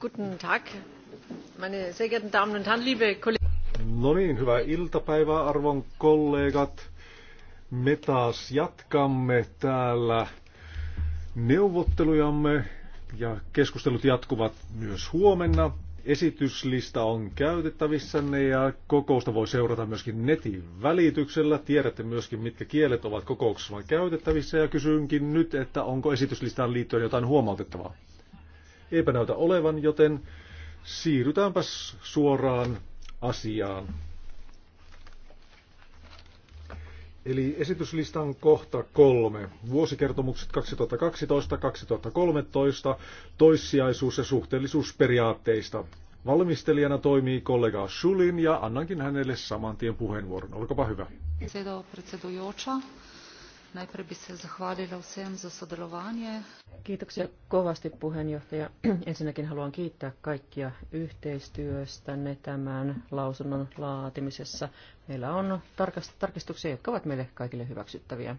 Guten Tag, meine sehr geehrten Damen und Herren, liebe Kollegen. No niin, hyvää iltapäivää arvon kollegat. Me taas jatkamme täällä neuvottelujamme ja keskustelut jatkuvat myös huomenna. Esityslista on käytettävissänne ja kokousta voi seurata myöskin netin välityksellä. Tiedätte myöskin, mitkä kielet ovat kokouksessa käytettävissä ja kysynkin nyt, että onko esityslistaan liittyen jotain huomautettavaa. Eipä näytä olevan, joten siirrytäänpäs suoraan asiaan. Eli esityslistan kohta kolme. Vuosikertomukset 2012-2013, toissijaisuus- ja suhteellisuusperiaatteista. Valmistelijana toimii kollega Shulin ja annankin hänelle saman tien puheenvuoron. Olkapa hyvä. Sedo Najprej bi se zahvalila vsem za sodelovanje. Kiitoksia kovasti puheenjohtaja. Ensinnäkin haluan kiittää kaikkia yhteistyöstänne tämän lausunnon laatimisessa. Meillä on tarkistuksia, jotka ovat meille kaikille hyväksyttäviä.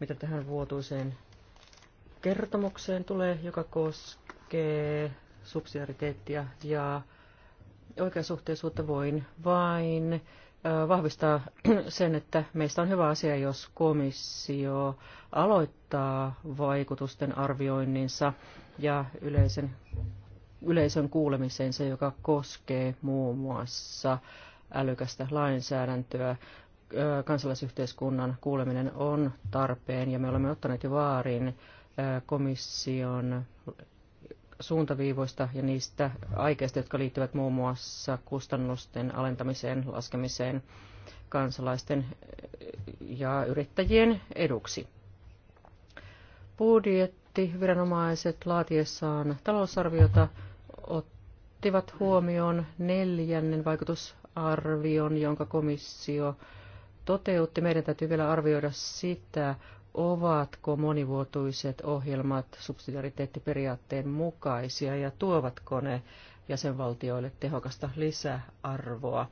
Mitä tähän vuotuiseen kertomukseen tulee, joka koskee subsidiariteettia ja oikeasuhteisuutta voin vain vahvistaa sen, että meistä on hyvä asia, jos komissio aloittaa vaikutusten arvioinninsa ja yleisen, yleisön kuulemisensa, joka koskee muun muassa älykästä lainsäädäntöä. Kansalaisyhteiskunnan kuuleminen on tarpeen ja me olemme ottaneet jo vaarin komission suuntaviivoista ja niistä aikeista, jotka liittyvät muun muassa kustannusten alentamiseen, laskemiseen kansalaisten eh, ja yrittäjien eduksi. Budjettiviranomaiset laatiessaan talousarviota ottivat huomioon neljännen vaikutusarvion, jonka komissio toteutti. Meidän täytyy vielä arvioida sitä, ovatko monivuotuiset ohjelmat subsidiariteettiperiaatteen mukaisia ja tuovatko ne jäsenvaltioille tehokasta lisäarvoa.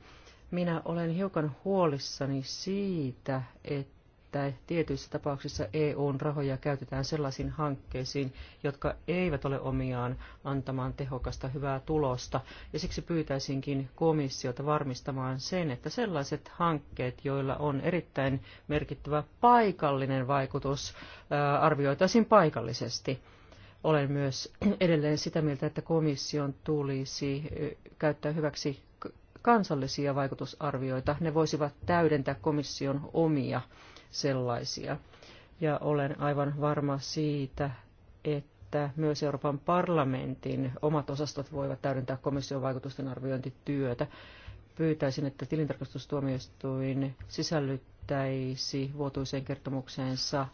Minä olen hiukan huolissani siitä, että että tietyissä tapauksissa EUn rahoja käytetään sellaisiin hankkeisiin, jotka eivät ole omiaan antamaan tehokasta hyvää tulosta. Ja siksi pyytäisinkin komissiota varmistamaan sen, että sellaiset hankkeet, joilla on erittäin merkittävä paikallinen vaikutus, arvioitaisiin paikallisesti. Olen myös edelleen sitä mieltä, että komission tulisi käyttää hyväksi kansallisia vaikutusarvioita. Ne voisivat täydentää komission omia sellaisia. Ja olen aivan varma siitä, että myös Euroopan parlamentin omat osastot voivat täydentää komission vaikutusten arviointityötä. Pyytäisin, että tilintarkastustuomioistuin sisällyttäisi vuotuiseen kertomukseensa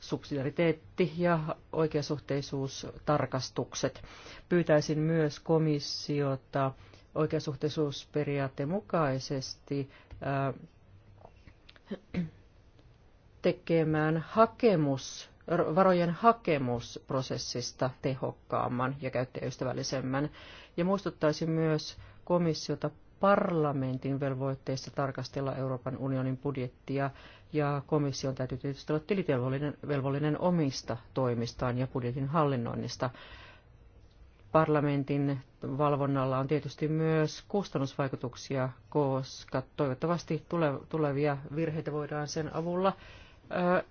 subsidiariteetti- ja oikeasuhteisuustarkastukset. Pyytäisin myös komissiota oikeasuhteisuusperiaatteen mukaisesti äh, tekemään hakemus, varojen hakemusprosessista tehokkaamman ja käyttäjäystävällisemmän. Ja muistuttaisin myös komissiota parlamentin velvoitteessa tarkastella Euroopan unionin budjettia, ja komission täytyy tietysti olla tilitelvollinen velvollinen omista toimistaan ja budjetin hallinnoinnista. Parlamentin valvonnalla on tietysti myös kustannusvaikutuksia, koska toivottavasti tulevia virheitä voidaan sen avulla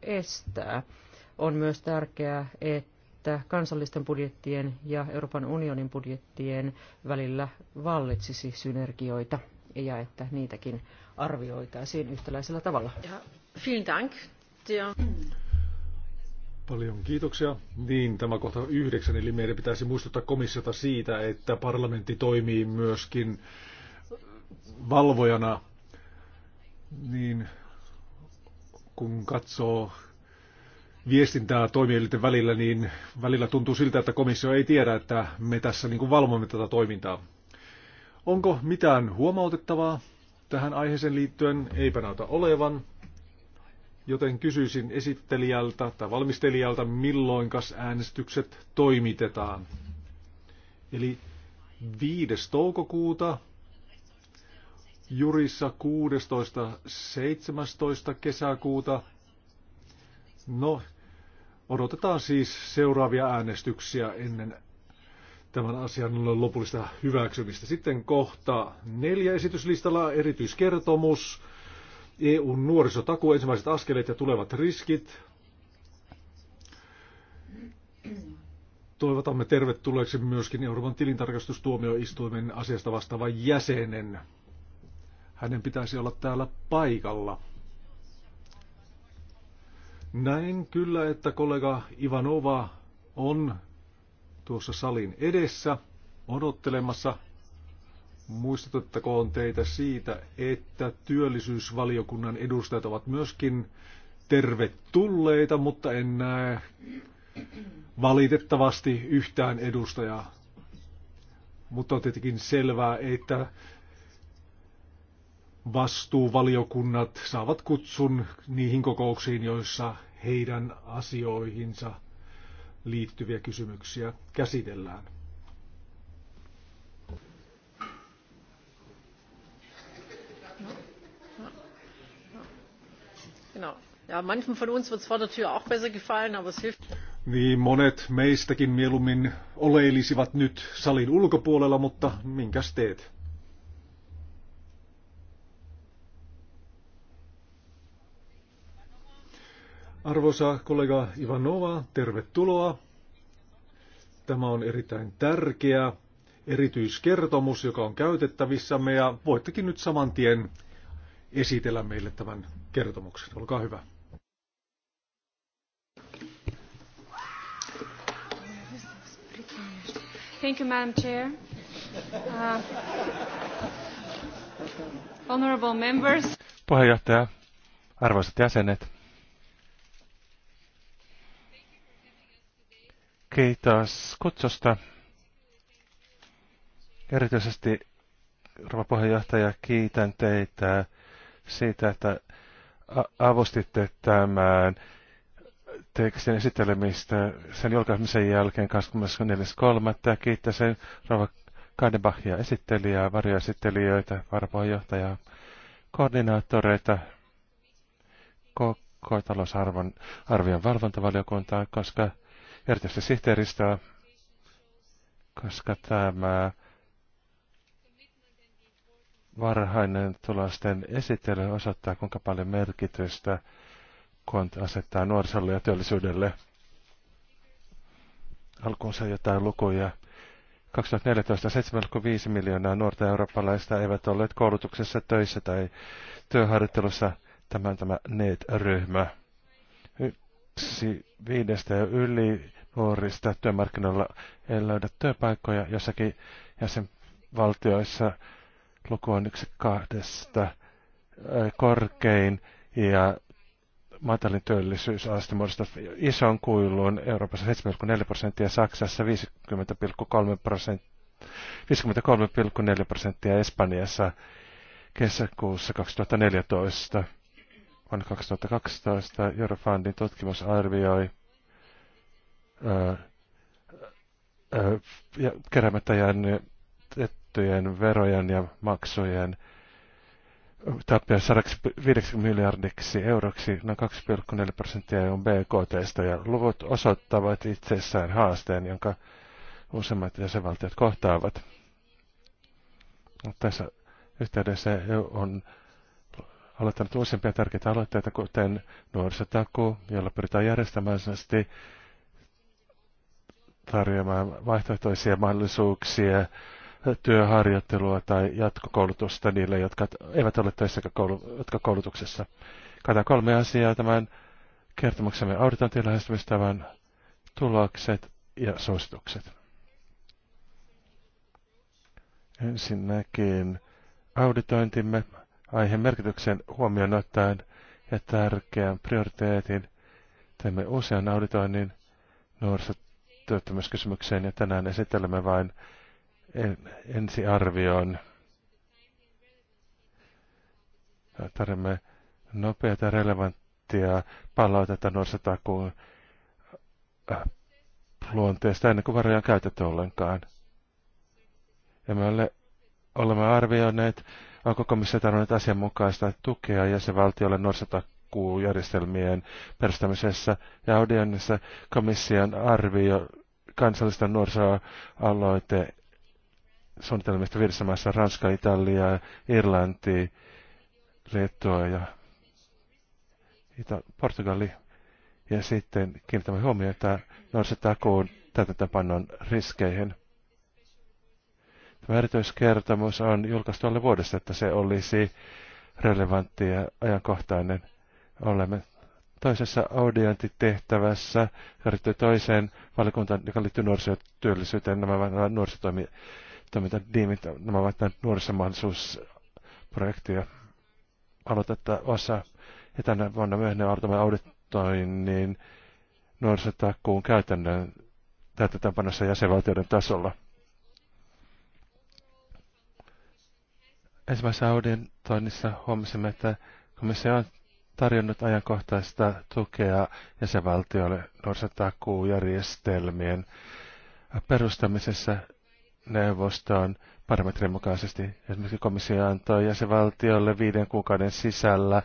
estää. On myös tärkeää, että kansallisten budjettien ja Euroopan unionin budjettien välillä vallitsisi synergioita ja että niitäkin arvioitaisiin yhtäläisellä tavalla. Ja, vielen dank. Ja. Paljon kiitoksia. Niin, tämä kohta yhdeksän, eli meidän pitäisi muistuttaa komissiota siitä, että parlamentti toimii myöskin valvojana. Niin, kun katsoo viestintää toimielinten välillä, niin välillä tuntuu siltä, että komissio ei tiedä, että me tässä niin kuin valvomme tätä toimintaa. Onko mitään huomautettavaa tähän aiheeseen liittyen? Eipä näytä olevan. Joten kysyisin esittelijältä tai valmistelijalta, milloinkas äänestykset toimitetaan. Eli 5. toukokuuta jurissa 16.17. kesäkuuta. No, odotetaan siis seuraavia äänestyksiä ennen tämän asian lopullista hyväksymistä. Sitten kohta neljä esityslistalla erityiskertomus. EUn nuorisotaku, ensimmäiset askeleet ja tulevat riskit. Toivotamme tervetulleeksi myöskin Euroopan tilintarkastustuomioistuimen asiasta vastaavan jäsenen. Hänen pitäisi olla täällä paikalla. Näin kyllä, että kollega Ivanova on tuossa salin edessä odottelemassa. Muistutettakoon teitä siitä, että työllisyysvaliokunnan edustajat ovat myöskin tervetulleita, mutta en näe valitettavasti yhtään edustajaa. Mutta on tietenkin selvää, että vastuuvaliokunnat saavat kutsun niihin kokouksiin, joissa heidän asioihinsa liittyviä kysymyksiä käsitellään. Genau. Ja, manchen von uns wird vor der Tür auch besser gefallen, aber es hilft. Niin, monet meistäkin mieluummin oleilisivat nyt salin ulkopuolella, mutta minkäs teet? Arvoisa kollega Ivanova, tervetuloa. Tämä on erittäin tärkeä erityiskertomus, joka on käytettävissämme ja voittekin nyt saman tien esitellä meille tämän kertomuksen. Olkaa hyvä. Thank you, Madam Chair. Uh, honorable members. Puheenjohtaja, arvoisat jäsenet, Kiitos kutsusta. Erityisesti, rouva puheenjohtaja, kiitän teitä siitä, että avustitte tämän tekstin esittelemistä sen julkaisemisen jälkeen 24.3. kiitän sen rouva Kadebachia esittelijää, varjoesittelijöitä, varapuheenjohtajaa, koordinaattoreita, koko talousarvon arvion valvontavaliokuntaa, koska erityisesti sihteeristä, koska tämä varhainen tulosten esittely osoittaa, kuinka paljon merkitystä KONT asettaa nuorisolle ja työllisyydelle. Alkuunsa jotain lukuja. 2014 7,5 miljoonaa nuorta eurooppalaista eivät olleet koulutuksessa, töissä tai työharjoittelussa. Tämä on tämä NEET-ryhmä kaksi viidestä ja yli nuorista työmarkkinoilla ei löydä työpaikkoja. Jossakin jäsenvaltioissa luku on yksi kahdesta korkein ja matalin työllisyysaste muodostaa ison kuiluun Euroopassa 7,4 prosenttia, Saksassa 50,3 prosenttia, 53,4 prosenttia Espanjassa kesäkuussa 2014. Vuonna 2012 Eurofundin tutkimus arvioi ää, ää, keräämättä jäätettyjen verojen ja maksujen tappia 150 miljardiksi euroksi, noin 2,4 prosenttia on BKT, ja luvut osoittavat itsessään haasteen, jonka useimmat jäsenvaltiot kohtaavat. Tässä yhteydessä EU on aloittanut uusimpia tärkeitä aloitteita, kuten nuorisotaku, jolla pyritään järjestämään tarjoamaan vaihtoehtoisia mahdollisuuksia työharjoittelua tai jatkokoulutusta niille, jotka eivät ole töissä jotka koulutuksessa. Katsotaan kolme asiaa tämän kertomuksemme auditointiin lähestymistavan tulokset ja suositukset. Ensinnäkin auditointimme aiheen merkityksen huomioon ottaen ja tärkeän prioriteetin. Teemme usean auditoinnin nuorisotyöttömyyskysymykseen ja tänään esittelemme vain en, ensiarvioon. Tarjomme nopeata relevanttia palautetta nuorisotakuun äh, luonteesta ennen kuin varoja on käytetty ollenkaan. Ja me ole, olemme arvioineet Onko komissio tarvinnut asianmukaista tukea jäsenvaltiolle nuorisotakuujärjestelmien perustamisessa ja audioinnissa komission arvio kansallista nuorisoaloite suunnitelmista viidessä maassa Ranska, Italia, Irlanti, Liettua ja Ita- Portugali. Ja sitten kiinnitämme huomiota nuorisotakuun täytäntöpannon riskeihin. Tämä on julkaistu alle vuodessa, että se olisi relevantti ja ajankohtainen. Olemme toisessa audiointitehtävässä, järjestetty toiseen valikuntaan, joka liittyy nuorisotyöllisyyteen. Nämä ovat nuorisotoimintadiimit, nämä ovat nuorisomahdollisuusprojektia. Aloitetta osa ja tänä vuonna myöhemmin aloitamme auditoinnin nuorisotakuun käytännön täytäntöönpanossa jäsenvaltioiden tasolla. Ensimmäisessä auditoinnissa huomasimme, että komissio on tarjonnut ajankohtaista tukea jäsenvaltioille nuorisotakuujärjestelmien perustamisessa neuvostoon parametrin mukaisesti. Esimerkiksi komissio antoi jäsenvaltiolle viiden kuukauden sisällä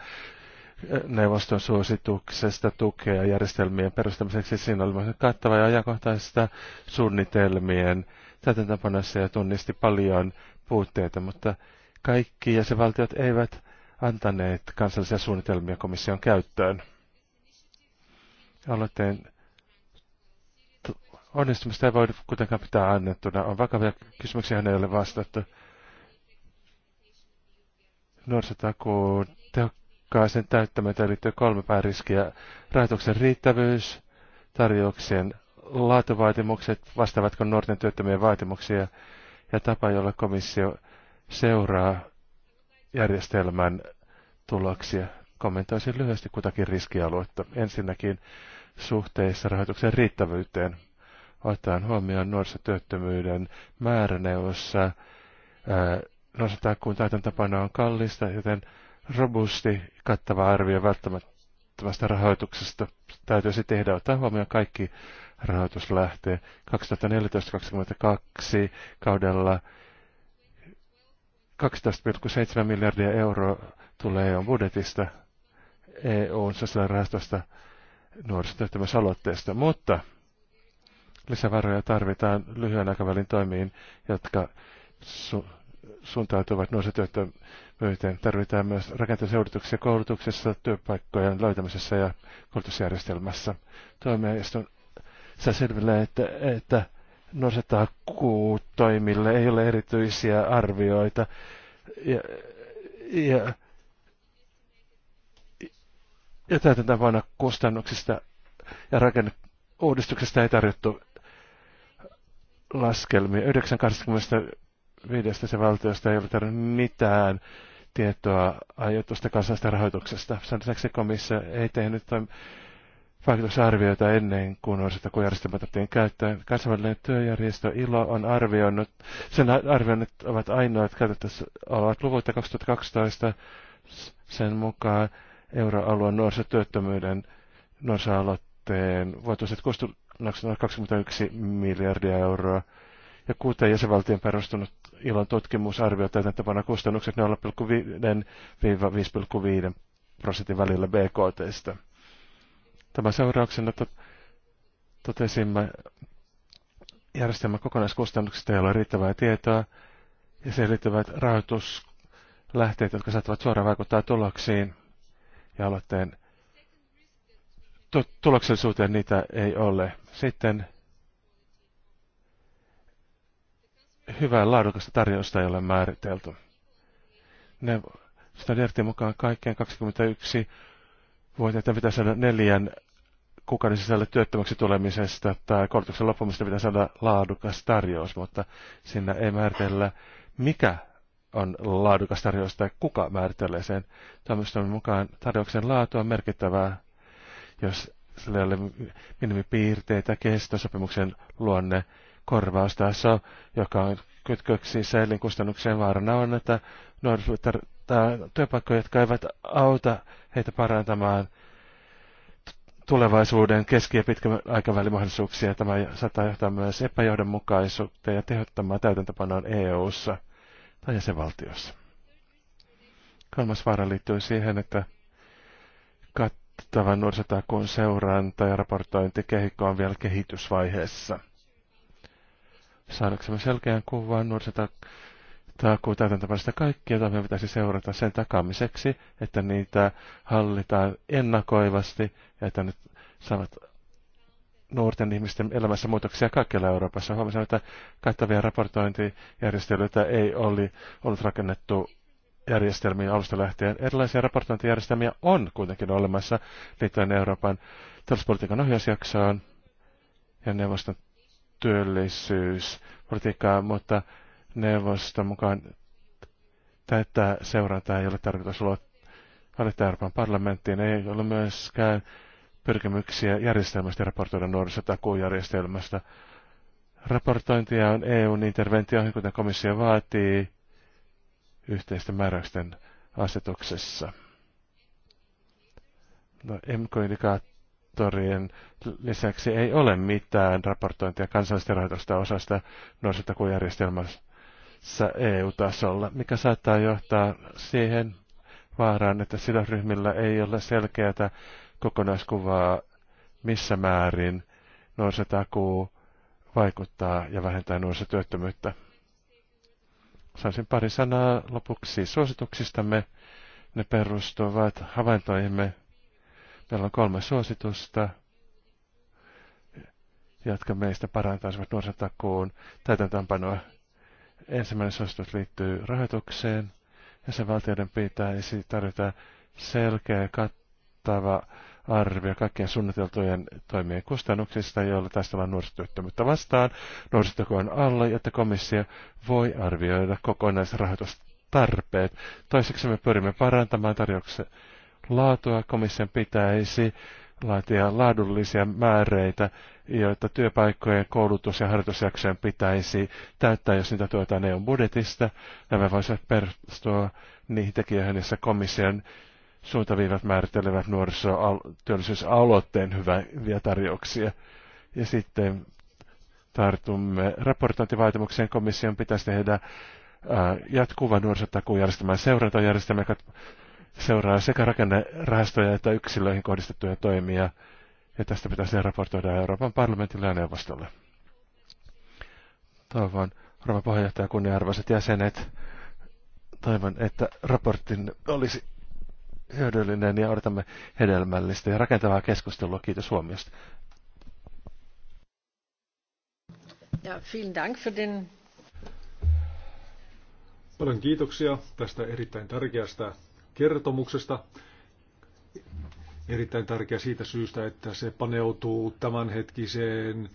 neuvoston suosituksesta tukea järjestelmien perustamiseksi. Siinä oli myös kattava ja ajankohtaista suunnitelmien täytäntöpanossa ja tunnisti paljon puutteita, mutta kaikki jäsenvaltiot eivät antaneet kansallisia suunnitelmia komission käyttöön. Aloitteen onnistumista ei voi kuitenkaan pitää annettuna. On vakavia kysymyksiä, joihin ei ole vastattu. Nuorisotakuun tehokkaaseen täyttämättä liittyy kolme pääriskiä. Rahoituksen riittävyys, tarjouksien laatuvaatimukset, vastaavatko nuorten työttömien vaatimuksia ja tapa, jolla komissio seuraa järjestelmän tuloksia. Kommentoisin lyhyesti kutakin riskialuetta. Ensinnäkin suhteessa rahoituksen riittävyyteen. Otetaan huomioon nuorisotyöttömyyden määräneuvossa. Nuorisotakuun tapana on kallista, joten robusti kattava arvio välttämättömästä rahoituksesta täytyisi tehdä. Ottaa huomioon kaikki rahoituslähteet. 2014-2022 kaudella 12,7 miljardia euroa tulee EUn budjetista, EUn sosiaalirahastosta, nuorisotyöttömyysaloitteesta, mutta lisävaroja tarvitaan lyhyen aikavälin toimiin, jotka su- suuntautuvat nuorisotyöttömyyteen. Tarvitaan myös rakentamisen koulutuksessa, työpaikkojen löytämisessä ja koulutusjärjestelmässä. Toimijaston saa selville, että, että kuutoimille, ei ole erityisiä arvioita. Ja, ja, ja täytetään vain kustannuksista ja rakenneuudistuksesta ei tarjottu laskelmia. 1985 se valtiosta ei ole tarjonnut mitään tietoa aiotusta kansallisesta rahoituksesta. Sen lisäksi komissio ei tehnyt toim- vaikutusarvioita ennen kuin nuorisotakujärjestelmä otettiin käyttöön. Kansainvälinen työjärjestö ILO on arvioinut, sen arvioinnit ovat ainoat käytettävissä ovat luvut 2012 sen mukaan euroalueen nuorisotyöttömyyden nuorisoaloitteen vuotuiset kustannukset 21 miljardia euroa ja kuuteen jäsenvaltion perustunut ilon tutkimusarvio arvioi täytäntöpana kustannukset 0,5-5,5 prosentin välillä BKTstä. Tämän seurauksena to, totesimme järjestelmän kokonaiskustannuksista ei ole riittävää tietoa ja siihen liittyvät rahoituslähteet, jotka saattavat suoraan vaikuttaa tuloksiin ja aloitteen tu- tuloksellisuuteen niitä ei ole. Sitten hyvää laadukasta tarjousta ei ole määritelty. Ne, sitä mukaan kaikkien 21 että pitää saada neljän kuukauden sisällä työttömäksi tulemisesta tai koulutuksen loppumista pitää saada laadukas tarjous, mutta siinä ei määritellä, mikä on laadukas tarjous tai kuka määrittelee sen. Toimiston mukaan tarjouksen laatu on merkittävää, jos sillä ei ole minimipiirteitä, kestosopimuksen luonne, korvaustaso, joka on kytköksissä elinkustannukseen vaarana on, että nuoret tarvittaa työpaikkoja, jotka eivät auta heitä parantamaan tulevaisuuden keski- ja pitkän aikavälin mahdollisuuksia. Tämä saattaa johtaa myös epäjohdonmukaisuutta ja tehottamaan täytäntöpanoon EU-ssa tai jäsenvaltiossa. Kolmas vaara liittyy siihen, että kattavan nuorisotakuun seuranta ja kehikko on vielä kehitysvaiheessa. Saadaksemme selkeän kuvan nuorisotakuun taakuu täytäntöpäistä kaikkia meidän pitäisi seurata sen takaamiseksi, että niitä hallitaan ennakoivasti ja että nyt saavat nuorten ihmisten elämässä muutoksia kaikkialla Euroopassa. Huomasin, että kattavia raportointijärjestelyitä ei oli, ollut rakennettu järjestelmiin alusta lähtien. Erilaisia raportointijärjestelmiä on kuitenkin olemassa liittyen Euroopan talouspolitiikan ohjausjaksoon ja neuvoston työllisyyspolitiikkaan, mutta neuvosta mukaan tätä seurantaa ei ole tarkoitus valittaa Euroopan parlamenttiin. Ei ole myöskään pyrkimyksiä järjestelmästä raportoida nuorisotakuujärjestelmästä. Raportointia on EUn interventioihin, kuten komissio vaatii yhteisten määräysten asetuksessa. No, MK-indikaattorien lisäksi ei ole mitään raportointia kansallisten rahoitusta osasta nuorisotakujärjestelmästä EU-tasolla, mikä saattaa johtaa siihen vaaraan, että sillä ryhmillä ei ole selkeää kokonaiskuvaa, missä määrin nuorisotakuu vaikuttaa ja vähentää nuorisotyöttömyyttä. Saisin pari sanaa lopuksi suosituksistamme. Ne perustuvat havaintoihimme. Meillä on kolme suositusta, jotka meistä parantaisivat nuorisotakuun täytäntöönpanoa Ensimmäinen suositus liittyy rahoitukseen. pitää pitäisi tarjota selkeä kattava arvio kaikkien suunniteltujen toimien kustannuksista, joilla taistellaan nuorisotyöttömyyttä vastaan nuorisotyökoon alla, jotta komissio voi arvioida kokonaisrahoitustarpeet. Toiseksi me pyrimme parantamaan tarjouksen laatua. Komission pitäisi laatia laadullisia määreitä, joita työpaikkojen koulutus- ja harjoitusjaksojen pitäisi täyttää, jos niitä tuetaan EUn budjetista. Nämä voisivat perustua niihin tekijöihin, joissa komission suuntaviivat määrittelevät nuorisotyöllisyysaloitteen hyviä tarjouksia. Ja sitten tartumme raportointivaatimukseen. Komission pitäisi tehdä jatkuva nuorisotakuujärjestelmä seurantajärjestelmä, joka seuraa sekä rakennerahastoja että yksilöihin kohdistettuja toimia, ja tästä pitäisi raportoida Euroopan parlamentille ja neuvostolle. Toivon, rouva puheenjohtaja, kunnianarvoiset jäsenet, toivon, että raportin olisi hyödyllinen ja odotamme hedelmällistä ja rakentavaa keskustelua. Kiitos huomiosta. Ja, vielen Dank für den... Paljon kiitoksia tästä erittäin tärkeästä kertomuksesta. Erittäin tärkeä siitä syystä, että se paneutuu tämänhetkiseen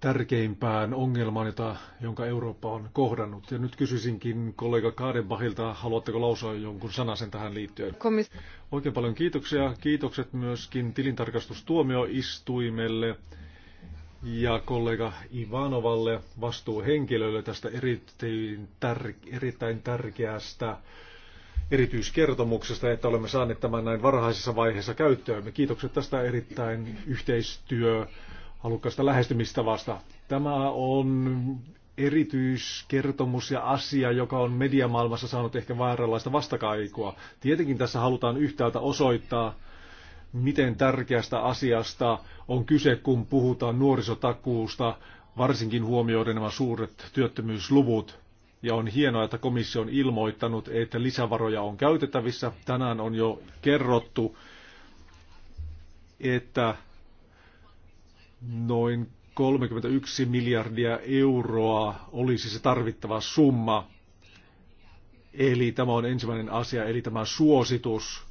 tärkeimpään ongelmaan, jota, jonka Eurooppa on kohdannut. Ja nyt kysyisinkin kollega Kaadenbahilta, haluatteko lausua jonkun sanasen tähän liittyen? Komis- Oikein paljon kiitoksia. Kiitokset myöskin tilintarkastustuomioistuimelle ja kollega Ivanovalle vastuuhenkilölle tästä erittäin, tär- erittäin tärkeästä erityiskertomuksesta, että olemme saaneet tämän näin varhaisessa vaiheessa Me Kiitokset tästä erittäin yhteistyö halukkaasta lähestymistavasta. Tämä on erityiskertomus ja asia, joka on mediamaailmassa saanut ehkä vääränlaista vastakaikua. Tietenkin tässä halutaan yhtäältä osoittaa, miten tärkeästä asiasta on kyse, kun puhutaan nuorisotakuusta, varsinkin huomioiden nämä suuret työttömyysluvut. Ja on hienoa, että komissio on ilmoittanut, että lisävaroja on käytettävissä. Tänään on jo kerrottu, että noin 31 miljardia euroa olisi se tarvittava summa. Eli tämä on ensimmäinen asia, eli tämä suositus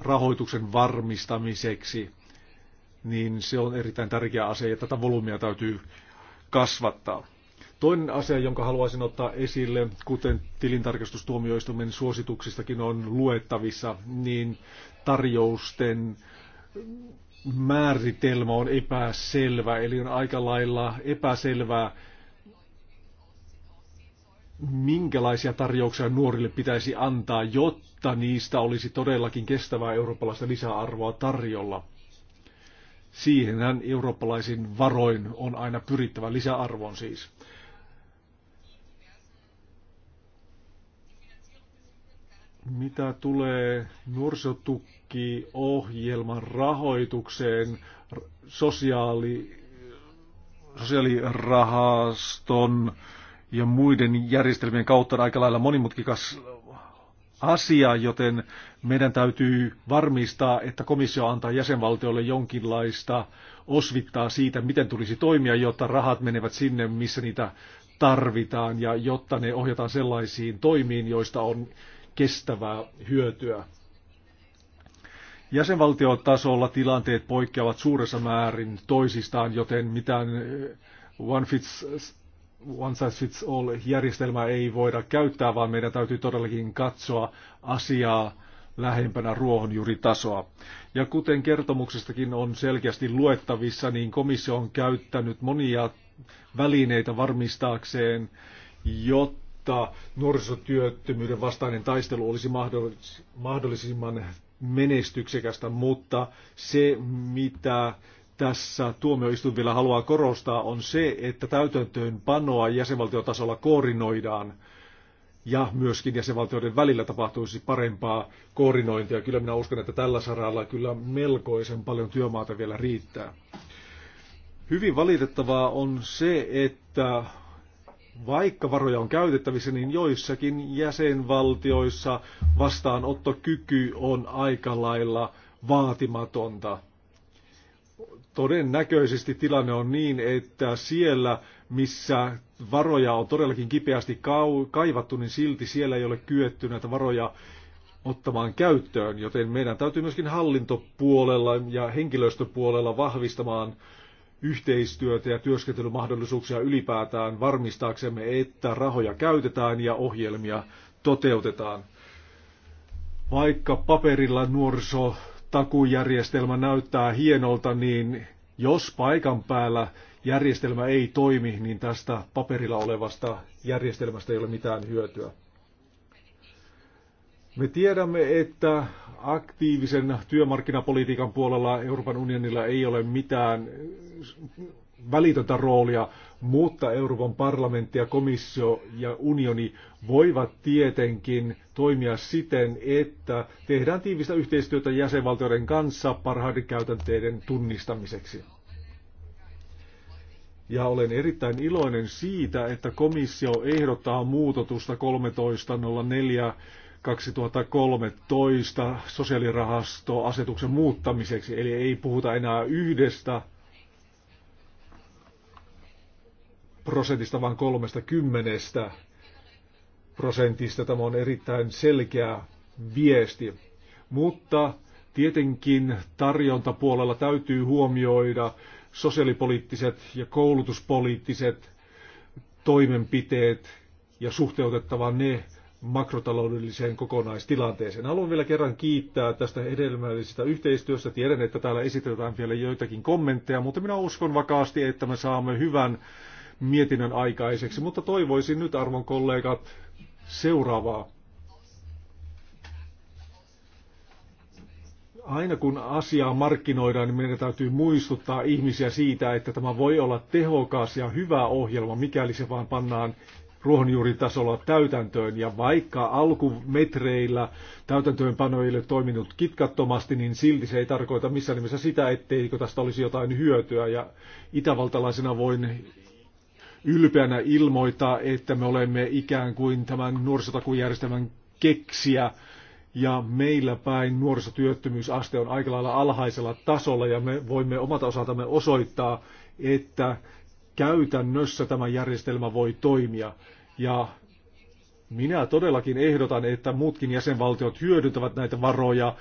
rahoituksen varmistamiseksi, niin se on erittäin tärkeä asia että tätä volyymia täytyy kasvattaa. Toinen asia, jonka haluaisin ottaa esille, kuten tilintarkastustuomioistuimen suosituksistakin on luettavissa, niin tarjousten määritelmä on epäselvä, eli on aika lailla epäselvää, minkälaisia tarjouksia nuorille pitäisi antaa, jotta niistä olisi todellakin kestävää eurooppalaista lisäarvoa tarjolla. Siihenhän eurooppalaisin varoin on aina pyrittävä lisäarvon siis. Mitä tulee nuorisotukkiohjelman rahoitukseen, sosiaali, sosiaalirahaston ja muiden järjestelmien kautta on aika lailla monimutkikas asia, joten meidän täytyy varmistaa, että komissio antaa jäsenvaltioille jonkinlaista osvittaa siitä, miten tulisi toimia, jotta rahat menevät sinne, missä niitä tarvitaan ja jotta ne ohjataan sellaisiin toimiin, joista on kestävää hyötyä. Jäsenvaltiotasolla tilanteet poikkeavat suuressa määrin toisistaan, joten mitään eh, one, fits, one size fits all järjestelmää ei voida käyttää, vaan meidän täytyy todellakin katsoa asiaa lähempänä ruohonjuuritasoa. Ja kuten kertomuksestakin on selkeästi luettavissa, niin komissio on käyttänyt monia välineitä varmistaakseen, jotta jotta nuorisotyöttömyyden vastainen taistelu olisi mahdollisimman menestyksekästä, mutta se mitä tässä tuomioistuin vielä haluaa korostaa on se, että täytäntöönpanoa jäsenvaltiotasolla koordinoidaan ja myöskin jäsenvaltioiden välillä tapahtuisi parempaa koordinointia. Kyllä minä uskon, että tällä saralla kyllä melkoisen paljon työmaata vielä riittää. Hyvin valitettavaa on se, että vaikka varoja on käytettävissä, niin joissakin jäsenvaltioissa vastaanottokyky on aika lailla vaatimatonta. Todennäköisesti tilanne on niin, että siellä, missä varoja on todellakin kipeästi kaivattu, niin silti siellä ei ole kyetty näitä varoja ottamaan käyttöön, joten meidän täytyy myöskin hallintopuolella ja henkilöstöpuolella vahvistamaan yhteistyötä ja työskentelymahdollisuuksia ylipäätään varmistaaksemme, että rahoja käytetään ja ohjelmia toteutetaan. Vaikka paperilla nuorisotakujärjestelmä näyttää hienolta, niin jos paikan päällä järjestelmä ei toimi, niin tästä paperilla olevasta järjestelmästä ei ole mitään hyötyä. Me tiedämme, että aktiivisen työmarkkinapolitiikan puolella Euroopan unionilla ei ole mitään välitöntä roolia, mutta Euroopan parlamentti ja komissio ja unioni voivat tietenkin toimia siten, että tehdään tiivistä yhteistyötä jäsenvaltioiden kanssa parhaiden käytänteiden tunnistamiseksi. Ja olen erittäin iloinen siitä, että komissio ehdottaa muutotusta 1304 2013 sosiaalirahastoasetuksen muuttamiseksi, eli ei puhuta enää yhdestä prosentista, vaan kolmesta kymmenestä prosentista. Tämä on erittäin selkeä viesti. Mutta tietenkin tarjontapuolella täytyy huomioida sosiaalipoliittiset ja koulutuspoliittiset toimenpiteet ja suhteutettava ne makrotaloudelliseen kokonaistilanteeseen. Haluan vielä kerran kiittää tästä hedelmällisestä yhteistyöstä. Tiedän, että täällä esitetään vielä joitakin kommentteja, mutta minä uskon vakaasti, että me saamme hyvän mietinnön aikaiseksi. Mutta toivoisin nyt, arvon kollegat, seuraavaa. Aina kun asiaa markkinoidaan, niin meidän täytyy muistuttaa ihmisiä siitä, että tämä voi olla tehokas ja hyvä ohjelma, mikäli se vaan pannaan ruohonjuuritasolla täytäntöön. Ja vaikka alkumetreillä täytäntöönpanoille toiminut kitkattomasti, niin silti se ei tarkoita missään nimessä sitä, etteikö tästä olisi jotain hyötyä. Ja itävaltalaisena voin ylpeänä ilmoittaa, että me olemme ikään kuin tämän nuorisotakujärjestelmän keksiä. Ja meillä päin nuorisotyöttömyysaste on aika lailla alhaisella tasolla ja me voimme omalta osaltamme osoittaa, että käytännössä tämä järjestelmä voi toimia. Ja minä todellakin ehdotan, että muutkin jäsenvaltiot hyödyntävät näitä varoja,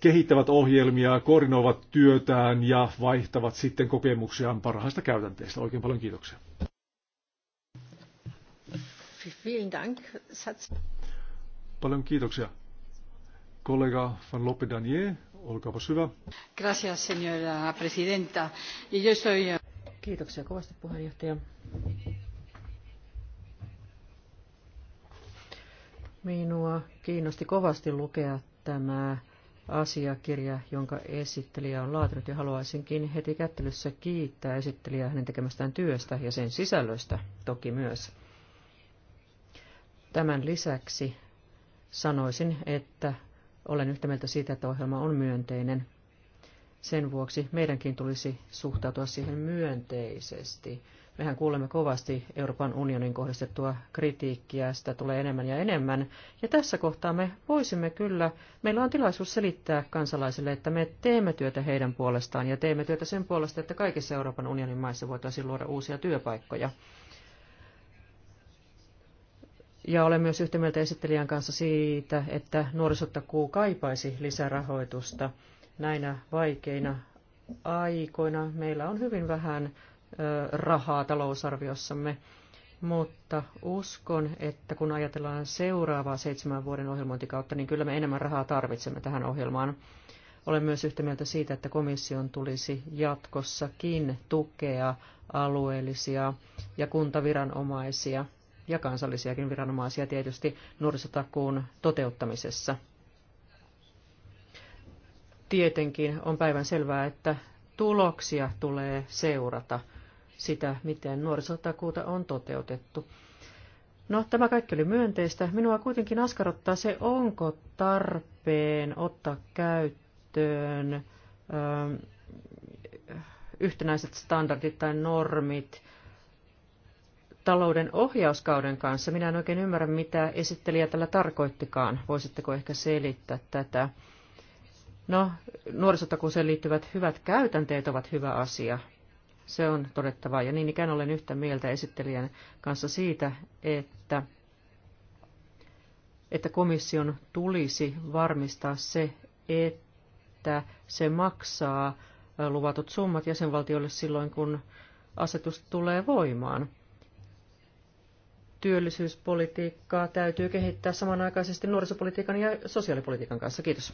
kehittävät ohjelmia, koordinoivat työtään ja vaihtavat sitten kokemuksiaan parhaista käytänteistä. Oikein paljon kiitoksia. Paljon kiitoksia. Kollega Van Loppe Danier, olkaapa hyvä. Gracias, señora presidenta. Y yo soy... Kiitoksia kovasti puheenjohtaja. Minua kiinnosti kovasti lukea tämä asiakirja, jonka esittelijä on laatinut ja haluaisinkin heti kättelyssä kiittää esittelijää hänen tekemästään työstä ja sen sisällöstä toki myös. Tämän lisäksi sanoisin, että olen yhtä mieltä siitä, että ohjelma on myönteinen – sen vuoksi meidänkin tulisi suhtautua siihen myönteisesti. Mehän kuulemme kovasti Euroopan unionin kohdistettua kritiikkiä, sitä tulee enemmän ja enemmän. Ja tässä kohtaa me voisimme kyllä, meillä on tilaisuus selittää kansalaisille, että me teemme työtä heidän puolestaan ja teemme työtä sen puolesta, että kaikissa Euroopan unionin maissa voitaisiin luoda uusia työpaikkoja. Ja olen myös yhtä mieltä esittelijän kanssa siitä, että nuorisotakuu kaipaisi lisärahoitusta. rahoitusta näinä vaikeina aikoina. Meillä on hyvin vähän rahaa talousarviossamme, mutta uskon, että kun ajatellaan seuraavaa seitsemän vuoden ohjelmointikautta, niin kyllä me enemmän rahaa tarvitsemme tähän ohjelmaan. Olen myös yhtä mieltä siitä, että komission tulisi jatkossakin tukea alueellisia ja kuntaviranomaisia ja kansallisiakin viranomaisia tietysti nuorisotakuun toteuttamisessa – tietenkin on päivän selvää, että tuloksia tulee seurata sitä, miten nuorisotakuuta on toteutettu. No, tämä kaikki oli myönteistä. Minua kuitenkin askarrottaa se, onko tarpeen ottaa käyttöön ö, ähm, yhtenäiset standardit tai normit talouden ohjauskauden kanssa. Minä en oikein ymmärrä, mitä esittelijä tällä tarkoittikaan. Voisitteko ehkä selittää tätä? No, nuorisotakuuseen liittyvät hyvät käytänteet ovat hyvä asia. Se on todettava. Ja niin ikään olen yhtä mieltä esittelijän kanssa siitä, että, että komission tulisi varmistaa se, että se maksaa luvatut summat jäsenvaltioille silloin, kun asetus tulee voimaan työllisyyspolitiikkaa täytyy kehittää samanaikaisesti nuorisopolitiikan ja sosiaalipolitiikan kanssa. Kiitos.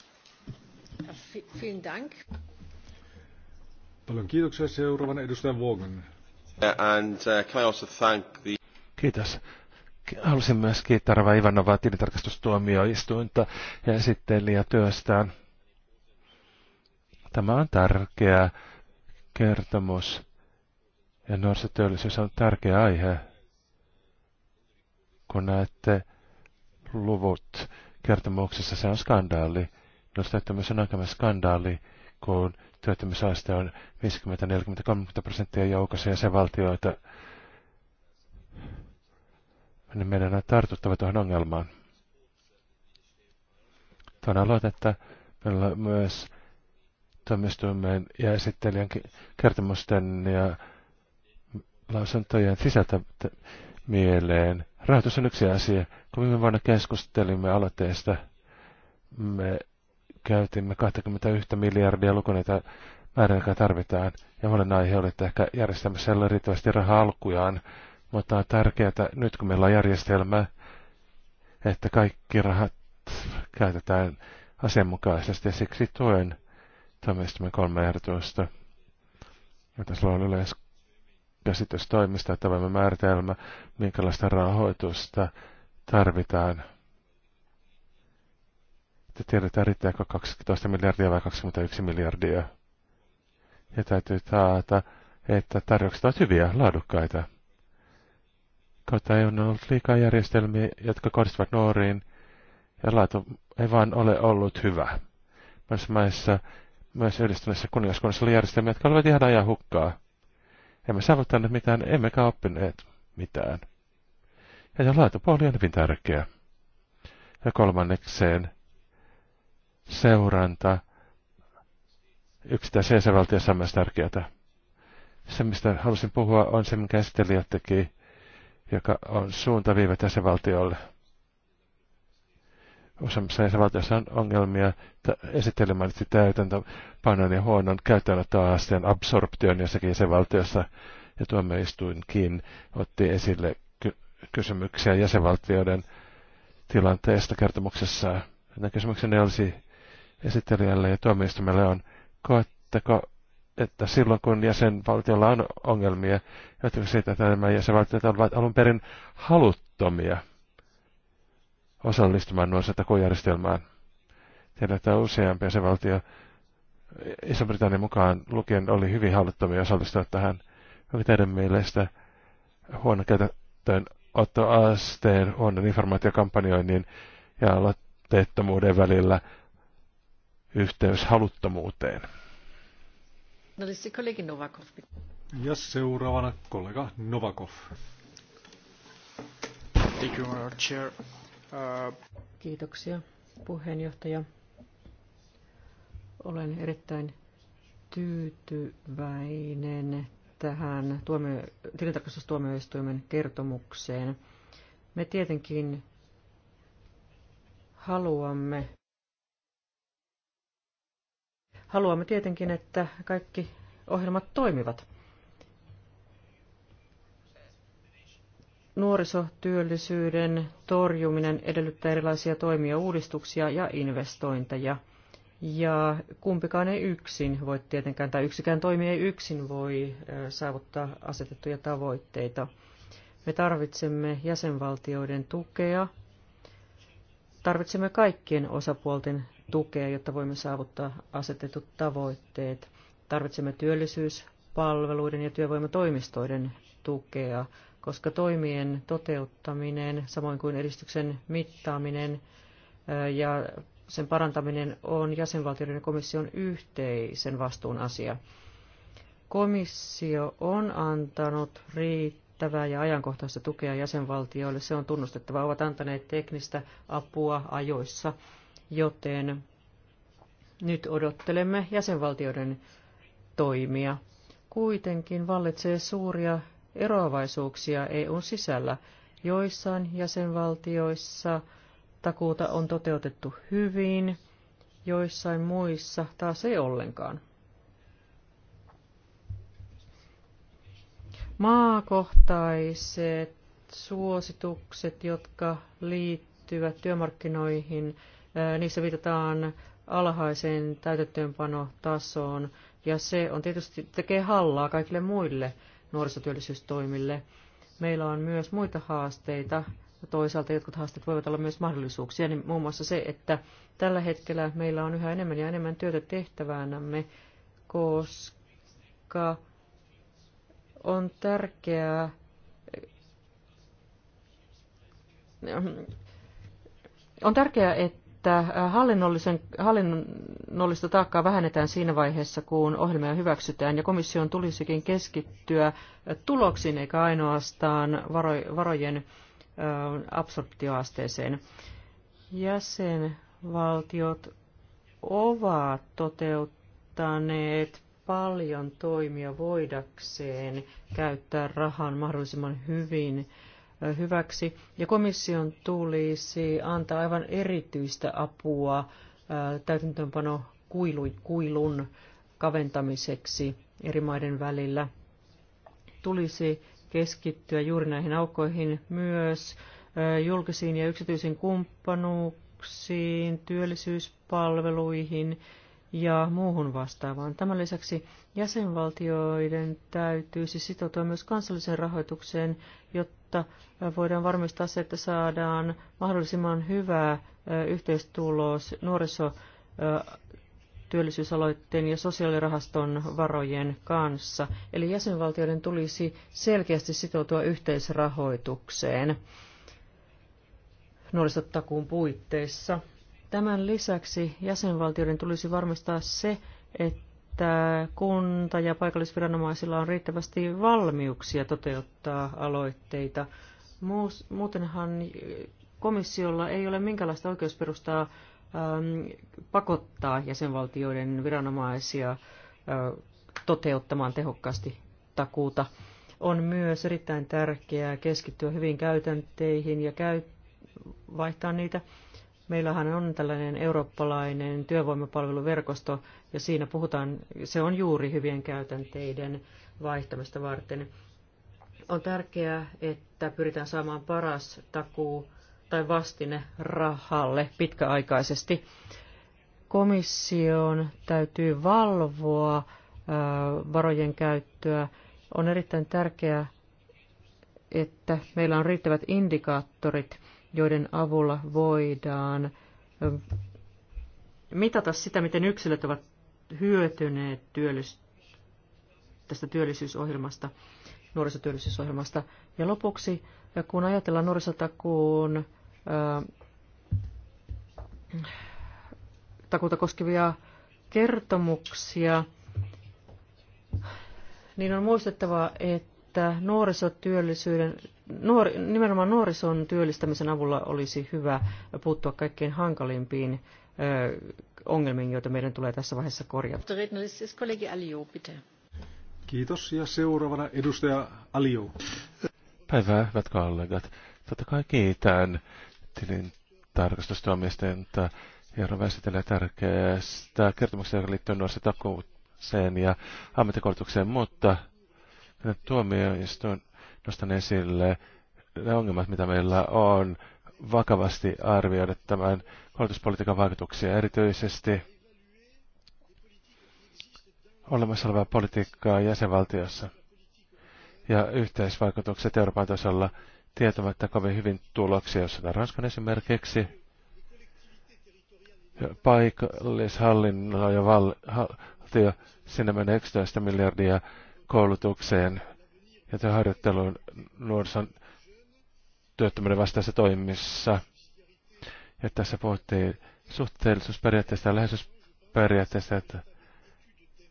Vielen Dank. Paljon kiitoksia. edustaja And, uh, can I also thank the... Kiitos. Haluaisin myös kiittää Rava Ivanovaa tilintarkastustuomioistuinta ja esittelijä työstään. Tämä on tärkeä kertomus ja nuorisotyöllisyys on tärkeä aihe, kun näette luvut kertomuksessa, se on skandaali. Nuorisotyöttömyys on aikamme skandaali, kun työttömyysaste on 50, 40, 30 prosenttia joukossa ja se että Niin meidän on tartuttava tuohon ongelmaan. Tuon aloitetta meillä on myös tuomioistuimen ja esittelijän kertomusten ja lausuntojen sisältä mieleen. Rahoitus on yksi asia. Kun viime vuonna keskustelimme aloitteesta, me käytimme 21 miljardia lukuneita määrän, joka tarvitaan. Ja aihe oli, että ehkä järjestelmässä ei ole riittävästi rahaa alkujaan, mutta on tärkeää, että nyt kun meillä on järjestelmä, että kaikki rahat käytetään asianmukaisesti ja siksi tuen toimistamme kolme ehdotusta. Ja tässä on yleiskäsitys toimista, että voimme määritelmä, minkälaista rahoitusta tarvitaan että tiedetään riittääkö 12 miljardia vai 21 miljardia. Ja täytyy taata, että tarjoukset ovat hyviä, laadukkaita. Kautta ei ole ollut liikaa järjestelmiä, jotka kohdistuvat nuoriin, ja laatu ei vaan ole ollut hyvä. Myös maissa, myös yhdistyneessä kuningaskunnassa oli järjestelmiä, jotka olivat ihan ajan hukkaa. Emme saavuttaneet mitään, emmekä oppineet mitään. Ja laatupuoli on hyvin tärkeä. Ja kolmannekseen, seuranta yksittäisen jäsenvaltiossa on myös tärkeää. Se, mistä halusin puhua, on se, minkä esittelijä teki, joka on suuntaviiva jäsenvaltiolle. Useimmissa jäsenvaltioissa on ongelmia esittelemään täytäntöpanon ja huonon käyttöönottoasteen absorption jossakin jäsenvaltiossa, ja tuomioistuinkin otti esille ky- kysymyksiä jäsenvaltioiden tilanteesta kertomuksessa. Nämä kysymykset olisi esittelijälle ja tuomioistumelle on, koetteko, että silloin kun jäsenvaltiolla on ongelmia, johtuuko siitä, että nämä jäsenvaltiot ovat alun perin haluttomia osallistumaan nuorisotakujärjestelmään? Tiedän, että useampi jäsenvaltio Iso-Britannian mukaan lukien oli hyvin haluttomia osallistua tähän. Onko teidän mielestä huono käytäntöön ottoasteen huonon informaatiokampanjoinnin ja aloitteettomuuden välillä yhteys haluttomuuteen. No niin, ja seuraavana kollega Novakov. Uh, Kiitoksia puheenjohtaja. Olen erittäin tyytyväinen tähän tilintarkastustuomioistuimen kertomukseen. Me tietenkin haluamme Haluamme tietenkin, että kaikki ohjelmat toimivat. Nuorisotyöllisyyden torjuminen edellyttää erilaisia toimia, uudistuksia ja investointeja. Ja kumpikaan ei yksin voi tietenkään, tai yksikään toimi ei yksin voi saavuttaa asetettuja tavoitteita. Me tarvitsemme jäsenvaltioiden tukea, tarvitsemme kaikkien osapuolten tukea, jotta voimme saavuttaa asetetut tavoitteet. Tarvitsemme työllisyyspalveluiden ja työvoimatoimistoiden tukea, koska toimien toteuttaminen, samoin kuin edistyksen mittaaminen ja sen parantaminen on jäsenvaltioiden ja komission yhteisen vastuun asia. Komissio on antanut riittävää ja ajankohtaista tukea jäsenvaltioille. Se on tunnustettava. Ovat antaneet teknistä apua ajoissa joten nyt odottelemme jäsenvaltioiden toimia. Kuitenkin vallitsee suuria eroavaisuuksia EUn sisällä. Joissain jäsenvaltioissa takuuta on toteutettu hyvin, joissain muissa taas ei ollenkaan. Maakohtaiset suositukset, jotka liittyvät työmarkkinoihin, niissä viitataan alhaiseen täytettyönpanotasoon, ja se on tietysti tekee hallaa kaikille muille nuorisotyöllisyystoimille. Meillä on myös muita haasteita, toisaalta jotkut haasteet voivat olla myös mahdollisuuksia, niin muun muassa se, että tällä hetkellä meillä on yhä enemmän ja enemmän työtä tehtävänämme, koska on tärkeää on tärkeää, että että äh, hallinnollisen, hallinnollista taakkaa vähennetään siinä vaiheessa, kun ohjelmia hyväksytään, ja komission tulisikin keskittyä äh, tuloksiin eikä ainoastaan varojen äh, absorptioasteeseen. Jäsenvaltiot ovat toteuttaneet paljon toimia voidakseen käyttää rahan mahdollisimman hyvin hyväksi. Ja komission tulisi antaa aivan erityistä apua äh, täytäntöönpano kuilun kaventamiseksi eri maiden välillä. Tulisi keskittyä juuri näihin aukoihin myös äh, julkisiin ja yksityisiin kumppanuuksiin, työllisyyspalveluihin ja muuhun vastaavaan. Tämän lisäksi jäsenvaltioiden täytyisi sitoutua myös kansalliseen rahoitukseen, jotta kautta voidaan varmistaa se, että saadaan mahdollisimman hyvä yhteistulos nuoriso työllisyysaloitteen ja sosiaalirahaston varojen kanssa. Eli jäsenvaltioiden tulisi selkeästi sitoutua yhteisrahoitukseen nuorisotakuun puitteissa. Tämän lisäksi jäsenvaltioiden tulisi varmistaa se, että että kunta- ja paikallisviranomaisilla on riittävästi valmiuksia toteuttaa aloitteita. Muutenhan komissiolla ei ole minkälaista oikeusperustaa ähm, pakottaa jäsenvaltioiden viranomaisia äh, toteuttamaan tehokkaasti takuuta. On myös erittäin tärkeää keskittyä hyvin käytänteihin ja käy, vaihtaa niitä. Meillähän on tällainen eurooppalainen työvoimapalveluverkosto ja siinä puhutaan, se on juuri hyvien käytänteiden vaihtamista varten. On tärkeää, että pyritään saamaan paras takuu tai vastine rahalle pitkäaikaisesti. Komission täytyy valvoa varojen käyttöä. On erittäin tärkeää, että meillä on riittävät indikaattorit – joiden avulla voidaan mitata sitä, miten yksilöt ovat hyötyneet työllis- tästä työllisyysohjelmasta, nuorisotyöllisyysohjelmasta. Ja lopuksi, kun ajatellaan nuorisotakuun ää, takuuta koskevia kertomuksia, niin on muistettava, että nuorisotyöllisyyden nuori, nimenomaan nuorison työllistämisen avulla olisi hyvä puuttua kaikkein hankalimpiin ongelmiin, joita meidän tulee tässä vaiheessa korjata. Kiitos ja seuraavana edustaja Alio. Päivää, hyvät kollegat. Totta kai kiitän tilin tarkastustuomioistuinta Jarno Väsitellä tärkeästä kertomuksesta, joka liittyy nuorisotakuuseen ja ammattikoulutukseen, mutta tuomioistuin nostan esille ne ongelmat, mitä meillä on, vakavasti arvioida tämän koulutuspolitiikan vaikutuksia erityisesti olemassa olevaa politiikkaa jäsenvaltiossa ja yhteisvaikutukset Euroopan tasolla tietämättä kovin hyvin tuloksia, jos on Ranskan esimerkiksi paikallishallinnon ja valtio, sinne menee 11 miljardia koulutukseen ja harjoittelu nuorison työttömyyden vastaisessa toimissa. Ja tässä puhuttiin suhteellisuusperiaatteesta ja läheisyysperiaatteesta, että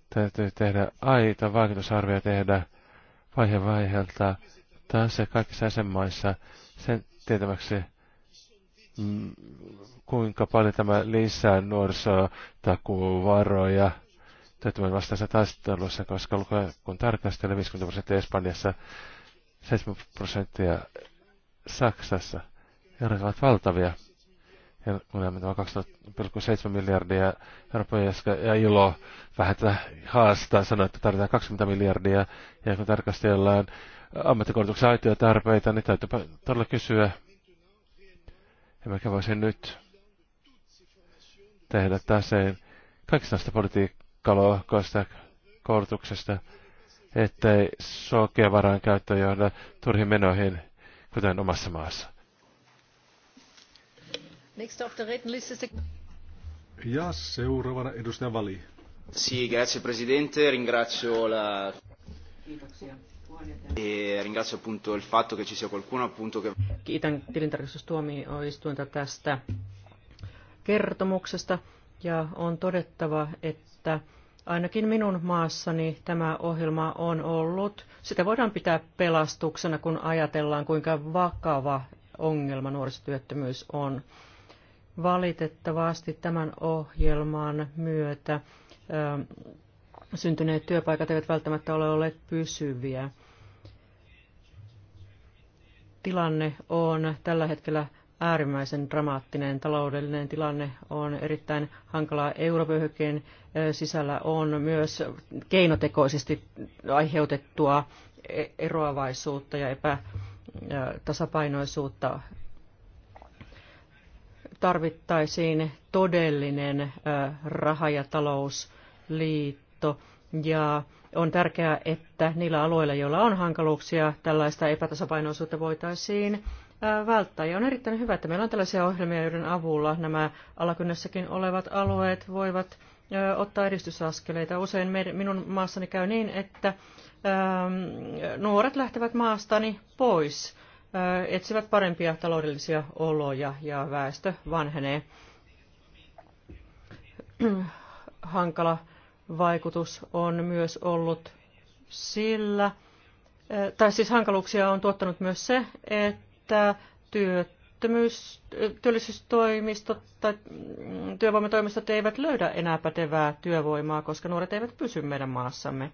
täytyy tehdä aita vaikutusarvio tehdä vaihe vaiheelta tässä se kaikissa jäsenmaissa sen tietämäksi, mm, kuinka paljon tämä lisää nuorisotakuuvaroja työttömän vastaisessa taistelussa, koska kun tarkastelee 50 prosenttia Espanjassa, 7 prosenttia Saksassa, erot ovat valtavia. Ja kun nämä 2,7 miljardia Euroopan ja ILO vähän tätä haastaa, sanoo, että tarvitaan 20 miljardia, ja kun tarkastellaan ammattikoulutuksen aitoja tarpeita, niin täytyy todella kysyä, emmekä voisin nyt tehdä taseen kaikista näistä politiikkaa kukkalohkoista koulutuksesta, ettei sokea varan käyttö johda turhiin menoihin, kuten omassa maassa. Ja seuraavana edustaja Vali. Sì, grazie Presidente, ringrazio la... Kiitoksia. E ringrazio appunto il fatto che ci sia qualcuno appunto che... Kiitän tilintarkastustuomioistuinta tästä kertomuksesta ja on todettava, että Ainakin minun maassani tämä ohjelma on ollut. Sitä voidaan pitää pelastuksena, kun ajatellaan, kuinka vakava ongelma nuorisotyöttömyys on. Valitettavasti tämän ohjelman myötä ö, syntyneet työpaikat eivät välttämättä ole olleet pysyviä. Tilanne on tällä hetkellä äärimmäisen dramaattinen taloudellinen tilanne on erittäin hankalaa. Eurovyöhykkeen sisällä on myös keinotekoisesti aiheutettua e- eroavaisuutta ja epätasapainoisuutta. Tarvittaisiin todellinen raha- ja talousliitto ja on tärkeää, että niillä alueilla, joilla on hankaluuksia, tällaista epätasapainoisuutta voitaisiin välttää. Ja on erittäin hyvä, että meillä on tällaisia ohjelmia, joiden avulla nämä alakynnässäkin olevat alueet voivat ottaa edistysaskeleita. Usein minun maassani käy niin, että nuoret lähtevät maastani pois, etsivät parempia taloudellisia oloja ja väestö vanhenee. Hankala vaikutus on myös ollut sillä, tai siis hankaluuksia on tuottanut myös se, että että työttömyys, työllisyystoimistot tai työvoimatoimistot eivät löydä enää pätevää työvoimaa, koska nuoret eivät pysy meidän maassamme.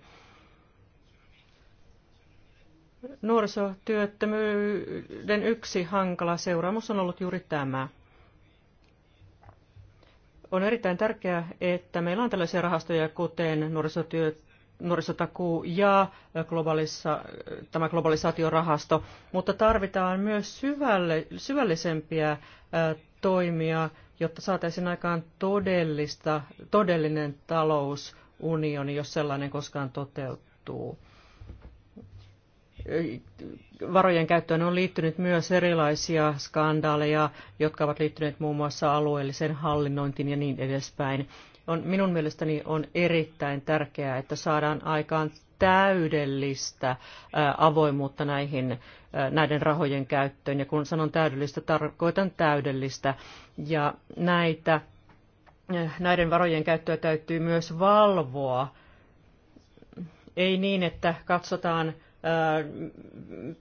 Nuorisotyöttömyyden yksi hankala seuraamus on ollut juuri tämä. On erittäin tärkeää, että meillä on tällaisia rahastoja, kuten nuorisotyöttömyys nuorisotakuu ja globaalissa tämä globalisaatiorahasto, mutta tarvitaan myös syvälle, syvällisempiä toimia, jotta saataisiin aikaan todellista, todellinen talousunioni, jos sellainen koskaan toteutuu. Varojen käyttöön on liittynyt myös erilaisia skandaaleja, jotka ovat liittyneet muun muassa alueelliseen hallinnointiin ja niin edespäin on, minun mielestäni on erittäin tärkeää, että saadaan aikaan täydellistä avoimuutta näihin, näiden rahojen käyttöön. Ja kun sanon täydellistä, tarkoitan täydellistä. Ja näitä, näiden varojen käyttöä täytyy myös valvoa. Ei niin, että katsotaan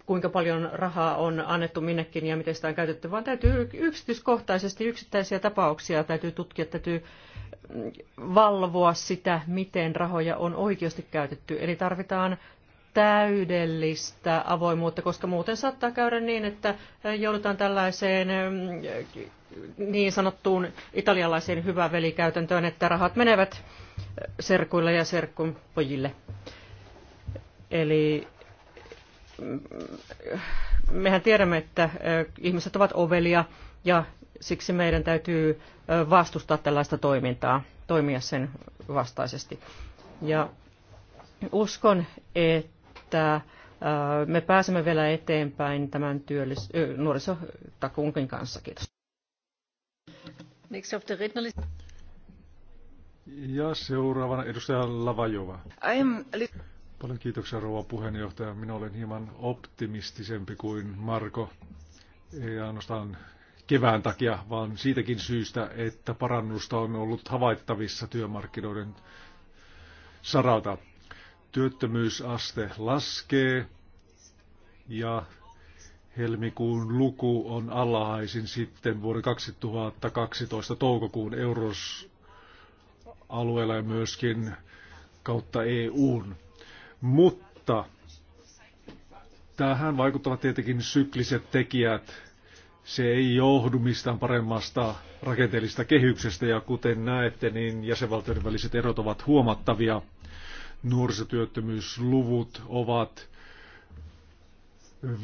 kuinka paljon rahaa on annettu minnekin ja miten sitä on käytetty, vaan täytyy yksityiskohtaisesti yksittäisiä tapauksia täytyy tutkia, täytyy mm, valvoa sitä, miten rahoja on oikeasti käytetty. Eli tarvitaan täydellistä avoimuutta, koska muuten saattaa käydä niin, että joudutaan tällaiseen niin sanottuun italialaiseen hyvään velikäytäntöön, että rahat menevät serkuille ja serkkun pojille. Eli mehän tiedämme, että ihmiset ovat ovelia ja siksi meidän täytyy vastustaa tällaista toimintaa, toimia sen vastaisesti. Ja uskon, että me pääsemme vielä eteenpäin tämän työllis- nuorisotakunkin kanssa. Kiitos. Ja seuraavana edustaja Lavajova. Paljon kiitoksia rouva puheenjohtaja. Minä olen hieman optimistisempi kuin Marko. Ei ainoastaan kevään takia, vaan siitäkin syystä, että parannusta on ollut havaittavissa työmarkkinoiden saralta. Työttömyysaste laskee ja helmikuun luku on alhaisin sitten vuoden 2012 toukokuun euros alueella ja myöskin kautta EUn. Mutta tähän vaikuttavat tietenkin sykliset tekijät. Se ei johdu mistään paremmasta rakenteellisesta kehyksestä ja kuten näette, niin jäsenvaltioiden väliset erot ovat huomattavia. Nuorisotyöttömyysluvut ovat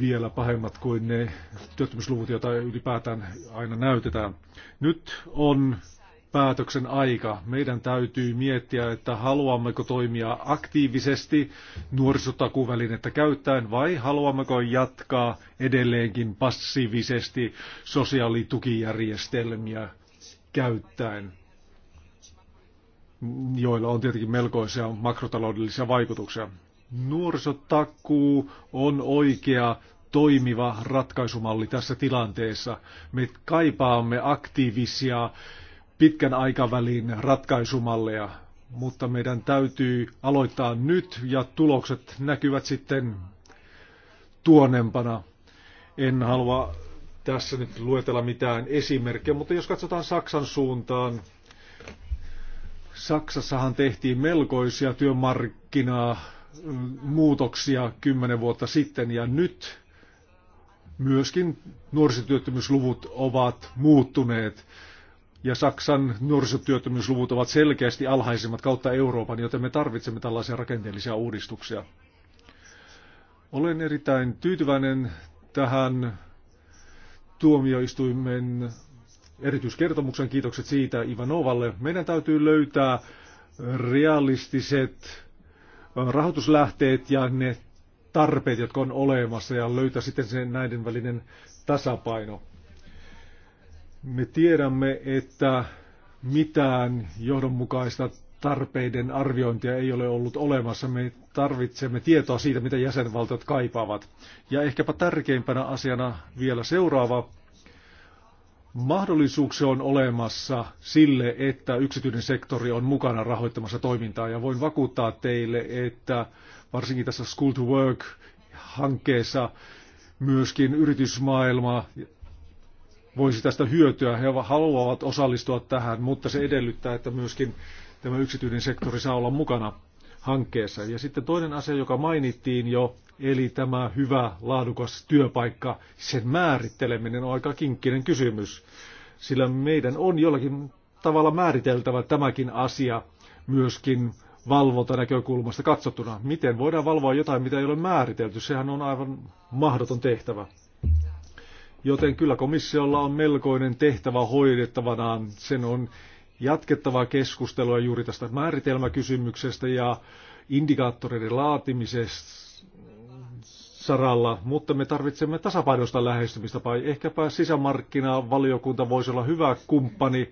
vielä pahemmat kuin ne työttömyysluvut, joita ylipäätään aina näytetään. Nyt on päätöksen aika. Meidän täytyy miettiä, että haluammeko toimia aktiivisesti nuorisotakuvälinettä käyttäen vai haluammeko jatkaa edelleenkin passiivisesti sosiaalitukijärjestelmiä käyttäen joilla on tietenkin melkoisia makrotaloudellisia vaikutuksia. Nuorisotakuu on oikea toimiva ratkaisumalli tässä tilanteessa. Me kaipaamme aktiivisia pitkän aikavälin ratkaisumalleja, mutta meidän täytyy aloittaa nyt ja tulokset näkyvät sitten tuonempana. En halua tässä nyt luetella mitään esimerkkejä, mutta jos katsotaan Saksan suuntaan, Saksassahan tehtiin melkoisia työmarkkinaa muutoksia kymmenen vuotta sitten ja nyt myöskin nuorisotyöttömyysluvut ovat muuttuneet ja Saksan nuorisotyöttömyysluvut ovat selkeästi alhaisimmat kautta Euroopan, joten me tarvitsemme tällaisia rakenteellisia uudistuksia. Olen erittäin tyytyväinen tähän tuomioistuimen erityiskertomuksen. Kiitokset siitä Ivanovalle. Meidän täytyy löytää realistiset rahoituslähteet ja ne tarpeet, jotka on olemassa ja löytää sitten sen näiden välinen tasapaino. Me tiedämme, että mitään johdonmukaista tarpeiden arviointia ei ole ollut olemassa. Me tarvitsemme tietoa siitä, mitä jäsenvaltiot kaipaavat. Ja ehkäpä tärkeimpänä asiana vielä seuraava. Mahdollisuuksia on olemassa sille, että yksityinen sektori on mukana rahoittamassa toimintaa. Ja voin vakuuttaa teille, että varsinkin tässä School to Work-hankkeessa myöskin yritysmaailma voisi tästä hyötyä. He haluavat osallistua tähän, mutta se edellyttää, että myöskin tämä yksityinen sektori saa olla mukana hankkeessa. Ja sitten toinen asia, joka mainittiin jo, eli tämä hyvä, laadukas työpaikka, sen määritteleminen on aika kinkkinen kysymys, sillä meidän on jollakin tavalla määriteltävä tämäkin asia myöskin näkökulmasta katsottuna. Miten voidaan valvoa jotain, mitä ei ole määritelty? Sehän on aivan mahdoton tehtävä. Joten kyllä komissiolla on melkoinen tehtävä hoidettavanaan. Sen on jatkettava keskustelua juuri tästä määritelmäkysymyksestä ja indikaattoreiden laatimisesta saralla, mutta me tarvitsemme tasapainoista lähestymistä, vai ehkäpä sisämarkkinavaliokunta voisi olla hyvä kumppani.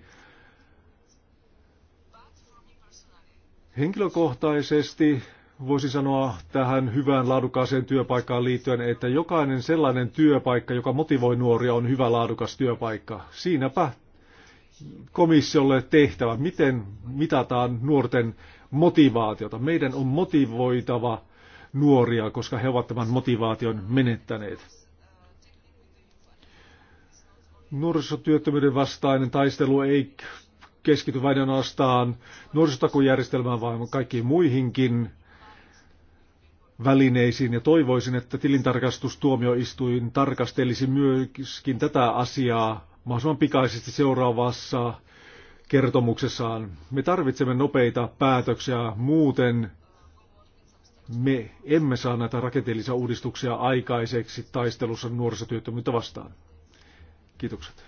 Henkilökohtaisesti voisi sanoa tähän hyvään laadukkaaseen työpaikkaan liittyen, että jokainen sellainen työpaikka, joka motivoi nuoria, on hyvä laadukas työpaikka. Siinäpä komissiolle tehtävä, miten mitataan nuorten motivaatiota. Meidän on motivoitava nuoria, koska he ovat tämän motivaation menettäneet. Nuorisotyöttömyyden vastainen taistelu ei keskity vain ainoastaan nuorisotakujärjestelmään, vaan kaikkiin muihinkin välineisiin ja toivoisin, että tilintarkastustuomioistuin tarkastelisi myöskin tätä asiaa mahdollisimman pikaisesti seuraavassa kertomuksessaan. Me tarvitsemme nopeita päätöksiä, muuten me emme saa näitä rakenteellisia uudistuksia aikaiseksi taistelussa nuorisotyöttömyyttä vastaan. Kiitokset.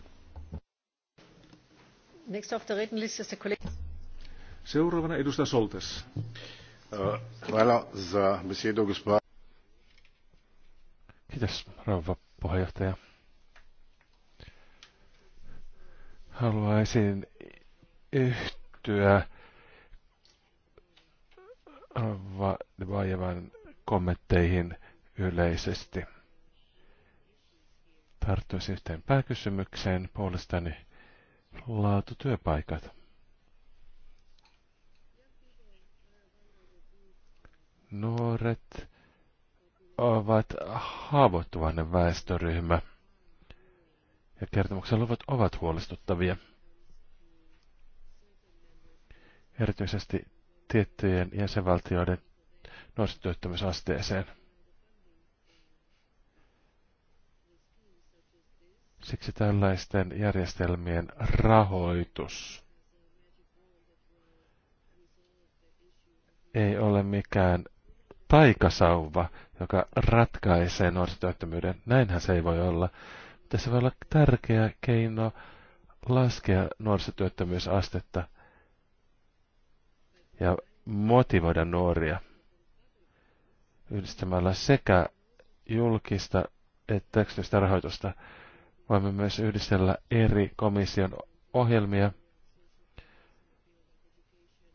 Seuraavana edustaja Soltes. Eh, Kiitos, rouva puheenjohtaja. Haluaisin yhtyä vaajavan kommentteihin yleisesti. Tarttuisin yhteen pääkysymykseen puolestani laatutyöpaikat. Nuoret ovat haavoittuvainen väestöryhmä ja kertomuksen luvut ovat huolestuttavia. Erityisesti tiettyjen jäsenvaltioiden nuorisotyöttömyysasteeseen. Siksi tällaisten järjestelmien rahoitus ei ole mikään taikasauva, joka ratkaisee nuorisotyöttömyyden. Näinhän se ei voi olla. Tässä voi olla tärkeä keino laskea nuorisotyöttömyysastetta ja motivoida nuoria yhdistämällä sekä julkista että yksityistä rahoitusta. Voimme myös yhdistellä eri komission ohjelmia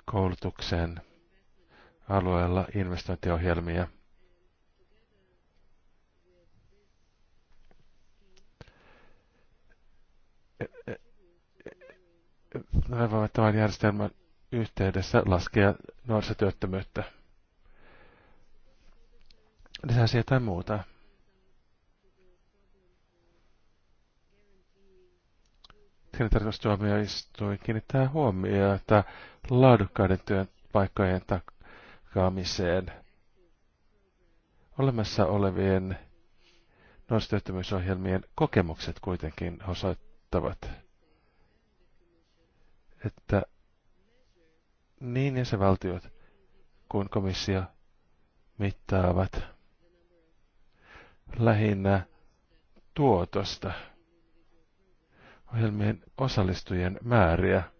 koulutukseen alueella investointiohjelmia. Ne voivat tämän järjestelmän yhteydessä laskea nuorisotyöttömyyttä. Lisäsi jotain muuta. tilintarkastustuomioistuin kiinnittää huomiota laadukkaiden työpaikkojen tak jatkaamiseen olemassa olevien nuorisotyöttömyysohjelmien kokemukset kuitenkin osoittavat, että niin jäsenvaltiot kuin komissio mittaavat lähinnä tuotosta ohjelmien osallistujien määriä –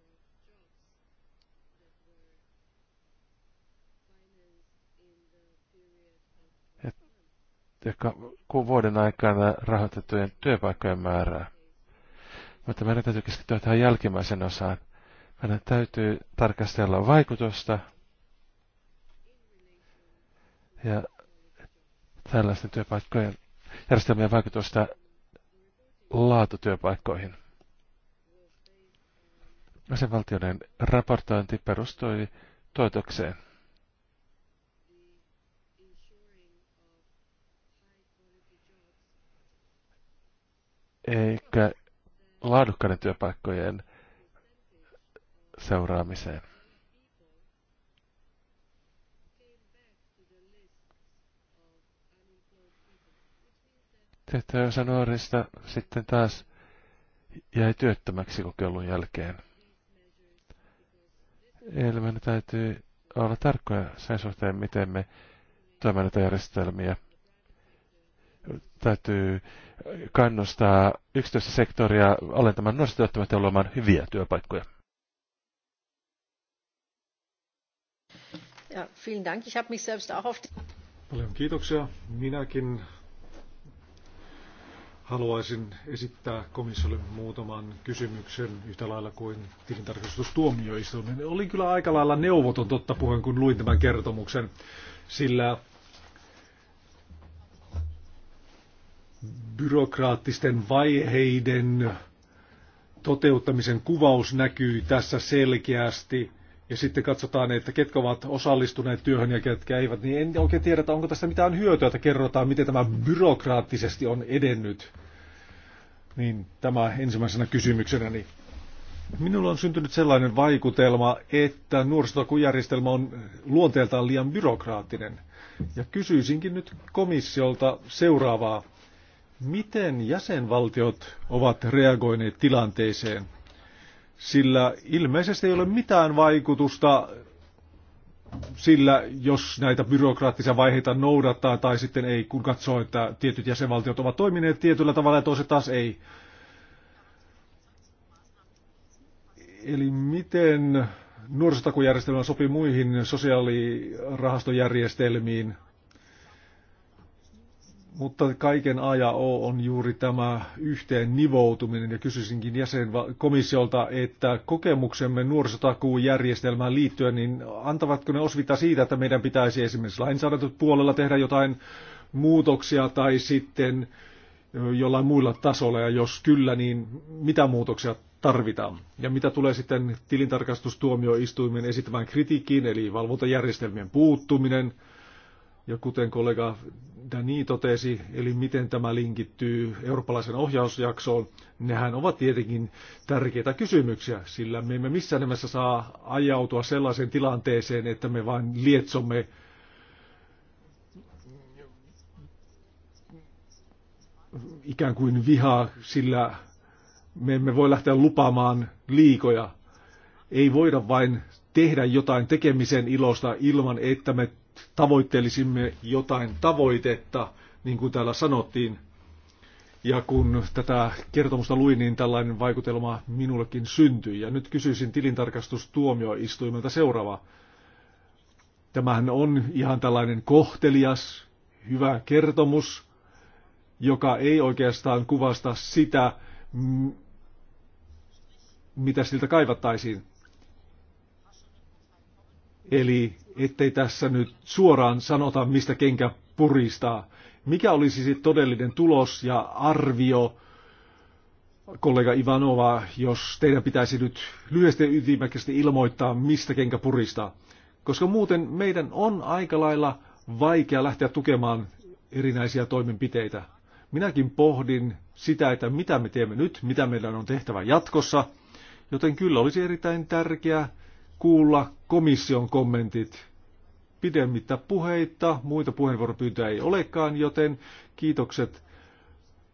Kuun vuoden aikana rahoitettujen työpaikkojen määrää. Mutta meidän täytyy keskittyä tähän jälkimmäisen osaan. Meidän täytyy tarkastella vaikutusta ja tällaisten työpaikkojen järjestelmien vaikutusta laatutyöpaikkoihin. Asevaltioiden raportointi perustui tuotokseen. eikä laadukkaiden työpaikkojen seuraamiseen. Tehtävä osa nuorista sitten taas jäi työttömäksi kokeilun jälkeen. Eli meidän täytyy olla tarkkoja sen suhteen, miten me toimintajärjestelmiä järjestelmiä täytyy kannustaa yksityistä sektoria alentamaan nuorisotyöttömyyttä ja luomaan hyviä työpaikkoja. Ja, vielen Dank. Ich habe mich selbst auch auf Paljon kiitoksia. Minäkin haluaisin esittää komissiolle muutaman kysymyksen yhtä lailla kuin tilintarkastustuomioistuimen. Oli kyllä aika lailla neuvoton totta puheen, kun luin tämän kertomuksen, sillä byrokraattisten vaiheiden toteuttamisen kuvaus näkyy tässä selkeästi. Ja sitten katsotaan, että ketkä ovat osallistuneet työhön ja ketkä eivät, niin en oikein tiedä, onko tästä mitään hyötyä, että kerrotaan, miten tämä byrokraattisesti on edennyt. Niin tämä ensimmäisenä kysymyksenä. Niin minulla on syntynyt sellainen vaikutelma, että nuorisotakujärjestelmä on luonteeltaan liian byrokraattinen. Ja kysyisinkin nyt komissiolta seuraavaa. Miten jäsenvaltiot ovat reagoineet tilanteeseen? Sillä ilmeisesti ei ole mitään vaikutusta sillä, jos näitä byrokraattisia vaiheita noudattaa tai sitten ei, kun katsoo, että tietyt jäsenvaltiot ovat toimineet tietyllä tavalla ja toiset taas ei. Eli miten nuorisotakujärjestelmä sopii muihin sosiaalirahastojärjestelmiin? Mutta kaiken A ja O on juuri tämä yhteen nivoutuminen ja kysyisinkin jäsenkomissiolta, että kokemuksemme nuorisotakuun järjestelmään liittyen, niin antavatko ne osvita siitä, että meidän pitäisi esimerkiksi lainsäädäntöpuolella tehdä jotain muutoksia tai sitten jollain muilla tasolla ja jos kyllä, niin mitä muutoksia tarvitaan. Ja mitä tulee sitten tilintarkastustuomioistuimen esittämään kritiikkiin, eli valvontajärjestelmien puuttuminen, ja kuten kollega Dani totesi, eli miten tämä linkittyy eurooppalaisen ohjausjaksoon, nehän ovat tietenkin tärkeitä kysymyksiä, sillä me emme missään nimessä saa ajautua sellaiseen tilanteeseen, että me vain lietsomme ikään kuin vihaa, sillä me emme voi lähteä lupaamaan liikoja. Ei voida vain tehdä jotain tekemisen ilosta ilman, että me tavoittelisimme jotain tavoitetta, niin kuin täällä sanottiin. Ja kun tätä kertomusta luin, niin tällainen vaikutelma minullekin syntyi. Ja nyt kysyisin tilintarkastustuomioistuimelta seuraava. Tämähän on ihan tällainen kohtelias, hyvä kertomus, joka ei oikeastaan kuvasta sitä, mitä siltä kaivattaisiin. Eli ettei tässä nyt suoraan sanota, mistä kenkä puristaa. Mikä olisi sitten todellinen tulos ja arvio, kollega Ivanova, jos teidän pitäisi nyt lyhyesti ytimäkästi ilmoittaa, mistä kenkä puristaa? Koska muuten meidän on aika lailla vaikea lähteä tukemaan erinäisiä toimenpiteitä. Minäkin pohdin sitä, että mitä me teemme nyt, mitä meidän on tehtävä jatkossa, joten kyllä olisi erittäin tärkeää, kuulla komission kommentit pidemmittä puheita. Muita puheenvuoropyyntöjä ei olekaan, joten kiitokset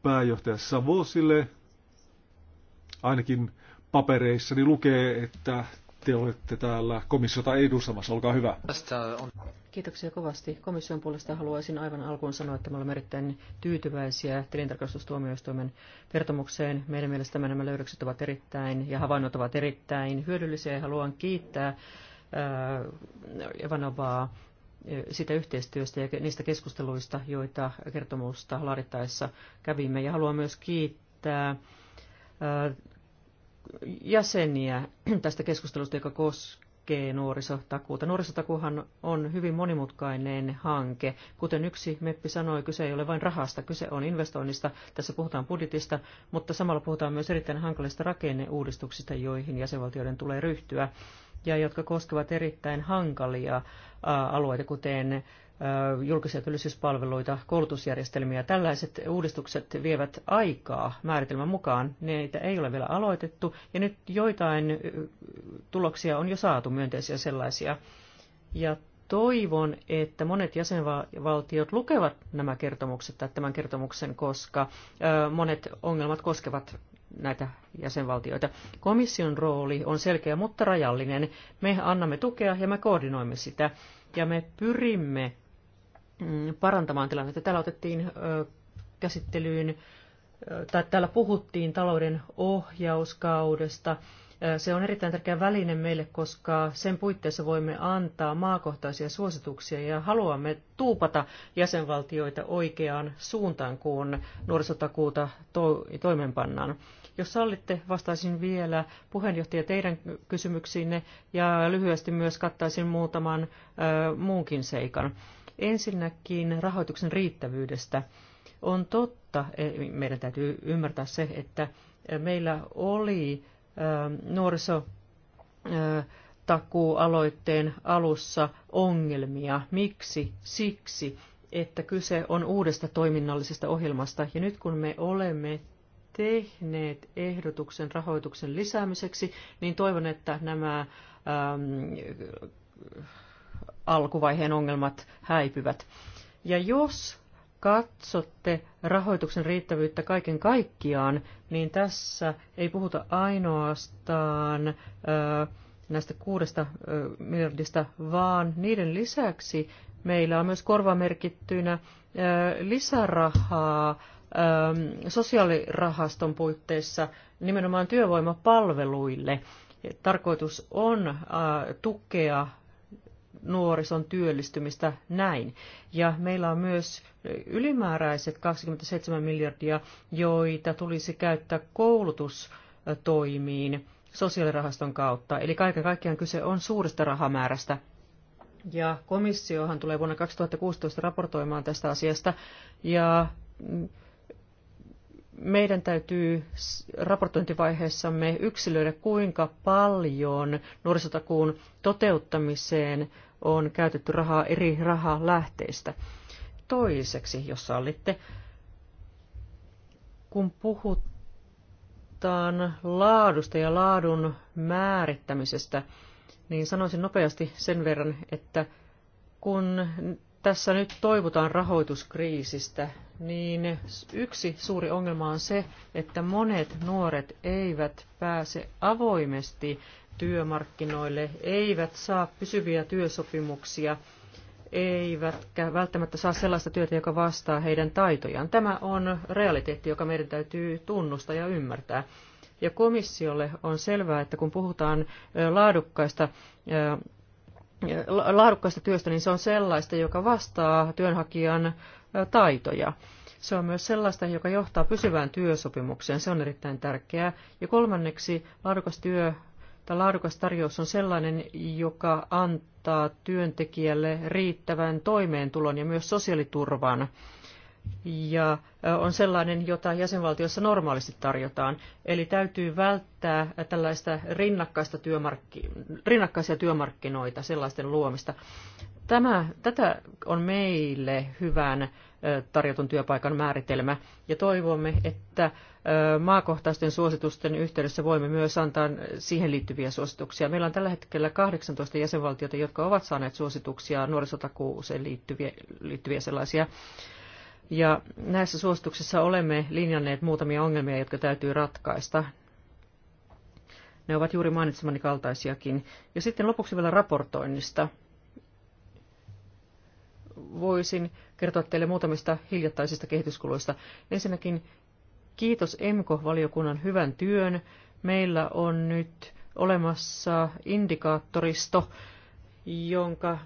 pääjohtaja Savosille. Ainakin papereissani lukee, että te olette täällä komissiota edustamassa. Olkaa hyvä. Kiitoksia kovasti. Komission puolesta haluaisin aivan alkuun sanoa, että me olemme erittäin tyytyväisiä tilintarkastustuomioistuimen kertomukseen. Meidän mielestämme nämä löydökset ovat erittäin ja havainnot ovat erittäin hyödyllisiä ja haluan kiittää Evanovaa äh, äh, sitä yhteistyöstä ja niistä keskusteluista, joita kertomusta laadittaessa kävimme. Ja haluan myös kiittää äh, jäseniä tästä keskustelusta, joka koskee nuorisotakuuta. Nuorisotakuuhan on hyvin monimutkainen hanke. Kuten yksi meppi sanoi, kyse ei ole vain rahasta, kyse on investoinnista. Tässä puhutaan budjetista, mutta samalla puhutaan myös erittäin hankalista rakenneuudistuksista, joihin jäsenvaltioiden tulee ryhtyä ja jotka koskevat erittäin hankalia alueita, kuten julkisia työllisyyspalveluita, koulutusjärjestelmiä. Tällaiset uudistukset vievät aikaa määritelmän mukaan. Niitä ei ole vielä aloitettu ja nyt joitain tuloksia on jo saatu, myönteisiä sellaisia. Ja toivon, että monet jäsenvaltiot lukevat nämä kertomukset tai tämän kertomuksen, koska monet ongelmat koskevat näitä jäsenvaltioita. Komission rooli on selkeä, mutta rajallinen. Me annamme tukea ja me koordinoimme sitä ja me pyrimme Mm, parantamaan tilannetta. Täällä otettiin käsittelyyn, tai täällä puhuttiin talouden ohjauskaudesta. Se on erittäin tärkeä väline meille, koska sen puitteissa voimme antaa maakohtaisia suosituksia ja haluamme tuupata jäsenvaltioita oikeaan suuntaan, kun nuorisotakuuta to- toimenpannaan. Jos sallitte, vastaisin vielä puheenjohtaja teidän kysymyksiinne ja lyhyesti myös kattaisin muutaman äh, muunkin seikan. Ensinnäkin rahoituksen riittävyydestä. On totta, e, meidän täytyy ymmärtää se, että meillä oli nuoriso takuualoitteen alussa ongelmia. Miksi? Siksi, että kyse on uudesta toiminnallisesta ohjelmasta. Ja nyt kun me olemme tehneet ehdotuksen rahoituksen lisäämiseksi, niin toivon, että nämä ähm, alkuvaiheen ongelmat häipyvät. Ja jos katsotte rahoituksen riittävyyttä kaiken kaikkiaan, niin tässä ei puhuta ainoastaan näistä kuudesta miljardista, vaan niiden lisäksi meillä on myös korvamerkittyinä lisärahaa sosiaalirahaston puitteissa nimenomaan työvoimapalveluille. Tarkoitus on tukea nuorison työllistymistä näin. Ja meillä on myös ylimääräiset 27 miljardia, joita tulisi käyttää koulutustoimiin sosiaalirahaston kautta. Eli kaiken kaikkiaan kyse on suurista rahamäärästä. Ja komissiohan tulee vuonna 2016 raportoimaan tästä asiasta. Ja meidän täytyy raportointivaiheessamme yksilöidä, kuinka paljon nuorisotakuun toteuttamiseen on käytetty rahaa eri rahalähteistä. Toiseksi, jos sallitte, kun puhutaan laadusta ja laadun määrittämisestä, niin sanoisin nopeasti sen verran, että kun tässä nyt toivotaan rahoituskriisistä, niin yksi suuri ongelma on se, että monet nuoret eivät pääse avoimesti työmarkkinoille, eivät saa pysyviä työsopimuksia, eivätkä välttämättä saa sellaista työtä, joka vastaa heidän taitojaan. Tämä on realiteetti, joka meidän täytyy tunnustaa ja ymmärtää. Ja komissiolle on selvää, että kun puhutaan laadukkaista laadukkaasta työstä, niin se on sellaista, joka vastaa työnhakijan taitoja. Se on myös sellaista, joka johtaa pysyvään työsopimukseen. Se on erittäin tärkeää. Ja kolmanneksi, laadukas työ että laadukas tarjous on sellainen, joka antaa työntekijälle riittävän toimeentulon ja myös sosiaaliturvan ja on sellainen, jota jäsenvaltiossa normaalisti tarjotaan. Eli täytyy välttää tällaista rinnakkaista työmarkki, rinnakkaisia työmarkkinoita, sellaisten luomista. Tämä, tätä on meille hyvän tarjotun työpaikan määritelmä. Ja toivomme, että maakohtaisten suositusten yhteydessä voimme myös antaa siihen liittyviä suosituksia. Meillä on tällä hetkellä 18 jäsenvaltiota, jotka ovat saaneet suosituksia nuorisotakuuseen liittyviä, liittyviä sellaisia. Ja näissä suosituksissa olemme linjanneet muutamia ongelmia, jotka täytyy ratkaista. Ne ovat juuri mainitsemani kaltaisiakin. Ja sitten lopuksi vielä raportoinnista voisin kertoa teille muutamista hiljattaisista kehityskuluista. Ensinnäkin kiitos EMKO-valiokunnan hyvän työn. Meillä on nyt olemassa indikaattoristo, jonka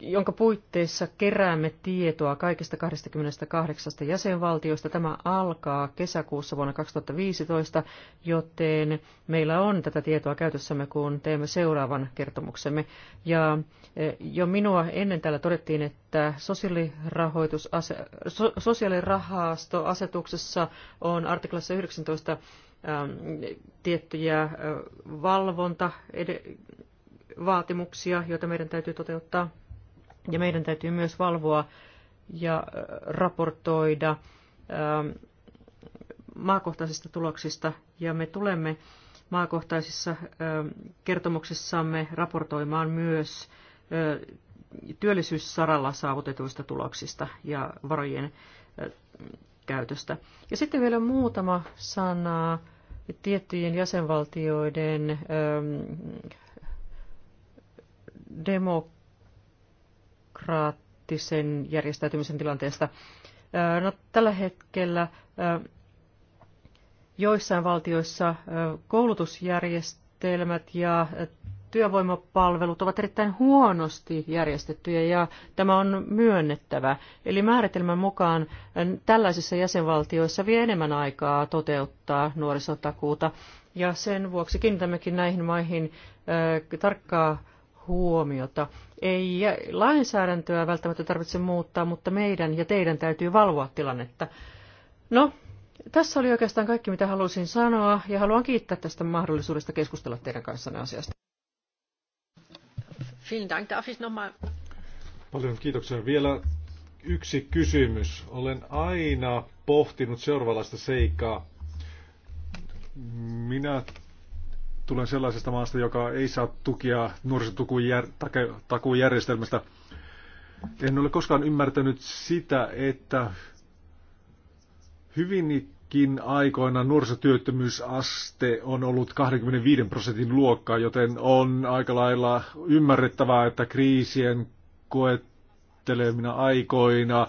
jonka puitteissa keräämme tietoa kaikista 28 jäsenvaltioista. Tämä alkaa kesäkuussa vuonna 2015, joten meillä on tätä tietoa käytössämme, kun teemme seuraavan kertomuksemme. Ja e, jo minua ennen täällä todettiin, että sosiaalirahastoasetuksessa on artiklassa 19 tiettyjä valvonta vaatimuksia, joita meidän täytyy toteuttaa. Ja meidän täytyy myös valvoa ja raportoida maakohtaisista tuloksista. Ja me tulemme maakohtaisissa kertomuksissamme raportoimaan myös työllisyyssaralla saavutetuista tuloksista ja varojen käytöstä. Ja sitten vielä muutama sana tiettyjen jäsenvaltioiden demokraattisen järjestäytymisen tilanteesta. No, tällä hetkellä joissain valtioissa koulutusjärjestelmät ja työvoimapalvelut ovat erittäin huonosti järjestettyjä ja tämä on myönnettävä. Eli määritelmän mukaan tällaisissa jäsenvaltioissa vie enemmän aikaa toteuttaa nuorisotakuuta ja sen vuoksi kiinnitämmekin näihin maihin tarkkaa huomiota. Ei lainsäädäntöä välttämättä tarvitse muuttaa, mutta meidän ja teidän täytyy valvoa tilannetta. No, tässä oli oikeastaan kaikki, mitä halusin sanoa, ja haluan kiittää tästä mahdollisuudesta keskustella teidän kanssanne asiasta. Paljon kiitoksia. Vielä yksi kysymys. Olen aina pohtinut seuraavalaista seikkaa. Minä Tulen sellaisesta maasta, joka ei saa tukia nuorisotakujärjestelmästä. En ole koskaan ymmärtänyt sitä, että hyvinkin aikoina nuorisotyöttömyysaste on ollut 25 prosentin luokkaa, joten on aika lailla ymmärrettävää, että kriisien koettelemina aikoina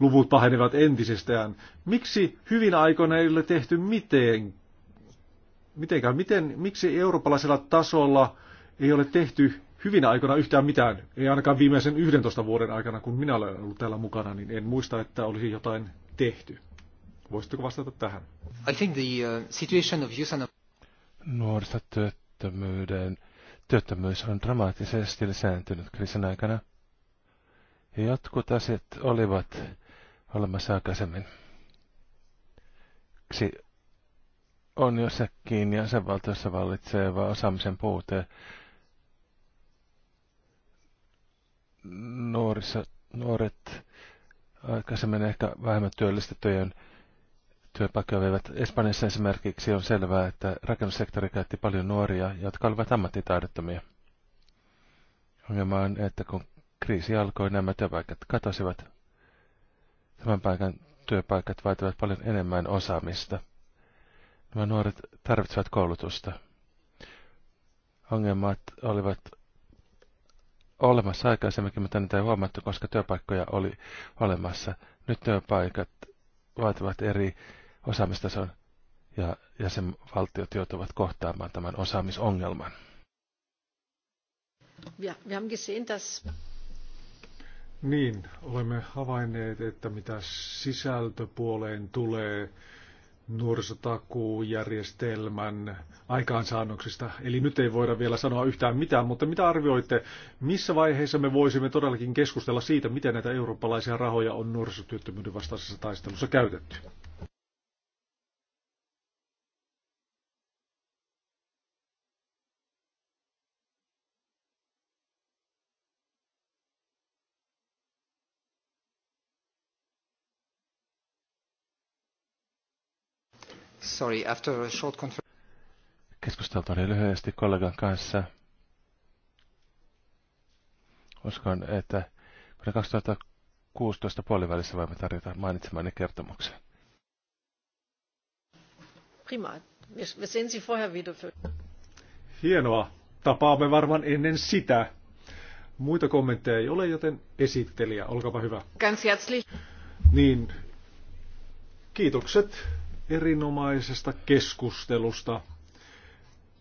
luvut pahenevat entisestään. Miksi hyvin aikoina ei ole tehty mitenkään? mitenkään. Miten, miksi eurooppalaisella tasolla ei ole tehty hyvin aikoina yhtään mitään? Ei ainakaan viimeisen 11 vuoden aikana, kun minä olen ollut täällä mukana, niin en muista, että olisi jotain tehty. Voisitteko vastata tähän? I think the uh, situation of of... and... työttömyyden työttömyys on dramaattisesti lisääntynyt kriisin aikana. Ja jotkut asiat olivat olemassa aikaisemmin. Siksi on jossakin jäsenvaltiossa vallitseva osaamisen puute nuorissa, nuoret aikaisemmin ehkä vähemmän työllistettyjen työpaikkoja veivät. Espanjassa esimerkiksi on selvää, että rakennussektori käytti paljon nuoria, jotka olivat ammattitaidottomia. Ongelma on, että kun kriisi alkoi, nämä työpaikat katosivat. Tämän paikan työpaikat vaativat paljon enemmän osaamista. Nämä nuoret tarvitsevat koulutusta. Ongelmat olivat olemassa aikaisemminkin, mutta niitä ei huomattu, koska työpaikkoja oli olemassa. Nyt työpaikat vaativat eri osaamistason ja jäsenvaltiot joutuvat kohtaamaan tämän osaamisongelman. Ja, wir haben gesehen, dass niin, olemme havainneet, että mitä sisältöpuoleen tulee, nuorisotakuujärjestelmän aikaansaannoksista. Eli nyt ei voida vielä sanoa yhtään mitään, mutta mitä arvioitte, missä vaiheessa me voisimme todellakin keskustella siitä, miten näitä eurooppalaisia rahoja on nuorisotyöttömyyden vastaisessa taistelussa käytetty? Sorry, after a short lyhyesti kollegan kanssa. Uskon, että vuoden 2016 puolivälissä voimme tarjota mainitsemani kertomuksen. Prima. Wir sehen Sie vorher wieder für... Hienoa. Tapaamme varmaan ennen sitä. Muita kommentteja ei ole, joten esittelijä, olkaapa hyvä. Ganz herzlich. Niin, kiitokset erinomaisesta keskustelusta.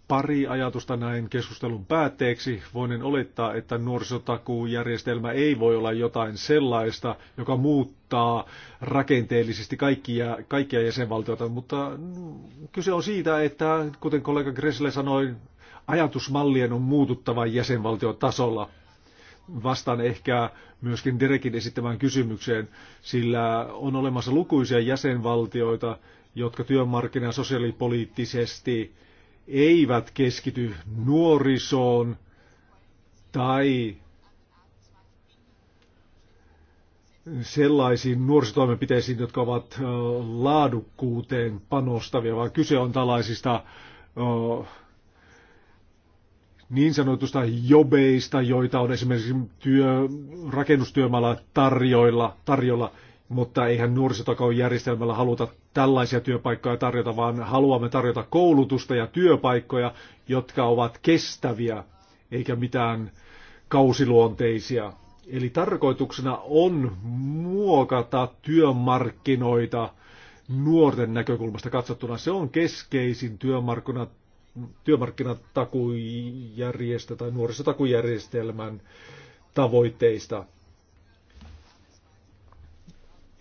Pari ajatusta näin keskustelun päätteeksi. Voinen olettaa, että nuorisotakuujärjestelmä ei voi olla jotain sellaista, joka muuttaa rakenteellisesti kaikkia, kaikkia jäsenvaltioita, mutta kyse on siitä, että kuten kollega Gressle sanoi, ajatusmallien on muututtava jäsenvaltiotasolla vastaan ehkä myöskin Derekin esittämään kysymykseen, sillä on olemassa lukuisia jäsenvaltioita, jotka työmarkkina- ja sosiaalipoliittisesti eivät keskity nuorisoon tai sellaisiin nuorisotoimenpiteisiin, jotka ovat laadukkuuteen panostavia, vaan kyse on tällaisista niin sanotusta jobeista, joita on esimerkiksi työ, rakennustyömaalla tarjoilla, tarjolla, mutta eihän nuorisotakoon järjestelmällä haluta tällaisia työpaikkoja tarjota, vaan haluamme tarjota koulutusta ja työpaikkoja, jotka ovat kestäviä, eikä mitään kausiluonteisia. Eli tarkoituksena on muokata työmarkkinoita nuorten näkökulmasta katsottuna. Se on keskeisin työmarkkinat työmarkkinatakujärjestö tai nuorisotakujärjestelmän tavoitteista.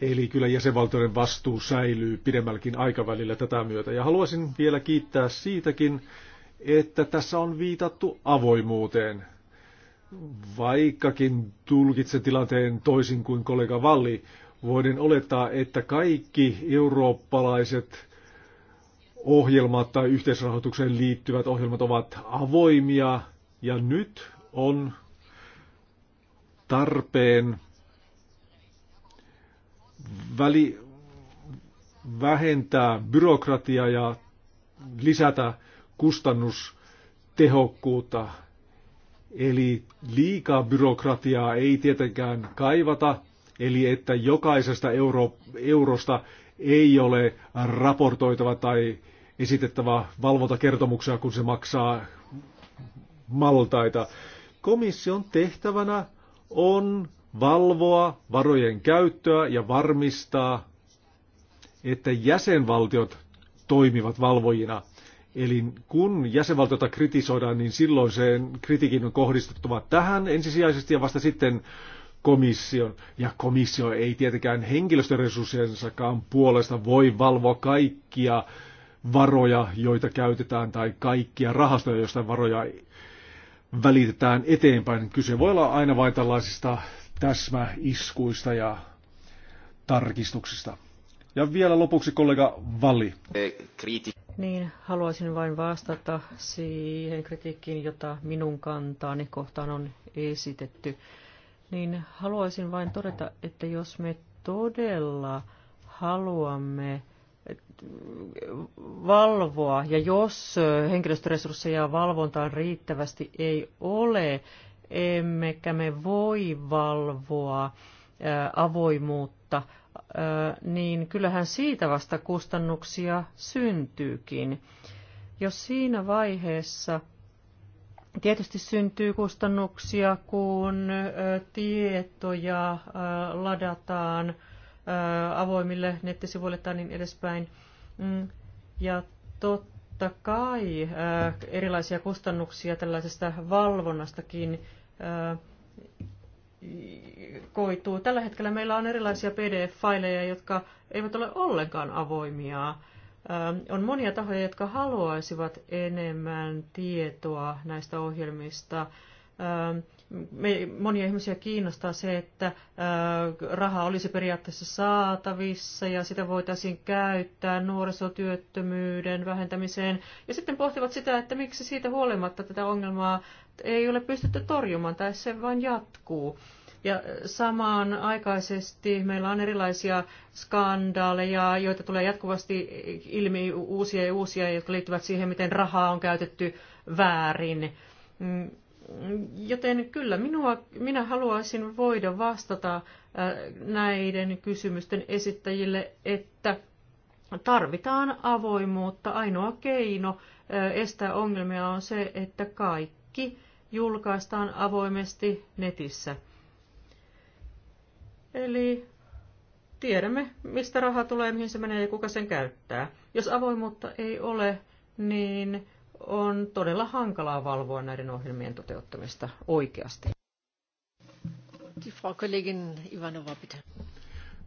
Eli kyllä jäsenvaltioiden vastuu säilyy pidemmälläkin aikavälillä tätä myötä. Ja haluaisin vielä kiittää siitäkin, että tässä on viitattu avoimuuteen. Vaikkakin tulkitse tilanteen toisin kuin kollega Valli, voiden olettaa, että kaikki eurooppalaiset ohjelmat tai yhteisrahoitukseen liittyvät ohjelmat ovat avoimia ja nyt on tarpeen väli, vähentää byrokratiaa ja lisätä kustannustehokkuutta. Eli liikaa byrokratiaa ei tietenkään kaivata, eli että jokaisesta euro, eurosta ei ole raportoitava tai esitettävä valvontakertomuksia, kun se maksaa maltaita. Komission tehtävänä on valvoa varojen käyttöä ja varmistaa, että jäsenvaltiot toimivat valvojina. Eli kun jäsenvaltiota kritisoidaan, niin silloin sen kritiikin on kohdistuttava tähän ensisijaisesti ja vasta sitten komission. Ja komissio ei tietenkään henkilöstöresurssiensakaan puolesta voi valvoa kaikkia varoja, joita käytetään, tai kaikkia rahastoja, joista varoja välitetään eteenpäin. Kyse voi olla aina vain tällaisista täsmäiskuista ja tarkistuksista. Ja vielä lopuksi kollega Valli. Niin, haluaisin vain vastata siihen kritiikkiin, jota minun kantaani kohtaan on esitetty. Niin haluaisin vain todeta, että jos me todella haluamme valvoa, ja jos henkilöstöresursseja valvontaan riittävästi ei ole, emmekä me voi valvoa avoimuutta, niin kyllähän siitä vasta kustannuksia syntyykin. Jos siinä vaiheessa tietysti syntyy kustannuksia, kun tietoja ladataan avoimille nettisivuille tai niin edespäin. Mm, ja totta kai erilaisia kustannuksia tällaisesta valvonnastakin koituu. Tällä hetkellä meillä on erilaisia PDF-faileja, jotka eivät ole ollenkaan avoimia. On monia tahoja, jotka haluaisivat enemmän tietoa näistä ohjelmista me, monia ihmisiä kiinnostaa se, että raha olisi periaatteessa saatavissa ja sitä voitaisiin käyttää nuorisotyöttömyyden vähentämiseen. Ja sitten pohtivat sitä, että miksi siitä huolimatta tätä ongelmaa ei ole pystytty torjumaan tai se vain jatkuu. Ja samaan aikaisesti meillä on erilaisia skandaaleja, joita tulee jatkuvasti ilmi uusia ja uusia, jotka liittyvät siihen, miten rahaa on käytetty väärin mm. Joten kyllä minua, minä haluaisin voida vastata äh, näiden kysymysten esittäjille, että tarvitaan avoimuutta. Ainoa keino äh, estää ongelmia on se, että kaikki julkaistaan avoimesti netissä. Eli tiedämme, mistä raha tulee, mihin se menee ja kuka sen käyttää. Jos avoimuutta ei ole, niin on todella hankalaa valvoa näiden ohjelmien toteuttamista oikeasti. Die Frau Kollegin Ivanova, bitte.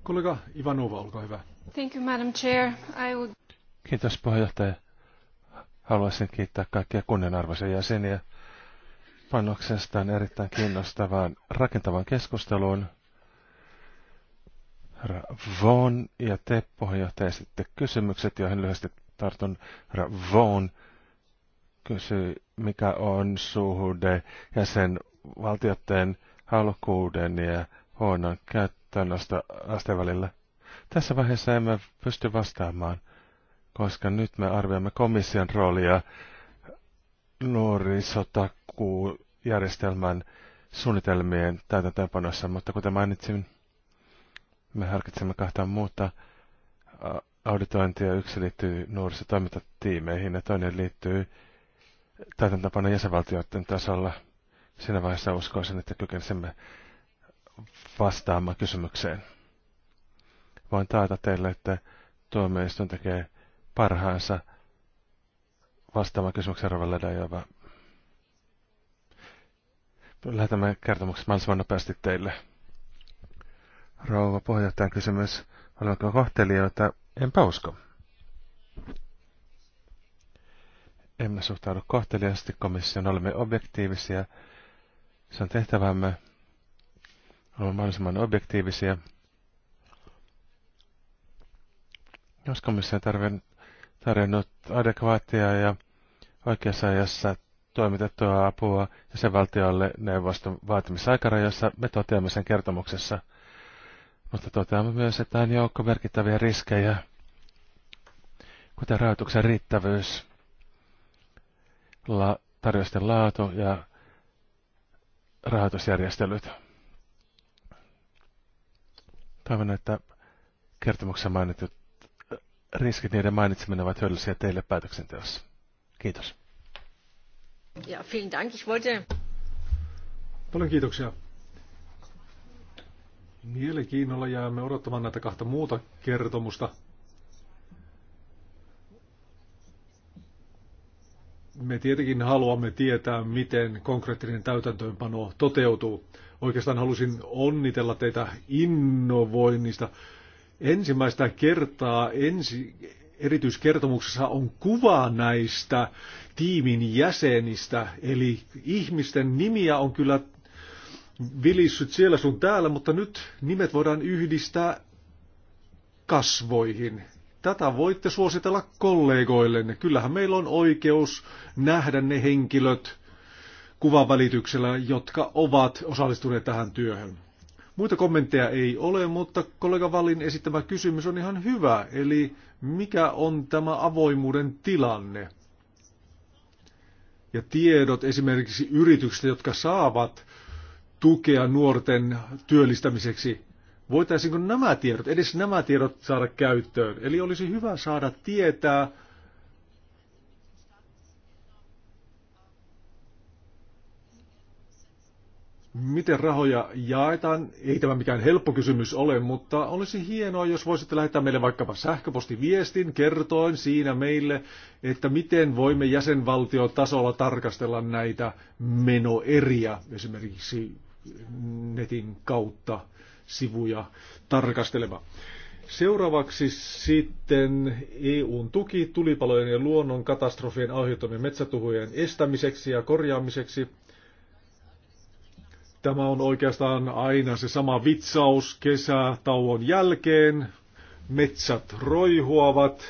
Kollega Ivanova, olkaa hyvä. Thank you, Madam Chair. I would... Kiitos puheenjohtaja. Haluaisin kiittää kaikkia kunnianarvoisia jäseniä panoksestaan erittäin kiinnostavaan rakentavaan keskusteluun. Herra Vaughan ja te puheenjohtaja sitten kysymykset, joihin lyhyesti tartun. Herra Vaughan kysyi, mikä on suhde ja sen valtioiden halukkuuden ja huonon käyttöön asteen välillä. Tässä vaiheessa emme pysty vastaamaan, koska nyt me arvioimme komission roolia nuorisotakuujärjestelmän suunnitelmien täytäntöönpanossa, mutta kuten mainitsin, me harkitsemme kahta muuta auditointia. Yksi liittyy nuorisotoimintatiimeihin ja toinen liittyy täytäntöpano jäsenvaltioiden tasolla. Siinä vaiheessa uskoisin, että kykensimme vastaamaan kysymykseen. Voin taata teille, että tuomioistuin tekee parhaansa vastaamaan kysymykseen Rovelle Dajava. Lähetämme kertomuksen mahdollisimman nopeasti teille. Rouva puheenjohtajan kysymys. Olemmeko kohtelijoita? Enpä usko. Emme suhtaudu kohteliaasti komission, olemme objektiivisia. Se on tehtävämme. olla mahdollisimman objektiivisia. Jos komissio on tarjonnut adekvaattia ja oikeassa ajassa toimitettua apua ja valtiolle neuvoston vaatimisaikarajoissa, me toteamme sen kertomuksessa. Mutta toteamme myös, että on joukko merkittäviä riskejä, kuten rahoituksen riittävyys, la, tarjousten laatu ja rahoitusjärjestelyt. Toivon, että kertomuksessa mainitut riskit, niiden mainitseminen ovat hyödyllisiä teille päätöksenteossa. Kiitos. Ja, vielen Dank. Ich wollte... Paljon kiitoksia. Mielenkiinnolla jäämme odottamaan näitä kahta muuta kertomusta. me tietenkin haluamme tietää, miten konkreettinen täytäntöönpano toteutuu. Oikeastaan halusin onnitella teitä innovoinnista. Ensimmäistä kertaa ensi, erityiskertomuksessa on kuva näistä tiimin jäsenistä, eli ihmisten nimiä on kyllä vilissyt siellä sun täällä, mutta nyt nimet voidaan yhdistää kasvoihin. Tätä voitte suositella kollegoillenne. Kyllähän meillä on oikeus nähdä ne henkilöt kuvan välityksellä, jotka ovat osallistuneet tähän työhön. Muita kommentteja ei ole, mutta kollega Vallin esittämä kysymys on ihan hyvä. Eli mikä on tämä avoimuuden tilanne? Ja tiedot esimerkiksi yrityksistä, jotka saavat tukea nuorten työllistämiseksi, Voitaisiinko nämä tiedot, edes nämä tiedot saada käyttöön? Eli olisi hyvä saada tietää, miten rahoja jaetaan. Ei tämä mikään helppo kysymys ole, mutta olisi hienoa, jos voisitte lähettää meille vaikkapa sähköpostiviestin kertoin siinä meille, että miten voimme jäsenvaltiotasolla tarkastella näitä menoeriä esimerkiksi netin kautta sivuja tarkasteleva. Seuraavaksi sitten EUn tuki tulipalojen ja luonnon katastrofien aiheuttamien metsätuhojen estämiseksi ja korjaamiseksi. Tämä on oikeastaan aina se sama vitsaus kesätauon jälkeen. Metsät roihuavat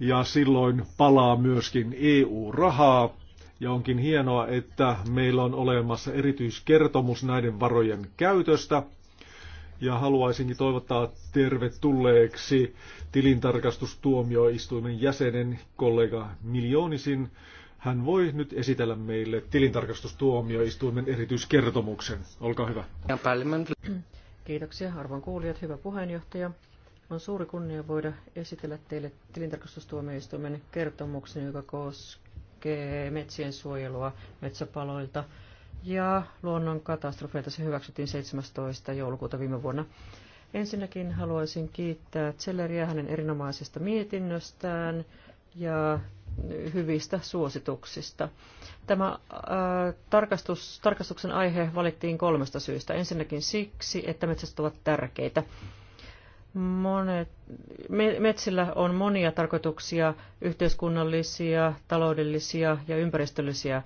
ja silloin palaa myöskin EU-rahaa ja onkin hienoa, että meillä on olemassa erityiskertomus näiden varojen käytöstä. Ja haluaisinkin toivottaa tervetulleeksi tilintarkastustuomioistuimen jäsenen kollega Miljoonisin. Hän voi nyt esitellä meille tilintarkastustuomioistuimen erityiskertomuksen. Olkaa hyvä. Kiitoksia arvon kuulijat, hyvä puheenjohtaja. On suuri kunnia voida esitellä teille tilintarkastustuomioistuimen kertomuksen, joka koskee koskee metsien suojelua metsäpaloilta ja luonnon katastrofeilta. Se hyväksyttiin 17. joulukuuta viime vuonna. Ensinnäkin haluaisin kiittää Zelleriä hänen erinomaisesta mietinnöstään ja hyvistä suosituksista. Tämä ää, tarkastus, tarkastuksen aihe valittiin kolmesta syystä. Ensinnäkin siksi, että metsät ovat tärkeitä. Monet, metsillä on monia tarkoituksia, yhteiskunnallisia, taloudellisia ja ympäristöllisiä.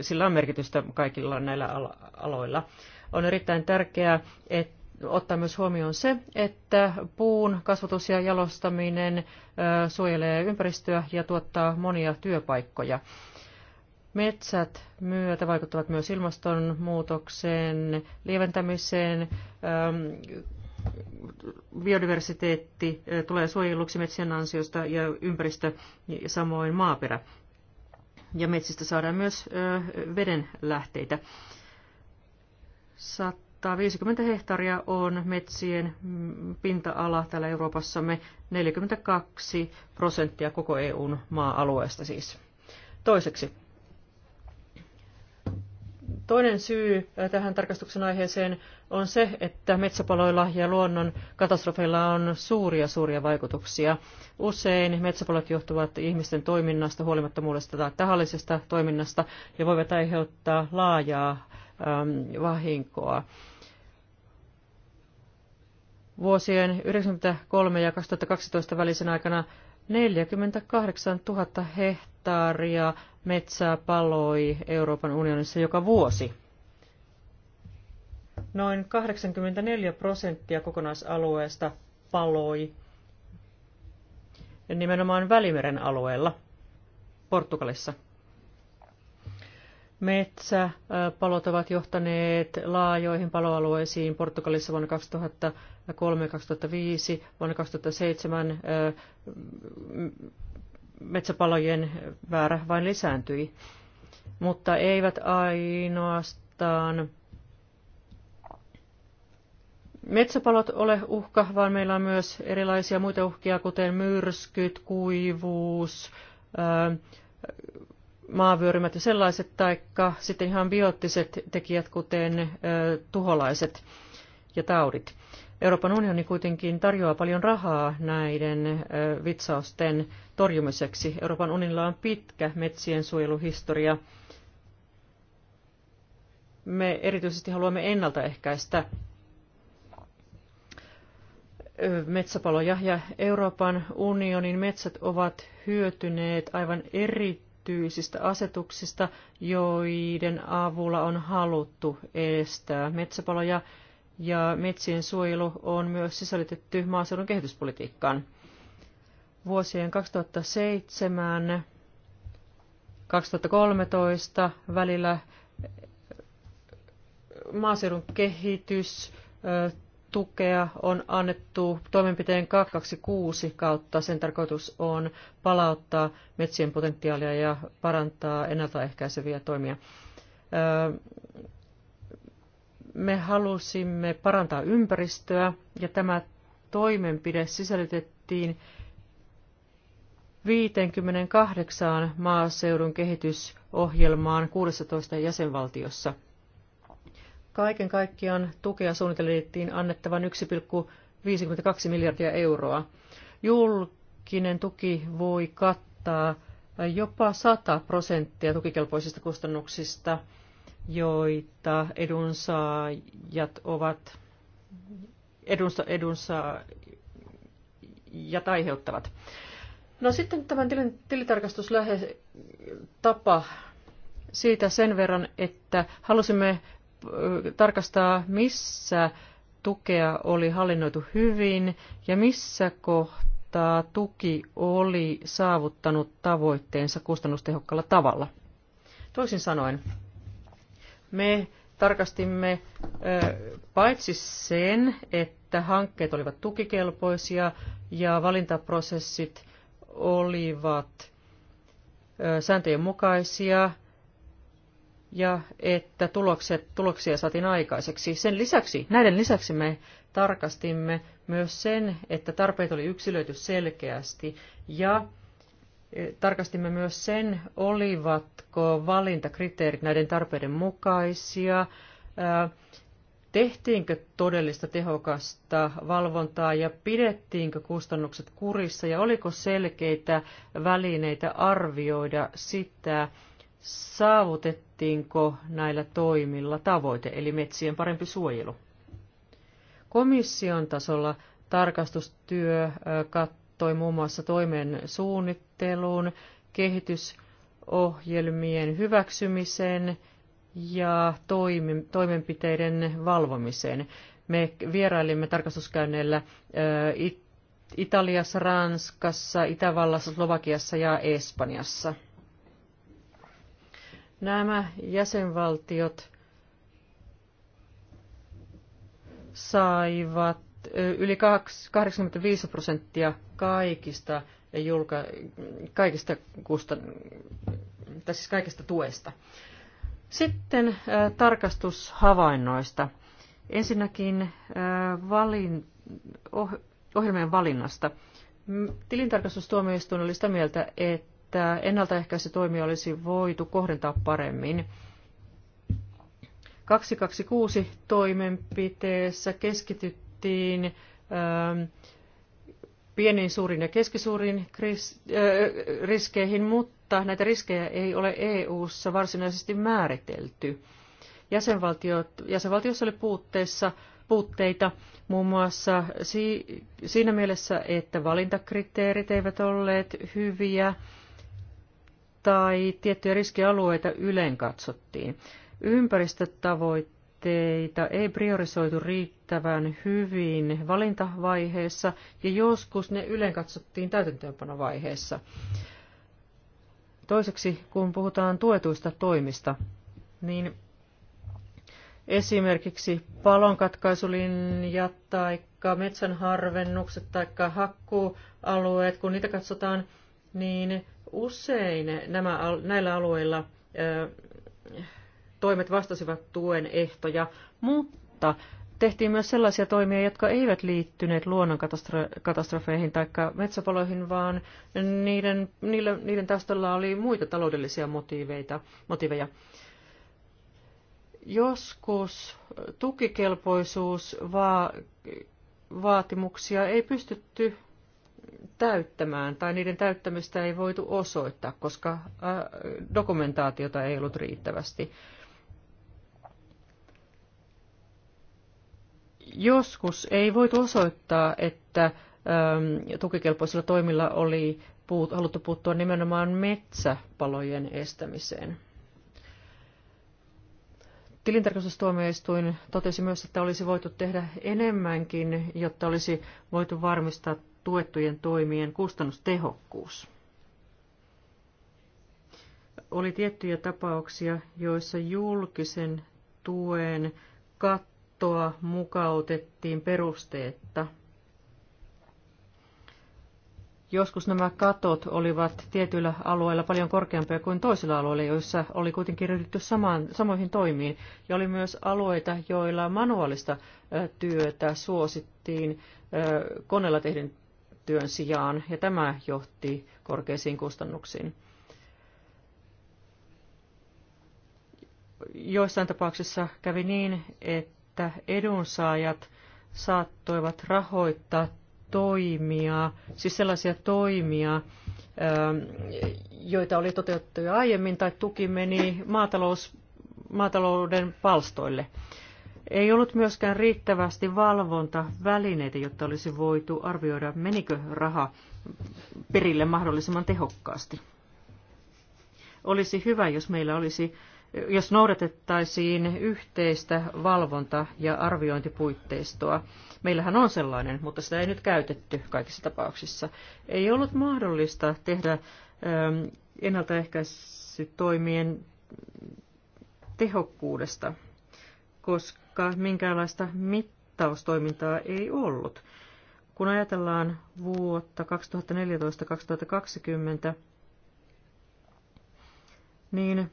Sillä on merkitystä kaikilla näillä aloilla. On erittäin tärkeää, että ottaa myös huomioon se, että puun kasvatus ja jalostaminen suojelee ympäristöä ja tuottaa monia työpaikkoja. Metsät myötä vaikuttavat myös ilmastonmuutokseen, lieventämiseen, ähm, biodiversiteetti äh, tulee suojelluksi metsien ansiosta ja ympäristö samoin maaperä. Ja metsistä saadaan myös äh, veden lähteitä. 150 hehtaaria on metsien pinta-ala täällä Euroopassamme, 42 prosenttia koko EUn maa-alueesta siis. Toiseksi Toinen syy äh, tähän tarkastuksen aiheeseen on se, että metsäpaloilla ja luonnon katastrofeilla on suuria suuria vaikutuksia. Usein metsäpalot johtuvat ihmisten toiminnasta, huolimattomuudesta tai tahallisesta toiminnasta ja voivat aiheuttaa laajaa äm, vahinkoa. Vuosien 1993 ja 2012 välisen aikana 48 000 hehtaaria metsää paloi Euroopan unionissa joka vuosi. Noin 84 prosenttia kokonaisalueesta paloi nimenomaan Välimeren alueella, Portugalissa – Metsäpalot ovat johtaneet laajoihin paloalueisiin Portugalissa vuonna 2003-2005, vuonna 2007 metsäpalojen väärä vain lisääntyi, mutta eivät ainoastaan metsäpalot ole uhka, vaan meillä on myös erilaisia muita uhkia, kuten myrskyt, kuivuus, maavyörymät ja sellaiset, taikka sitten ihan bioottiset tekijät, kuten tuholaiset ja taudit. Euroopan unioni kuitenkin tarjoaa paljon rahaa näiden vitsausten torjumiseksi. Euroopan unionilla on pitkä metsien suojeluhistoria. Me erityisesti haluamme ennaltaehkäistä metsäpaloja ja Euroopan unionin metsät ovat hyötyneet aivan eri erityisistä asetuksista, joiden avulla on haluttu estää metsäpaloja, ja metsien suojelu on myös sisällytetty maaseudun kehityspolitiikkaan. Vuosien 2007 2013 välillä maaseudun kehitys tukea on annettu toimenpiteen 226 kautta. Sen tarkoitus on palauttaa metsien potentiaalia ja parantaa ennaltaehkäiseviä toimia. Öö, me halusimme parantaa ympäristöä ja tämä toimenpide sisällytettiin 58 maaseudun kehitysohjelmaan 16 jäsenvaltiossa – Kaiken kaikkiaan tukea suunniteltiin annettavan 1,52 miljardia euroa. Julkinen tuki voi kattaa jopa 100 prosenttia tukikelpoisista kustannuksista, joita edunsaajat ovat edunsa, edunsa ja aiheuttavat. No sitten tämän tilin, tilitarkastuslähe tapa siitä sen verran, että halusimme tarkastaa, missä tukea oli hallinnoitu hyvin ja missä kohtaa tuki oli saavuttanut tavoitteensa kustannustehokkaalla tavalla. Toisin sanoen, me tarkastimme paitsi sen, että hankkeet olivat tukikelpoisia ja valintaprosessit olivat sääntöjen mukaisia, ja että tulokset, tuloksia saatiin aikaiseksi. Sen lisäksi, näiden lisäksi me tarkastimme myös sen, että tarpeet oli yksilöity selkeästi ja e, tarkastimme myös sen, olivatko valintakriteerit näiden tarpeiden mukaisia, tehtiinkö todellista tehokasta valvontaa ja pidettiinkö kustannukset kurissa ja oliko selkeitä välineitä arvioida sitä, saavutettiinko näillä toimilla tavoite, eli metsien parempi suojelu. Komission tasolla tarkastustyö kattoi muun muassa toimen suunnitteluun, kehitysohjelmien hyväksymisen ja toimenpiteiden valvomisen. Me vierailimme tarkastuskäynneillä Italiassa, Ranskassa, Itävallassa, Slovakiassa ja Espanjassa nämä jäsenvaltiot saivat yli 85 prosenttia kaikista, julka, kaikista, kustan, tai siis kaikista tuesta. Sitten tarkastushavainnoista. Ensinnäkin valin, oh, ohjelmien valinnasta. Tilintarkastustuomioistuin oli sitä mieltä, että että toimi olisi voitu kohdentaa paremmin. 226 toimenpiteessä keskityttiin ähm, pieniin, suuriin ja keskisuuriin äh, riskeihin, mutta näitä riskejä ei ole EU-ssa varsinaisesti määritelty. Jäsenvaltiot, jäsenvaltiossa oli puutteissa, puutteita muun muassa si, siinä mielessä, että valintakriteerit eivät olleet hyviä tai tiettyjä riskialueita ylen katsottiin. Ympäristötavoitteita ei priorisoitu riittävän hyvin valintavaiheessa ja joskus ne ylen katsottiin täytäntöönpanovaiheessa. Toiseksi, kun puhutaan tuetuista toimista, niin esimerkiksi palonkatkaisulinjat tai metsänharvennukset tai hakkuualueet, kun niitä katsotaan, niin Usein nämä, näillä alueilla toimet vastasivat tuen ehtoja, mutta tehtiin myös sellaisia toimia, jotka eivät liittyneet luonnonkatastrofeihin tai metsäpaloihin, vaan niiden, niiden, niiden taustalla oli muita taloudellisia motiiveita, motiiveja. Joskus vaatimuksia ei pystytty täyttämään, tai niiden täyttämistä ei voitu osoittaa, koska äh, dokumentaatiota ei ollut riittävästi. Joskus ei voitu osoittaa, että ähm, tukikelpoisilla toimilla oli haluttu puuttua nimenomaan metsäpalojen estämiseen. Tilintarkastustuomioistuin totesi myös, että olisi voitu tehdä enemmänkin, jotta olisi voitu varmistaa tuettujen toimien kustannustehokkuus. Oli tiettyjä tapauksia, joissa julkisen tuen kattoa mukautettiin perusteetta. Joskus nämä katot olivat tietyillä alueilla paljon korkeampia kuin toisilla alueilla, joissa oli kuitenkin ryhdytty samaan, samoihin toimiin. Ja oli myös alueita, joilla manuaalista työtä suosittiin koneella tehdyn työn sijaan, ja tämä johti korkeisiin kustannuksiin. Joissain tapauksissa kävi niin, että edunsaajat saattoivat rahoittaa toimia, siis sellaisia toimia, ähm, joita oli toteutettu jo aiemmin, tai tuki meni maatalous, maatalouden palstoille. Ei ollut myöskään riittävästi valvontavälineitä, jotta olisi voitu arvioida, menikö raha perille mahdollisimman tehokkaasti. Olisi hyvä, jos meillä olisi, jos noudatettaisiin yhteistä valvonta- ja arviointipuitteistoa. Meillähän on sellainen, mutta sitä ei nyt käytetty kaikissa tapauksissa. Ei ollut mahdollista tehdä ähm, ennaltaehkäisytoimien tehokkuudesta koska vaikka minkäänlaista mittaustoimintaa ei ollut. Kun ajatellaan vuotta 2014-2020, niin ähm,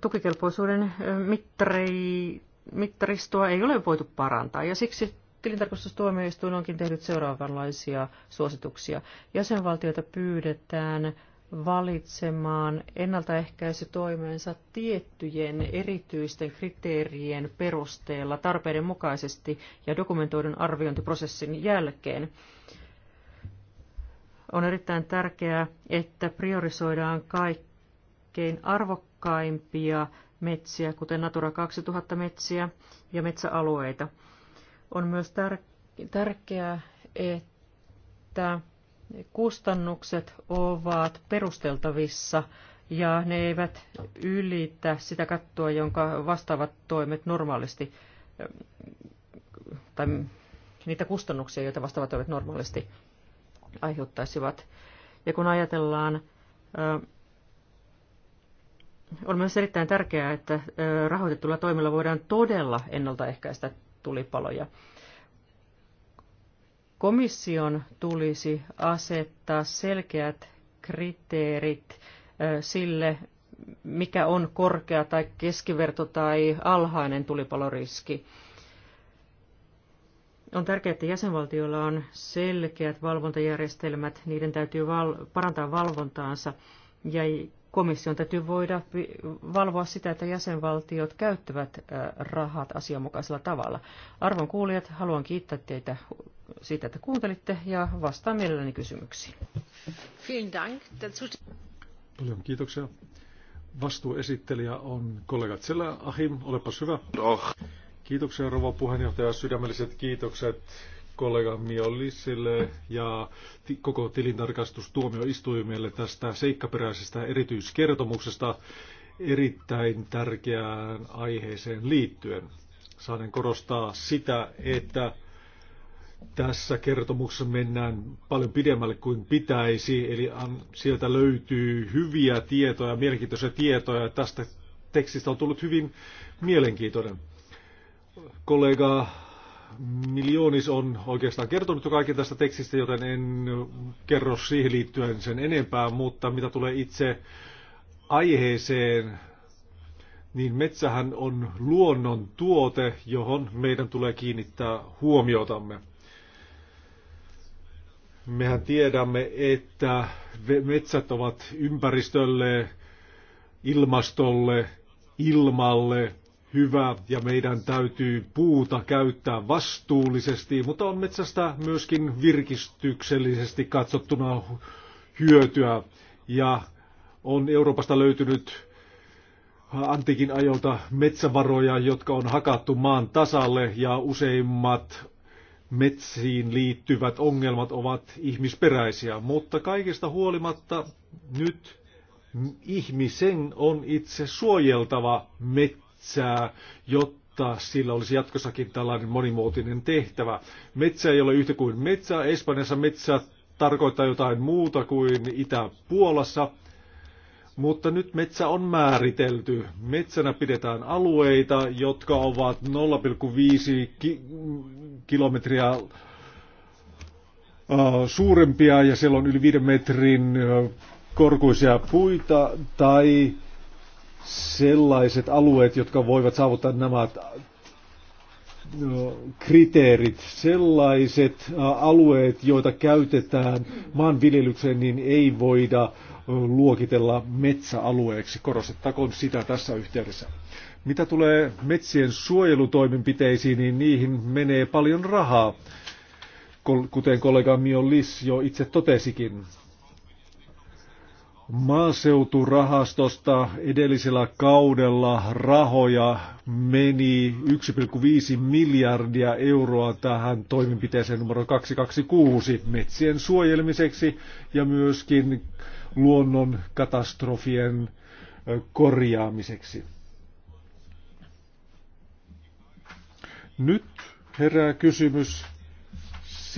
tukikelpoisuuden äh, mittarei, mittaristoa ei ole voitu parantaa, ja siksi tilintarkastustuomioistuin onkin tehnyt seuraavanlaisia suosituksia. Jäsenvaltioita pyydetään valitsemaan ennaltaehkäisytoimensa tiettyjen erityisten kriteerien perusteella tarpeiden mukaisesti ja dokumentoidun arviointiprosessin jälkeen. On erittäin tärkeää, että priorisoidaan kaikkein arvokkaimpia metsiä, kuten Natura 2000 metsiä ja metsäalueita. On myös tär- tärkeää, että kustannukset ovat perusteltavissa ja ne eivät ylitä sitä kattoa, jonka vastaavat toimet normaalisti, eh, tai niitä kustannuksia, joita vastaavat toimet normaalisti aiheuttaisivat. Ja kun ajatellaan, eh, on myös erittäin tärkeää, että eh, rahoitetulla toimilla voidaan todella ennaltaehkäistä tulipaloja. Komission tulisi asettaa selkeät kriteerit sille, mikä on korkea tai keskiverto tai alhainen tulipaloriski. On tärkeää, että jäsenvaltioilla on selkeät valvontajärjestelmät, niiden täytyy val- parantaa valvontaansa ja komission täytyy voida valvoa sitä, että jäsenvaltiot käyttävät rahat asianmukaisella tavalla. Arvon kuulijat, haluan kiittää teitä siitä, että kuuntelitte ja vastaan mielelläni kysymyksiin. Paljon kiitoksia. Vastuuesittelijä on kollega Tsela Ahim, olepas hyvä. Oh. Kiitoksia rouva puheenjohtaja, sydämelliset kiitokset kollega Miollisille ja koko tilintarkastustuomioistuimelle tästä seikkaperäisestä erityiskertomuksesta erittäin tärkeään aiheeseen liittyen. Saan korostaa sitä, että tässä kertomuksessa mennään paljon pidemmälle kuin pitäisi, eli sieltä löytyy hyviä tietoja, mielenkiintoisia tietoja. Tästä tekstistä on tullut hyvin mielenkiintoinen. Kollega Miljoonis on oikeastaan kertonut jo kaiken tästä tekstistä, joten en kerro siihen liittyen sen enempää, mutta mitä tulee itse aiheeseen, niin metsähän on luonnon tuote, johon meidän tulee kiinnittää huomiotamme. Mehän tiedämme, että metsät ovat ympäristölle, ilmastolle, ilmalle hyvä ja meidän täytyy puuta käyttää vastuullisesti, mutta on metsästä myöskin virkistyksellisesti katsottuna hyötyä. Ja on Euroopasta löytynyt antiikin ajolta metsävaroja, jotka on hakattu maan tasalle ja useimmat metsiin liittyvät ongelmat ovat ihmisperäisiä, mutta kaikesta huolimatta nyt ihmisen on itse suojeltava metsä metsää, jotta sillä olisi jatkossakin tällainen monimuotoinen tehtävä. Metsä ei ole yhtä kuin metsä. Espanjassa metsä tarkoittaa jotain muuta kuin Itä-Puolassa. Mutta nyt metsä on määritelty. Metsänä pidetään alueita, jotka ovat 0,5 ki- kilometriä suurempia ja siellä on yli 5 metrin korkuisia puita tai sellaiset alueet, jotka voivat saavuttaa nämä äh, no, kriteerit, sellaiset äh, alueet, joita käytetään maanviljelykseen, niin ei voida äh, luokitella metsäalueeksi. Korostettakoon sitä tässä yhteydessä. Mitä tulee metsien suojelutoimenpiteisiin, niin niihin menee paljon rahaa, kuten kollega Mio Liss jo itse totesikin. Maaseuturahastosta edellisellä kaudella rahoja meni 1,5 miljardia euroa tähän toimenpiteeseen numero 226 metsien suojelmiseksi ja myöskin luonnon katastrofien korjaamiseksi. Nyt herää kysymys,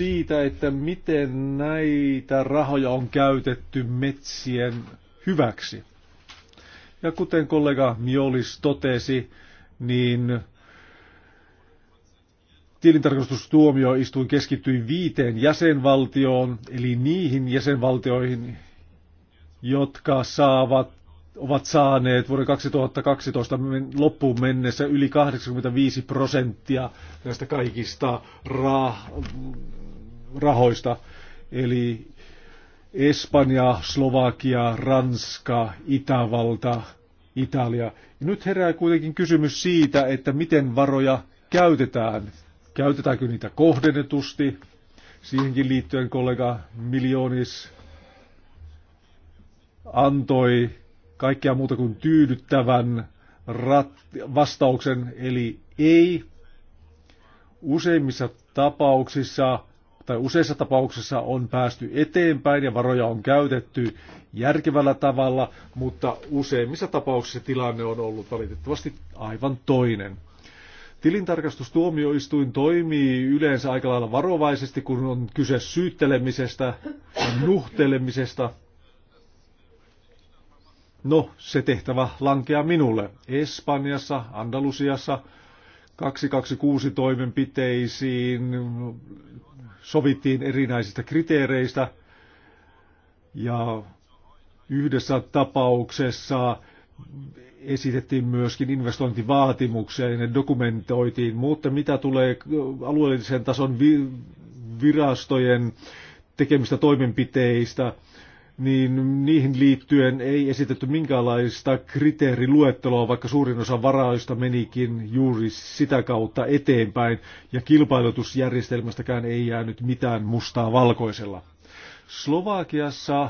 siitä, että miten näitä rahoja on käytetty metsien hyväksi. Ja kuten kollega Miolis totesi, niin tilintarkastustuomioistuin keskittyi viiteen jäsenvaltioon, eli niihin jäsenvaltioihin, jotka saavat, ovat saaneet vuoden 2012 loppuun mennessä yli 85 prosenttia näistä kaikista ra- rahoista, eli Espanja, Slovakia, Ranska, Itävalta, Italia. Ja nyt herää kuitenkin kysymys siitä, että miten varoja käytetään. Käytetäänkö niitä kohdennetusti? Siihenkin liittyen kollega Miljoonis antoi kaikkea muuta kuin tyydyttävän vastauksen, eli ei. Useimmissa tapauksissa tai useissa tapauksissa on päästy eteenpäin ja varoja on käytetty järkevällä tavalla, mutta useimmissa tapauksissa tilanne on ollut valitettavasti aivan toinen. Tilintarkastustuomioistuin toimii yleensä aika lailla varovaisesti, kun on kyse syyttelemisestä ja nuhtelemisesta. No, se tehtävä lankeaa minulle. Espanjassa, Andalusiassa, 226 toimenpiteisiin sovittiin erinäisistä kriteereistä ja yhdessä tapauksessa esitettiin myöskin investointivaatimuksia ja ne dokumentoitiin, mutta mitä tulee alueellisen tason virastojen tekemistä toimenpiteistä, niin niihin liittyen ei esitetty minkäänlaista kriteeriluetteloa, vaikka suurin osa varaista menikin juuri sitä kautta eteenpäin, ja kilpailutusjärjestelmästäkään ei jäänyt mitään mustaa valkoisella. Slovakiassa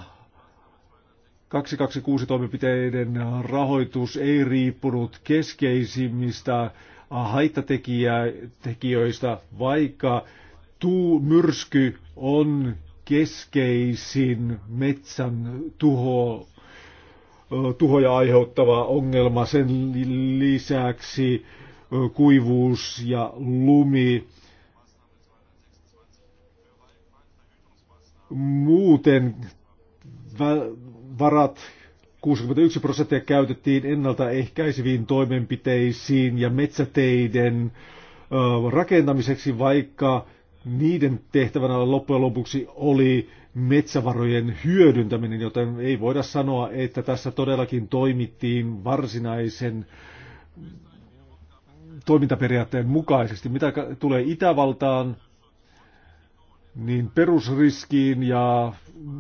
226 toimenpiteiden rahoitus ei riippunut keskeisimmistä haittatekijöistä, vaikka tuu myrsky on keskeisin metsän tuho, tuhoja aiheuttava ongelma. Sen lisäksi kuivuus ja lumi. Muuten varat 61 prosenttia käytettiin ennaltaehkäiseviin toimenpiteisiin ja metsäteiden rakentamiseksi, vaikka niiden tehtävänä loppujen lopuksi oli metsävarojen hyödyntäminen, joten ei voida sanoa, että tässä todellakin toimittiin varsinaisen toimintaperiaatteen mukaisesti. Mitä tulee Itävaltaan, niin perusriskiin ja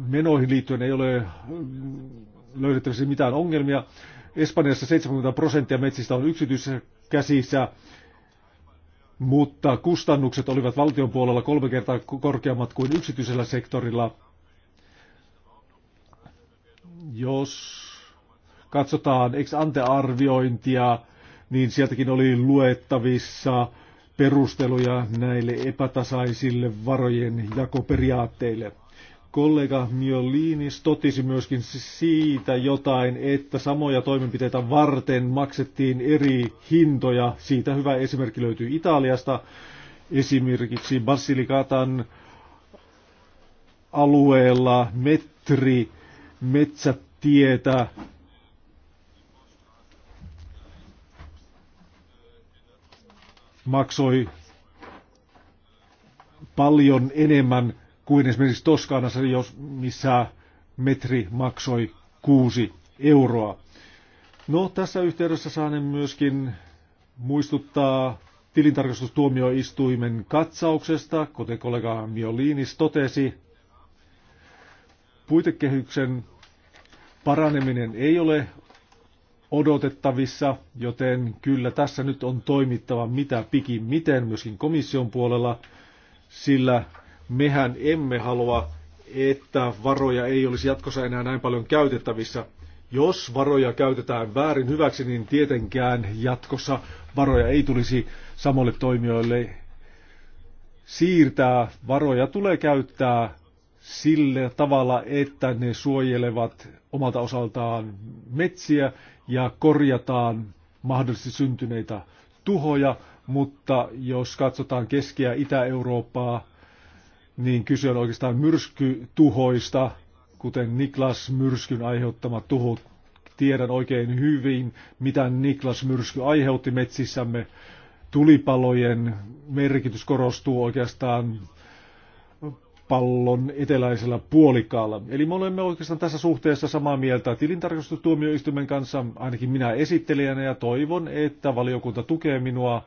menoihin liittyen ei ole löydettävissä mitään ongelmia. Espanjassa 70 prosenttia metsistä on yksityisessä käsissä mutta kustannukset olivat valtion puolella kolme kertaa korkeammat kuin yksityisellä sektorilla. Jos katsotaan ex ante arviointia, niin sieltäkin oli luettavissa perusteluja näille epätasaisille varojen jakoperiaatteille kollega Miolinis totisi myöskin siitä jotain, että samoja toimenpiteitä varten maksettiin eri hintoja. Siitä hyvä esimerkki löytyy Italiasta. Esimerkiksi Basilikatan alueella metri metsätietä maksoi paljon enemmän kuin esimerkiksi Toskaanassa, jos, missä metri maksoi 6 euroa. No, tässä yhteydessä saanen myöskin muistuttaa tilintarkastustuomioistuimen katsauksesta, kuten kollega Mioliinis totesi. Puitekehyksen paraneminen ei ole odotettavissa, joten kyllä tässä nyt on toimittava mitä pikin miten myöskin komission puolella, sillä mehän emme halua, että varoja ei olisi jatkossa enää näin paljon käytettävissä. Jos varoja käytetään väärin hyväksi, niin tietenkään jatkossa varoja ei tulisi samoille toimijoille siirtää. Varoja tulee käyttää sillä tavalla, että ne suojelevat omalta osaltaan metsiä ja korjataan mahdollisesti syntyneitä tuhoja, mutta jos katsotaan Keski- ja Itä-Eurooppaa, niin kyse on oikeastaan myrskytuhoista, kuten Niklas Myrskyn aiheuttama tuho Tiedän oikein hyvin, mitä Niklas Myrsky aiheutti metsissämme. Tulipalojen merkitys korostuu oikeastaan pallon eteläisellä puolikaalla. Eli me olemme oikeastaan tässä suhteessa samaa mieltä tilintarkastustuomioistuimen kanssa, ainakin minä esittelijänä, ja toivon, että valiokunta tukee minua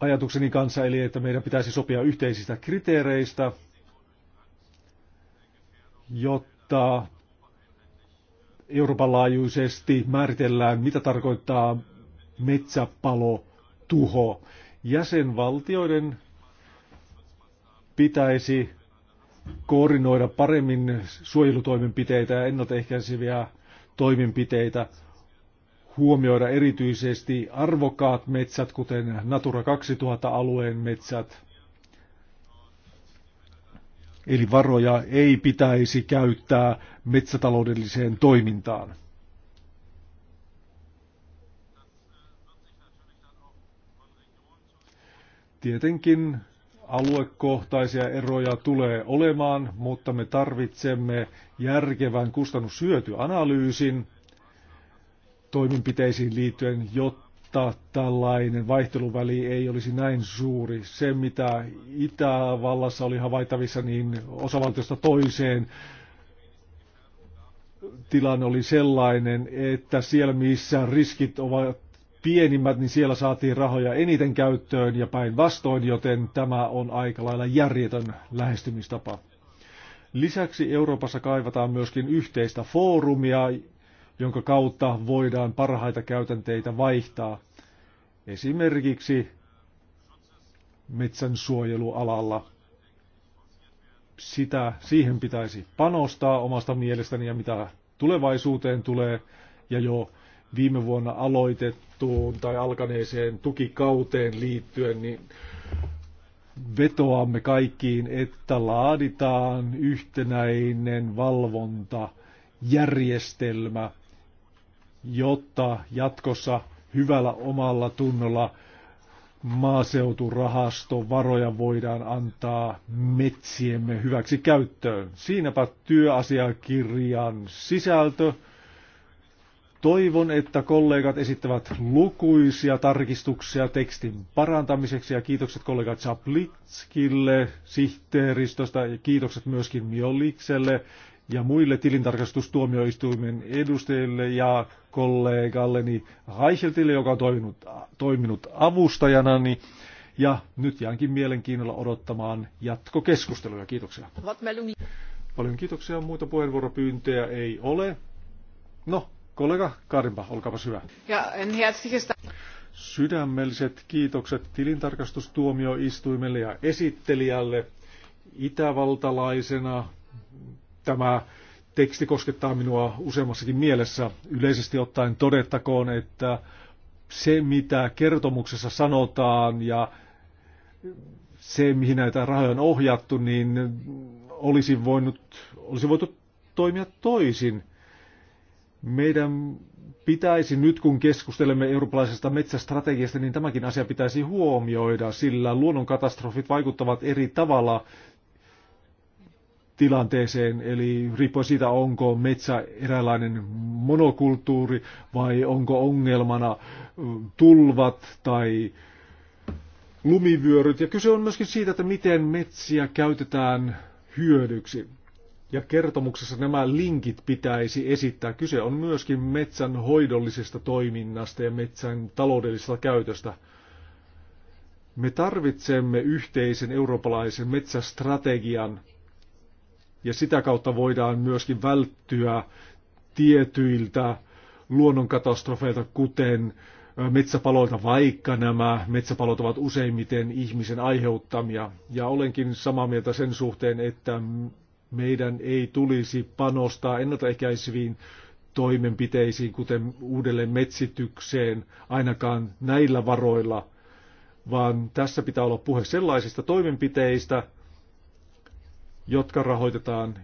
ajatukseni kanssa, eli että meidän pitäisi sopia yhteisistä kriteereistä, jotta Euroopan laajuisesti määritellään, mitä tarkoittaa metsäpalo, tuho. Jäsenvaltioiden pitäisi koordinoida paremmin suojelutoimenpiteitä ja ennaltaehkäiseviä toimenpiteitä – huomioida erityisesti arvokkaat metsät, kuten Natura 2000-alueen metsät. Eli varoja ei pitäisi käyttää metsätaloudelliseen toimintaan. Tietenkin aluekohtaisia eroja tulee olemaan, mutta me tarvitsemme järkevän kustannushyötyanalyysin toimenpiteisiin liittyen, jotta tällainen vaihteluväli ei olisi näin suuri. Se, mitä Itävallassa oli havaittavissa, niin osavaltiosta toiseen tilanne oli sellainen, että siellä missä riskit ovat pienimmät, niin siellä saatiin rahoja eniten käyttöön ja päinvastoin, joten tämä on aika lailla järjetön lähestymistapa. Lisäksi Euroopassa kaivataan myöskin yhteistä foorumia, jonka kautta voidaan parhaita käytänteitä vaihtaa esimerkiksi suojelualalla. Sitä, siihen pitäisi panostaa omasta mielestäni ja mitä tulevaisuuteen tulee ja jo viime vuonna aloitettuun tai alkaneeseen tukikauteen liittyen, niin vetoamme kaikkiin, että laaditaan yhtenäinen valvontajärjestelmä jotta jatkossa hyvällä omalla tunnolla maaseuturahasto varoja voidaan antaa metsiemme hyväksi käyttöön. Siinäpä työasiakirjan sisältö. Toivon, että kollegat esittävät lukuisia tarkistuksia tekstin parantamiseksi ja kiitokset kollega Chaplitskille, sihteeristöstä ja kiitokset myöskin Miolikselle ja muille tilintarkastustuomioistuimen edustajille ja kollegalleni Reicheltille, joka on toiminut, toiminut avustajanani. Ja nyt jäänkin mielenkiinnolla odottamaan jatkokeskusteluja. Kiitoksia. Paljon kiitoksia. Muita puheenvuoropyyntöjä ei ole. No, kollega Karimba, olkaapas hyvä. Ja en herzliches Sydämelliset kiitokset tilintarkastustuomioistuimelle ja esittelijälle. Itävaltalaisena tämä teksti koskettaa minua useammassakin mielessä. Yleisesti ottaen todettakoon, että se mitä kertomuksessa sanotaan ja se mihin näitä rahoja on ohjattu, niin olisi, voinut, olisi voitu toimia toisin. Meidän pitäisi nyt, kun keskustelemme eurooppalaisesta metsästrategiasta, niin tämäkin asia pitäisi huomioida, sillä luonnonkatastrofit vaikuttavat eri tavalla tilanteeseen, eli riippuen siitä, onko metsä eräänlainen monokulttuuri vai onko ongelmana tulvat tai lumivyöryt. Ja kyse on myöskin siitä, että miten metsiä käytetään hyödyksi. Ja kertomuksessa nämä linkit pitäisi esittää. Kyse on myöskin metsän hoidollisesta toiminnasta ja metsän taloudellisesta käytöstä. Me tarvitsemme yhteisen eurooppalaisen metsästrategian – ja sitä kautta voidaan myöskin välttyä tietyiltä luonnonkatastrofeilta, kuten metsäpaloilta, vaikka nämä metsäpalot ovat useimmiten ihmisen aiheuttamia. Ja olenkin samaa mieltä sen suhteen, että meidän ei tulisi panostaa ennaltaehkäiseviin toimenpiteisiin, kuten uudelleen metsitykseen, ainakaan näillä varoilla, vaan tässä pitää olla puhe sellaisista toimenpiteistä, jotka rahoitetaan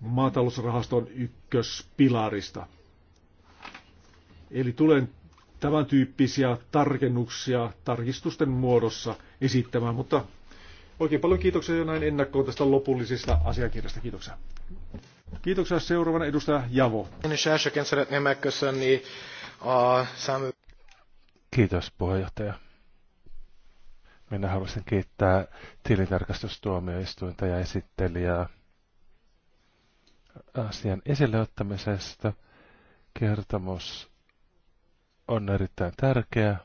maatalousrahaston ykköspilarista. Eli tulen tämän tyyppisiä tarkennuksia tarkistusten muodossa esittämään, mutta oikein paljon kiitoksia jo näin ennakkoon tästä lopullisesta asiakirjasta. Kiitoksia. Kiitoksia seuraavana edustaja Javo. Kiitos puheenjohtaja. Minä haluaisin kiittää tilintarkastustuomioistuinta ja esittelijää asian esille ottamisesta. Kertomus on erittäin tärkeä.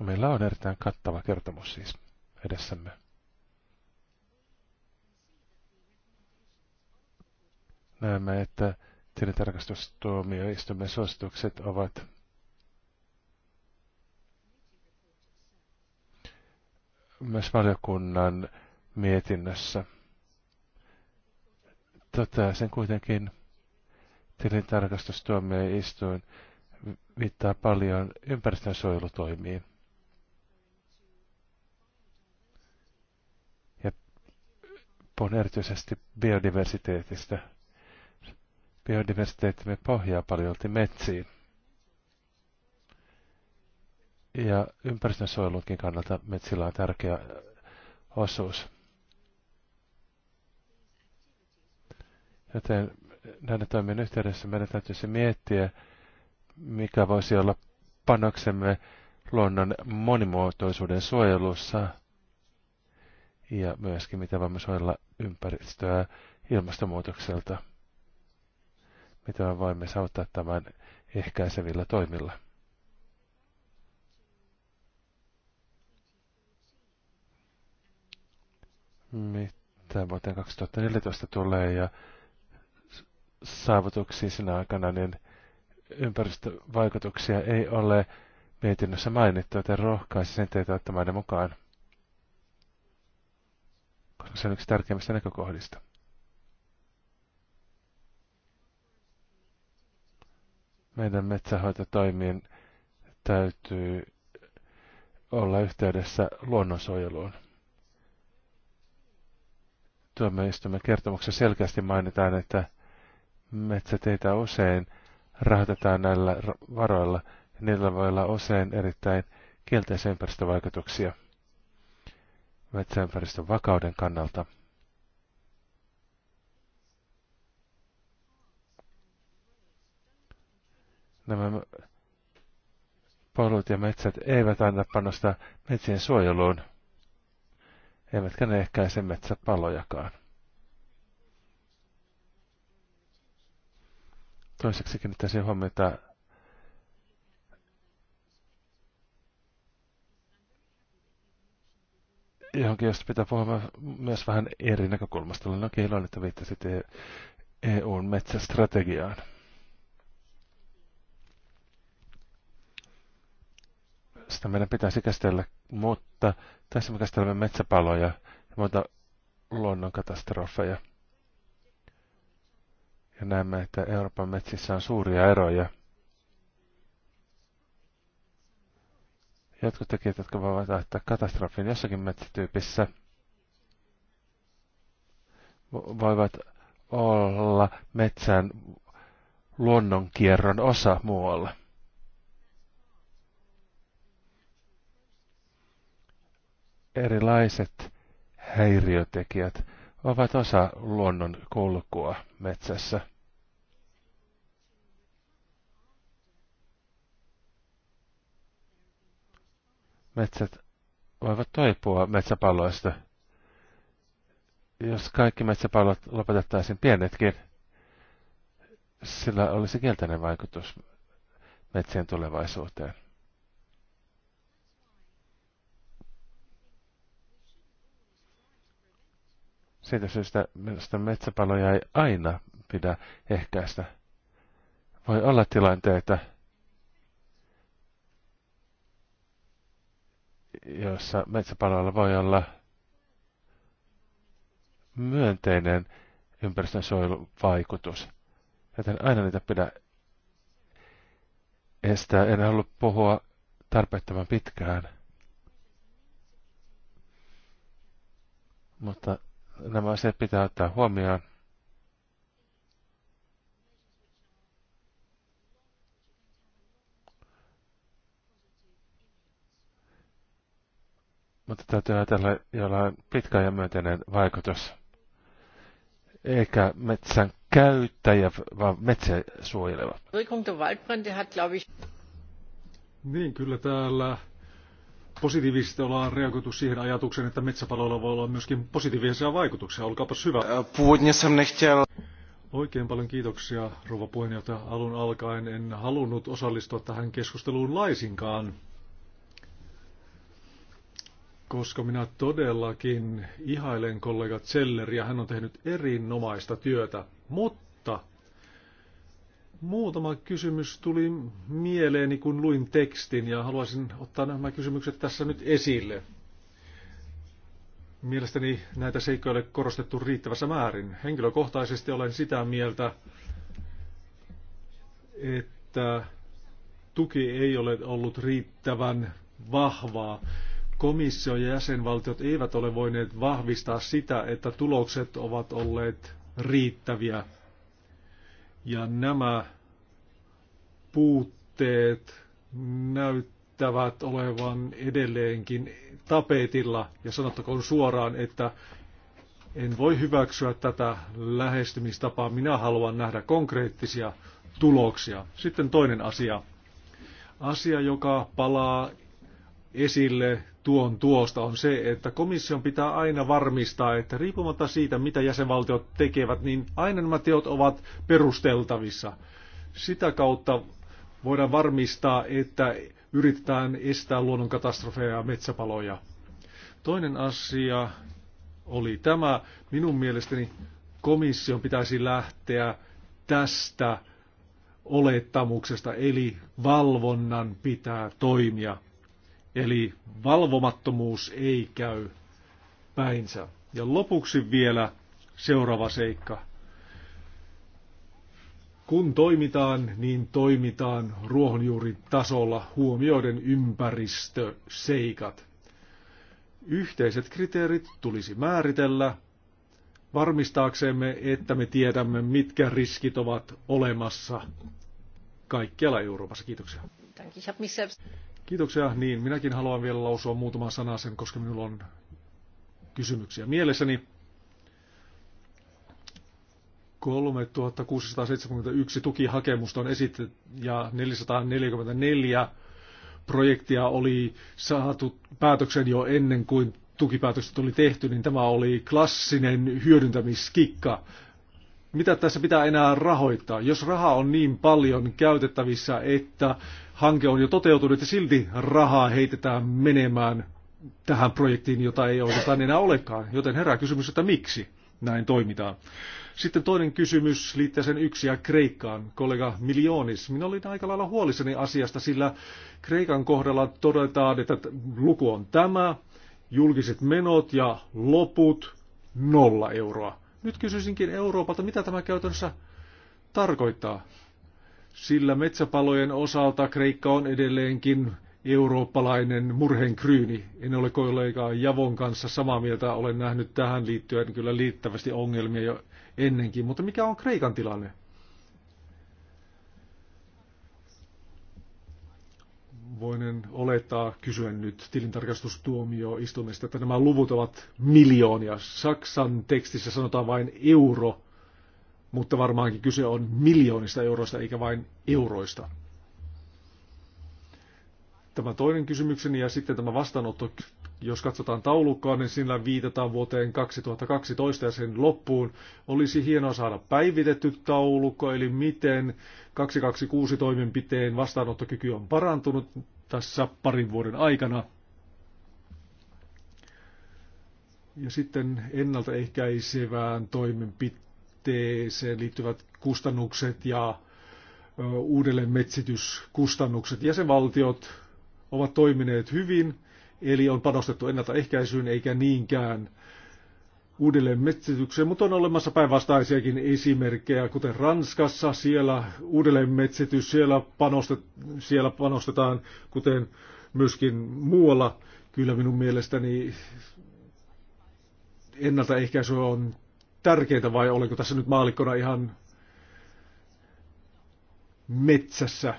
Meillä on erittäin kattava kertomus siis edessämme. Näemme, että tilintarkastustuomioistuimen suositukset ovat myös valiokunnan mietinnössä. Tota, sen kuitenkin tilintarkastustuomioistuin viittaa paljon ympäristönsuojelutoimiin. Ja puhun erityisesti biodiversiteetistä. Biodiversiteettimme pohjaa paljolti metsiin ja ympäristönsuojelunkin kannalta metsillä on tärkeä osuus. Joten näiden toimien yhteydessä meidän täytyisi miettiä, mikä voisi olla panoksemme luonnon monimuotoisuuden suojelussa ja myöskin mitä voimme suojella ympäristöä ilmastonmuutokselta, mitä me voimme saavuttaa tämän ehkäisevillä toimilla. mitä vuoteen 2014 tulee ja saavutuksia sinä aikana, niin ympäristövaikutuksia ei ole mietinnössä mainittu, joten sen teitä ottamaan ne mukaan, koska se on yksi tärkeimmistä näkökohdista. Meidän metsähoitotoimiin täytyy olla yhteydessä luonnonsuojeluun tuomioistuimen kertomuksessa selkeästi mainitaan, että metsäteitä usein rahoitetaan näillä varoilla ja niillä voi olla usein erittäin kielteisiä ympäristövaikutuksia metsäympäristön vakauden kannalta. Nämä polut ja metsät eivät aina panosta metsien suojeluun eivätkä ne ehkäise metsäpalojakaan. Toiseksi kiinnittäisin huomiota johonkin, josta pitää puhua myös vähän eri näkökulmasta. Olen oikein iloinen, että viittasit EUn metsästrategiaan. Sitä meidän pitäisi käsitellä, mutta tässä me käsittelemme metsäpaloja ja muita luonnonkatastrofeja. Ja näemme, että Euroopan metsissä on suuria eroja. Jotkut tekijät, jotka voivat aiheuttaa katastrofin jossakin metsätyypissä, voivat olla metsän luonnonkierron osa muualla. erilaiset häiriötekijät ovat osa luonnon kulkua metsässä. Metsät voivat toipua metsäpalloista. Jos kaikki metsäpallot lopetettaisiin pienetkin, sillä olisi kielteinen vaikutus metsien tulevaisuuteen. Siitä syystä minusta metsäpaloja ei aina pidä ehkäistä. Voi olla tilanteita, joissa metsäpaloilla voi olla myönteinen vaikutus, Joten aina niitä pidä estää. En halua puhua tarpeettoman pitkään. Mutta nämä asiat pitää ottaa huomioon. Mutta täytyy ajatella, jolla on pitkä ja myönteinen vaikutus. Eikä metsän käyttäjä, vaan metsä suojeleva. Niin, kyllä täällä positiivisesti ollaan reagoitu siihen ajatukseen, että metsäpaloilla voi olla myöskin positiivisia vaikutuksia. Olkaapa hyvä. Oikein paljon kiitoksia, rouva puheenjohtaja. Alun alkaen en halunnut osallistua tähän keskusteluun laisinkaan, koska minä todellakin ihailen kollega ja Hän on tehnyt erinomaista työtä, mutta Muutama kysymys tuli mieleeni, kun luin tekstin ja haluaisin ottaa nämä kysymykset tässä nyt esille. Mielestäni näitä seikkoja ole korostettu riittävässä määrin. Henkilökohtaisesti olen sitä mieltä, että tuki ei ole ollut riittävän vahvaa. Komissio ja jäsenvaltiot eivät ole voineet vahvistaa sitä, että tulokset ovat olleet riittäviä ja nämä puutteet näyttävät olevan edelleenkin tapetilla. Ja sanottakoon suoraan, että en voi hyväksyä tätä lähestymistapaa. Minä haluan nähdä konkreettisia tuloksia. Sitten toinen asia. Asia, joka palaa esille tuon tuosta on se, että komission pitää aina varmistaa, että riippumatta siitä, mitä jäsenvaltiot tekevät, niin aina nämä teot ovat perusteltavissa. Sitä kautta voidaan varmistaa, että yritetään estää luonnonkatastrofeja ja metsäpaloja. Toinen asia oli tämä. Minun mielestäni komission pitäisi lähteä tästä olettamuksesta, eli valvonnan pitää toimia. Eli valvomattomuus ei käy päinsä. Ja lopuksi vielä seuraava seikka. Kun toimitaan, niin toimitaan ruohonjuuritasolla huomioiden ympäristöseikat. Yhteiset kriteerit tulisi määritellä varmistaaksemme, että me tiedämme, mitkä riskit ovat olemassa kaikkialla Euroopassa. Kiitoksia. Kiitoksia. Niin, minäkin haluan vielä lausua muutaman sanan sen, koska minulla on kysymyksiä mielessäni. 3671 tukihakemusta on esitetty ja 444 projektia oli saatu päätöksen jo ennen kuin tukipäätökset oli tehty, niin tämä oli klassinen hyödyntämiskikka mitä tässä pitää enää rahoittaa? Jos rahaa on niin paljon käytettävissä, että hanke on jo toteutunut ja silti rahaa heitetään menemään tähän projektiin, jota ei oikeastaan enää olekaan. Joten herää kysymys, että miksi näin toimitaan. Sitten toinen kysymys liittää sen yksi ja Kreikkaan. Kollega Miljoonis, minä olin aika lailla huolissani asiasta, sillä Kreikan kohdalla todetaan, että luku on tämä, julkiset menot ja loput nolla euroa. Nyt kysyisinkin Euroopalta, mitä tämä käytännössä tarkoittaa. Sillä metsäpalojen osalta Kreikka on edelleenkin eurooppalainen murhenkryyni. En ole kollega Javon kanssa samaa mieltä, olen nähnyt tähän liittyen kyllä liittävästi ongelmia jo ennenkin, mutta mikä on Kreikan tilanne? voinen olettaa kysyä nyt tilintarkastustuomioistuimesta, että nämä luvut ovat miljoonia. Saksan tekstissä sanotaan vain euro, mutta varmaankin kyse on miljoonista euroista eikä vain euroista. Tämä toinen kysymykseni ja sitten tämä vastaanotto jos katsotaan taulukkoa, niin sillä viitataan vuoteen 2012 ja sen loppuun. Olisi hienoa saada päivitetty taulukko, eli miten 226 toimenpiteen vastaanottokyky on parantunut tässä parin vuoden aikana. Ja sitten ennaltaehkäisevään toimenpiteeseen liittyvät kustannukset ja uudelleen metsityskustannukset. Jäsenvaltiot ovat toimineet hyvin Eli on panostettu ennaltaehkäisyyn eikä niinkään uudelleen metsitykseen, mutta on olemassa päinvastaisiakin esimerkkejä, kuten Ranskassa, siellä uudelleen metsitys, siellä, panostet, siellä panostetaan, kuten myöskin muualla. Kyllä minun mielestäni ennaltaehkäisy on tärkeintä, vai olenko tässä nyt maalikkona ihan metsässä?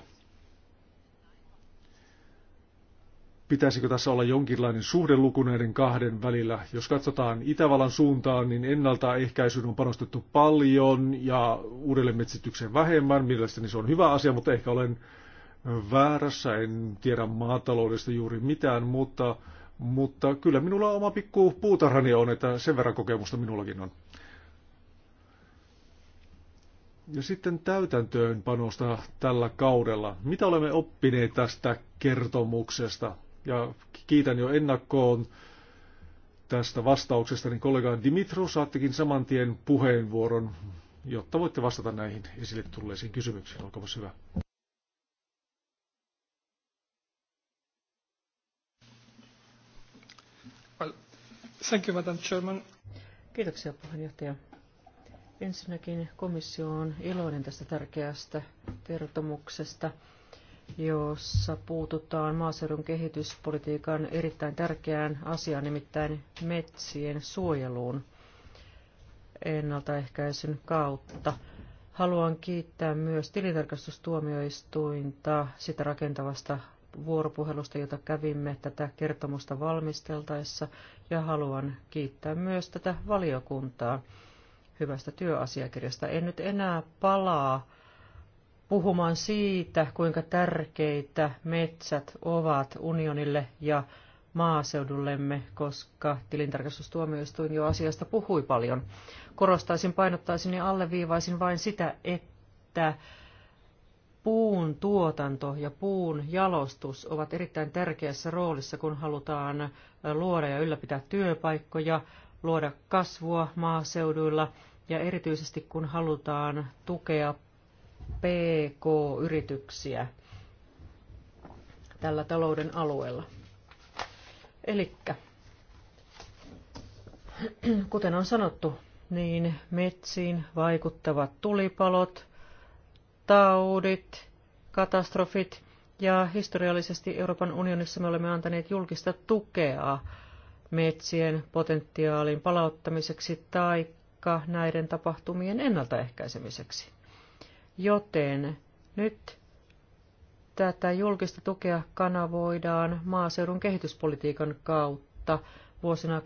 pitäisikö tässä olla jonkinlainen suhde lukuneiden kahden välillä. Jos katsotaan Itävallan suuntaan, niin ennaltaehkäisyyn on panostettu paljon ja uudelleenmetsitykseen vähemmän. Mielestäni se on hyvä asia, mutta ehkä olen väärässä, en tiedä maataloudesta juuri mitään, mutta, mutta kyllä minulla oma pikku puutarhani on, että sen verran kokemusta minullakin on. Ja sitten täytäntöönpanosta tällä kaudella. Mitä olemme oppineet tästä kertomuksesta? ja kiitän jo ennakkoon tästä vastauksesta, niin kollega Dimitru saattekin saman tien puheenvuoron, jotta voitte vastata näihin esille tulleisiin kysymyksiin. Olkaa hyvä. Well, thank you, Madam Chairman. Kiitoksia puheenjohtaja. Ensinnäkin komissio on iloinen tästä tärkeästä kertomuksesta jossa puututaan maaseudun kehityspolitiikan erittäin tärkeään asiaan, nimittäin metsien suojeluun ennaltaehkäisyn kautta. Haluan kiittää myös tilintarkastustuomioistuinta sitä rakentavasta vuoropuhelusta, jota kävimme tätä kertomusta valmisteltaessa, ja haluan kiittää myös tätä valiokuntaa hyvästä työasiakirjasta. En nyt enää palaa puhumaan siitä, kuinka tärkeitä metsät ovat unionille ja maaseudullemme, koska tilintarkastustuomioistuin jo asiasta puhui paljon. Korostaisin, painottaisin ja alleviivaisin vain sitä, että puun tuotanto ja puun jalostus ovat erittäin tärkeässä roolissa, kun halutaan luoda ja ylläpitää työpaikkoja, luoda kasvua maaseuduilla ja erityisesti kun halutaan tukea PK-yrityksiä tällä talouden alueella. Eli kuten on sanottu, niin metsiin vaikuttavat tulipalot, taudit, katastrofit ja historiallisesti Euroopan unionissa me olemme antaneet julkista tukea metsien potentiaalin palauttamiseksi taikka näiden tapahtumien ennaltaehkäisemiseksi. Joten nyt tätä julkista tukea kanavoidaan maaseudun kehityspolitiikan kautta vuosina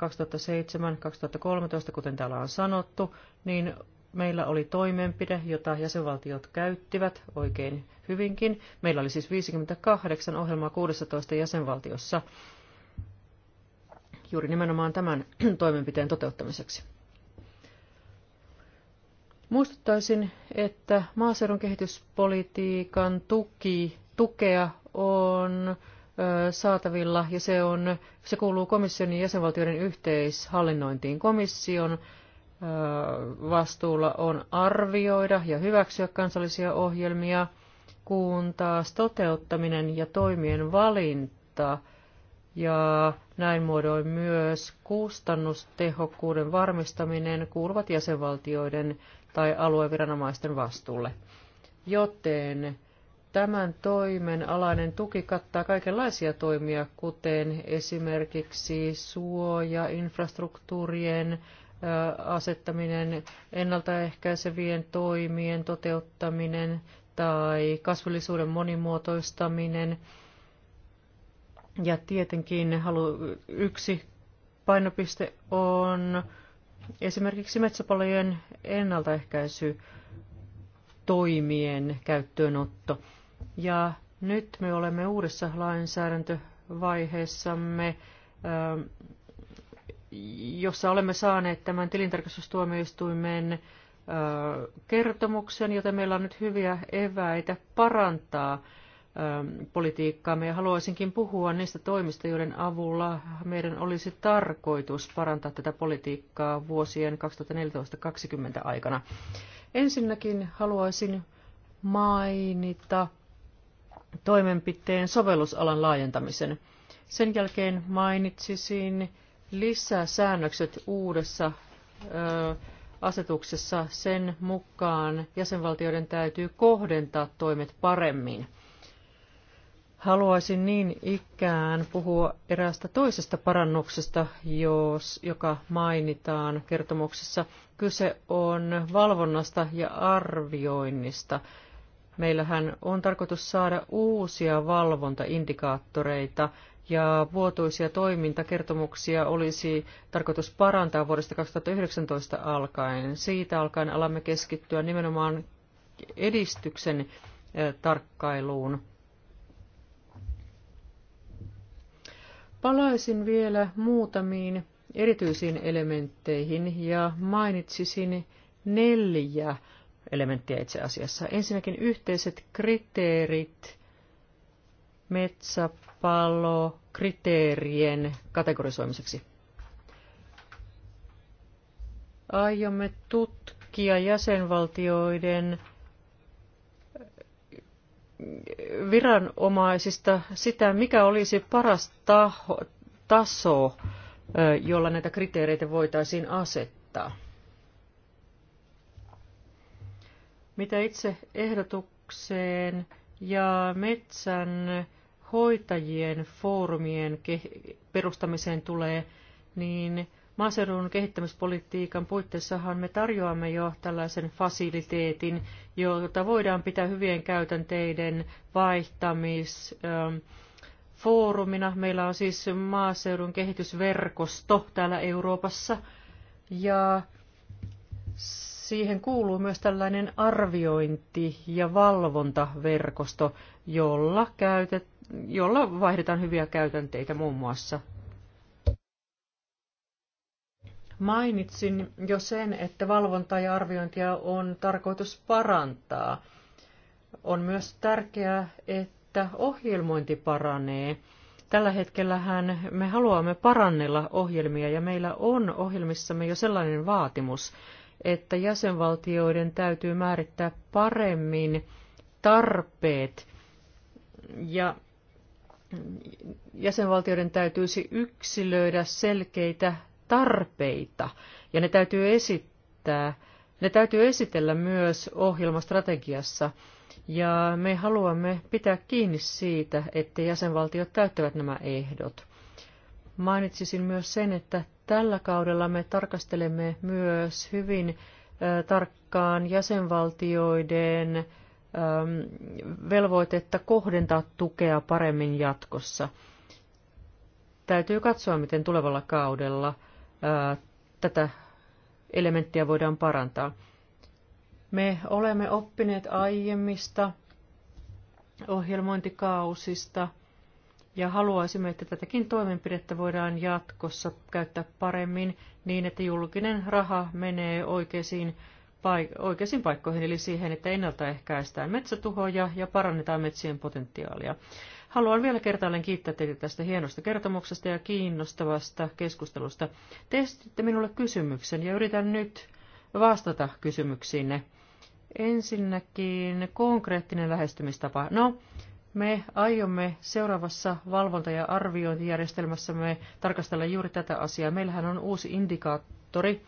2007-2013, kuten täällä on sanottu, niin meillä oli toimenpide, jota jäsenvaltiot käyttivät oikein hyvinkin. Meillä oli siis 58 ohjelmaa 16 jäsenvaltiossa juuri nimenomaan tämän toimenpiteen toteuttamiseksi. Muistuttaisin, että maaseudun kehityspolitiikan tuki, tukea on saatavilla ja se, on, se kuuluu komission ja jäsenvaltioiden yhteishallinnointiin. Komission vastuulla on arvioida ja hyväksyä kansallisia ohjelmia, kun taas toteuttaminen ja toimien valinta ja näin muodoin myös kustannustehokkuuden varmistaminen kuuluvat jäsenvaltioiden tai alueviranomaisten vastuulle. Joten tämän toimen alainen tuki kattaa kaikenlaisia toimia, kuten esimerkiksi suoja, infrastruktuurien asettaminen, ennaltaehkäisevien toimien toteuttaminen tai kasvillisuuden monimuotoistaminen. Ja tietenkin halu, yksi painopiste on Esimerkiksi metsäpalojen ennaltaehkäisy toimien käyttöönotto. Ja nyt me olemme uudessa lainsäädäntövaiheessamme, ähm, jossa olemme saaneet tämän tilintarkastustuomioistuimen äh, kertomuksen, joten meillä on nyt hyviä eväitä parantaa politiikkaamme ja haluaisinkin puhua niistä toimista, joiden avulla meidän olisi tarkoitus parantaa tätä politiikkaa vuosien 2014-2020 aikana. Ensinnäkin haluaisin mainita toimenpiteen sovellusalan laajentamisen. Sen jälkeen mainitsisin lisäsäännökset uudessa ö, asetuksessa sen mukaan jäsenvaltioiden täytyy kohdentaa toimet paremmin – Haluaisin niin ikään puhua eräästä toisesta parannuksesta, jos, joka mainitaan kertomuksessa. Kyse on valvonnasta ja arvioinnista. Meillähän on tarkoitus saada uusia valvontaindikaattoreita ja vuotuisia toimintakertomuksia olisi tarkoitus parantaa vuodesta 2019 alkaen. Siitä alkaen alamme keskittyä nimenomaan edistyksen eh, tarkkailuun Palaisin vielä muutamiin erityisiin elementteihin ja mainitsisin neljä elementtiä itse asiassa. Ensinnäkin yhteiset kriteerit metsäpalo kriteerien kategorisoimiseksi. Aiomme tutkia jäsenvaltioiden viranomaisista sitä, mikä olisi paras taho, taso, jolla näitä kriteereitä voitaisiin asettaa. Mitä itse ehdotukseen ja metsän hoitajien foorumien perustamiseen tulee, niin Maaseudun kehittämispolitiikan puitteissahan me tarjoamme jo tällaisen fasiliteetin, jota voidaan pitää hyvien käytänteiden vaihtamisfoorumina. Ähm, Meillä on siis maaseudun kehitysverkosto täällä Euroopassa ja siihen kuuluu myös tällainen arviointi- ja valvontaverkosto, jolla, käytet, jolla vaihdetaan hyviä käytänteitä muun muassa Mainitsin jo sen, että valvonta ja arviointia on tarkoitus parantaa. On myös tärkeää, että ohjelmointi paranee. Tällä hetkellähän me haluamme parannella ohjelmia ja meillä on ohjelmissamme jo sellainen vaatimus, että jäsenvaltioiden täytyy määrittää paremmin tarpeet ja jäsenvaltioiden täytyisi yksilöidä selkeitä tarpeita ja ne täytyy esittää, ne täytyy esitellä myös ohjelmastrategiassa. Ja me haluamme pitää kiinni siitä, että jäsenvaltiot täyttävät nämä ehdot. Mainitsisin myös sen, että tällä kaudella me tarkastelemme myös hyvin tarkkaan jäsenvaltioiden velvoitetta kohdentaa tukea paremmin jatkossa. Täytyy katsoa, miten tulevalla kaudella – tätä elementtiä voidaan parantaa. Me olemme oppineet aiemmista ohjelmointikausista ja haluaisimme, että tätäkin toimenpidettä voidaan jatkossa käyttää paremmin niin, että julkinen raha menee oikeisiin, paik- oikeisiin paikkoihin, eli siihen, että ennaltaehkäistään metsätuhoja ja parannetaan metsien potentiaalia. Haluan vielä kertaalleen kiittää teitä tästä hienosta kertomuksesta ja kiinnostavasta keskustelusta. Te esititte minulle kysymyksen ja yritän nyt vastata kysymyksiinne. Ensinnäkin konkreettinen lähestymistapa. No, me aiomme seuraavassa valvonta- ja arviointijärjestelmässämme tarkastella juuri tätä asiaa. Meillähän on uusi indikaattori,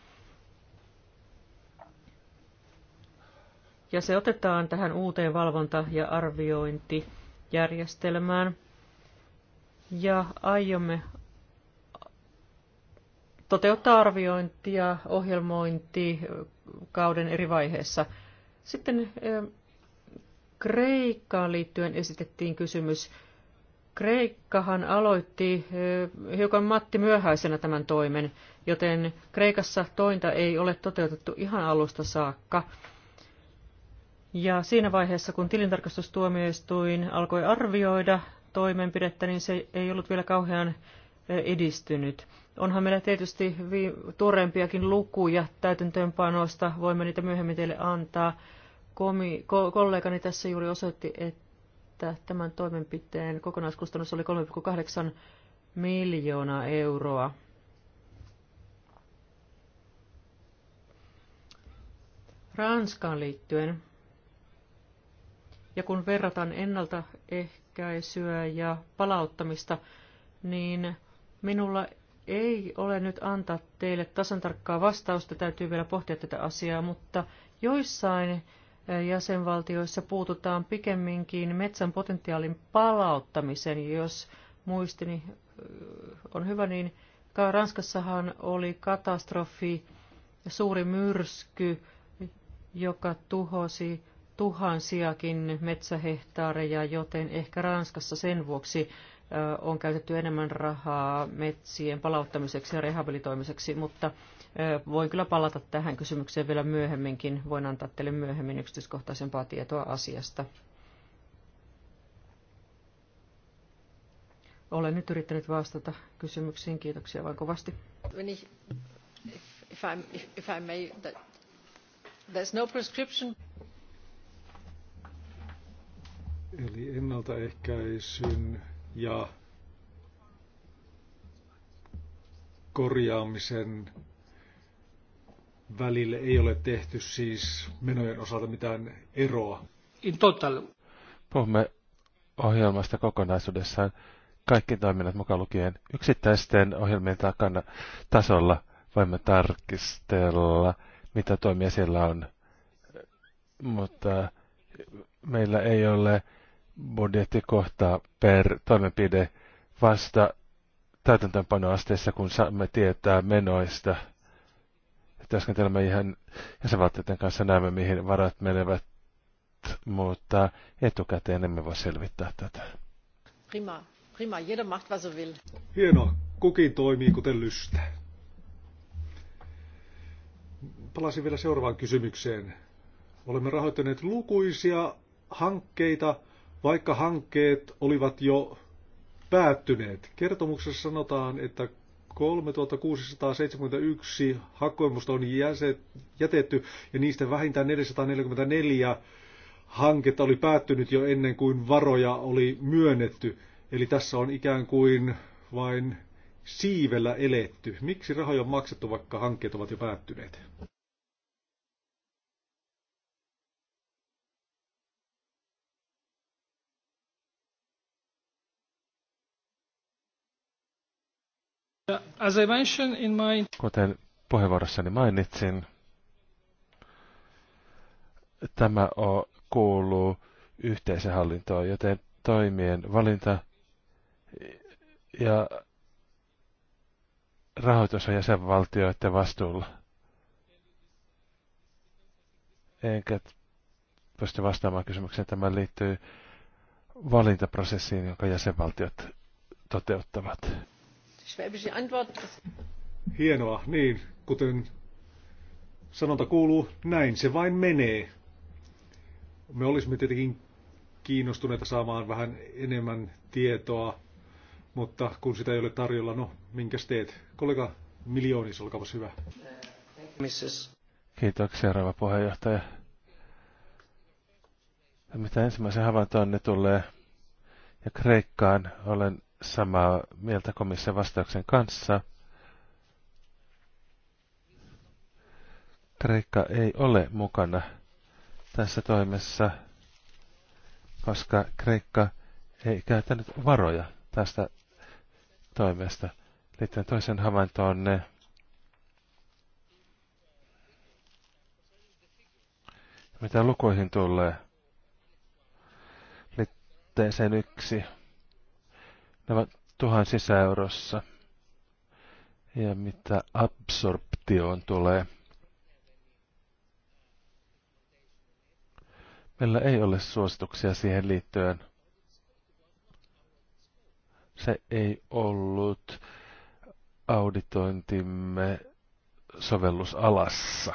ja se otetaan tähän uuteen valvonta- ja arviointi järjestelmään ja aiomme toteuttaa arviointia, ohjelmointi kauden eri vaiheessa. Sitten Kreikkaan liittyen esitettiin kysymys. Kreikkahan aloitti hiukan Matti myöhäisenä tämän toimen, joten Kreikassa tointa ei ole toteutettu ihan alusta saakka. Ja siinä vaiheessa, kun tilintarkastustuomioistuin alkoi arvioida toimenpidettä, niin se ei ollut vielä kauhean edistynyt. Onhan meillä tietysti tuoreempiakin lukuja täytäntöönpanosta, voimme niitä myöhemmin teille antaa. Komi, ko, kollegani tässä juuri osoitti, että tämän toimenpiteen kokonaiskustannus oli 3,8 miljoonaa euroa. Ranskaan liittyen ja kun verrataan ennaltaehkäisyä ja palauttamista, niin minulla ei ole nyt antaa teille tasan tarkkaa vastausta, täytyy vielä pohtia tätä asiaa, mutta joissain eh, jäsenvaltioissa puututaan pikemminkin metsän potentiaalin palauttamiseen, jos muistini eh, on hyvä, niin Ranskassahan oli katastrofi, suuri myrsky, joka tuhosi tuhansiakin metsähehtaareja, joten ehkä Ranskassa sen vuoksi on käytetty enemmän rahaa metsien palauttamiseksi ja rehabilitoimiseksi, mutta voin kyllä palata tähän kysymykseen vielä myöhemminkin. Voin antaa teille myöhemmin yksityiskohtaisempaa tietoa asiasta. Olen nyt yrittänyt vastata kysymyksiin. Kiitoksia vain kovasti. If if I may, that, there's no prescription. Eli ennaltaehkäisyn ja korjaamisen välille ei ole tehty siis menojen osalta mitään eroa. In total. Puhumme ohjelmasta kokonaisuudessaan kaikki toiminnat mukaan lukien yksittäisten ohjelmien takana tasolla voimme tarkistella, mitä toimia siellä on. Mutta meillä ei ole budjettikohta per toimenpide vasta täytäntöönpanoasteessa, kun saamme tietää menoista. Työskentelemme ihan jäsenvaltioiden kanssa näemme, mihin varat menevät, mutta etukäteen emme voi selvittää tätä. Prima, prima, jeder macht was er will. Hienoa, kukin toimii kuten lystää. Palasin vielä seuraavaan kysymykseen. Olemme rahoittaneet lukuisia hankkeita, vaikka hankkeet olivat jo päättyneet. Kertomuksessa sanotaan, että 3671 hakemusta on jätetty ja niistä vähintään 444 hanketta oli päättynyt jo ennen kuin varoja oli myönnetty. Eli tässä on ikään kuin vain siivellä eletty. Miksi rahoja on maksettu, vaikka hankkeet ovat jo päättyneet? Uh, as I mentioned in my... Kuten puheenvuorossani mainitsin, tämä o, kuuluu yhteisöhallintoon, joten toimien valinta ja rahoitus on jäsenvaltioiden vastuulla. Enkä pysty vastaamaan kysymykseen. Tämä liittyy valintaprosessiin, jonka jäsenvaltiot toteuttavat. Schwäbische Antwort. Hienoa, niin. Kuten sanonta kuuluu, näin se vain menee. Me olisimme tietenkin kiinnostuneita saamaan vähän enemmän tietoa, mutta kun sitä ei ole tarjolla, no minkä teet? Kollega Miljoonis, olkaapas hyvä. Kiitoksia, rouva puheenjohtaja. Mitä ensimmäisen ne tulee ja Kreikkaan, olen samaa mieltä komission vastauksen kanssa. Kreikka ei ole mukana tässä toimessa, koska Kreikka ei käytänyt varoja tästä toimesta. Liittyen toisen havaintoon ne mitä lukuihin tulee liitteeseen yksi nämä tuhansissa eurossa. Ja mitä absorptioon tulee. Meillä ei ole suosituksia siihen liittyen. Se ei ollut auditointimme sovellusalassa.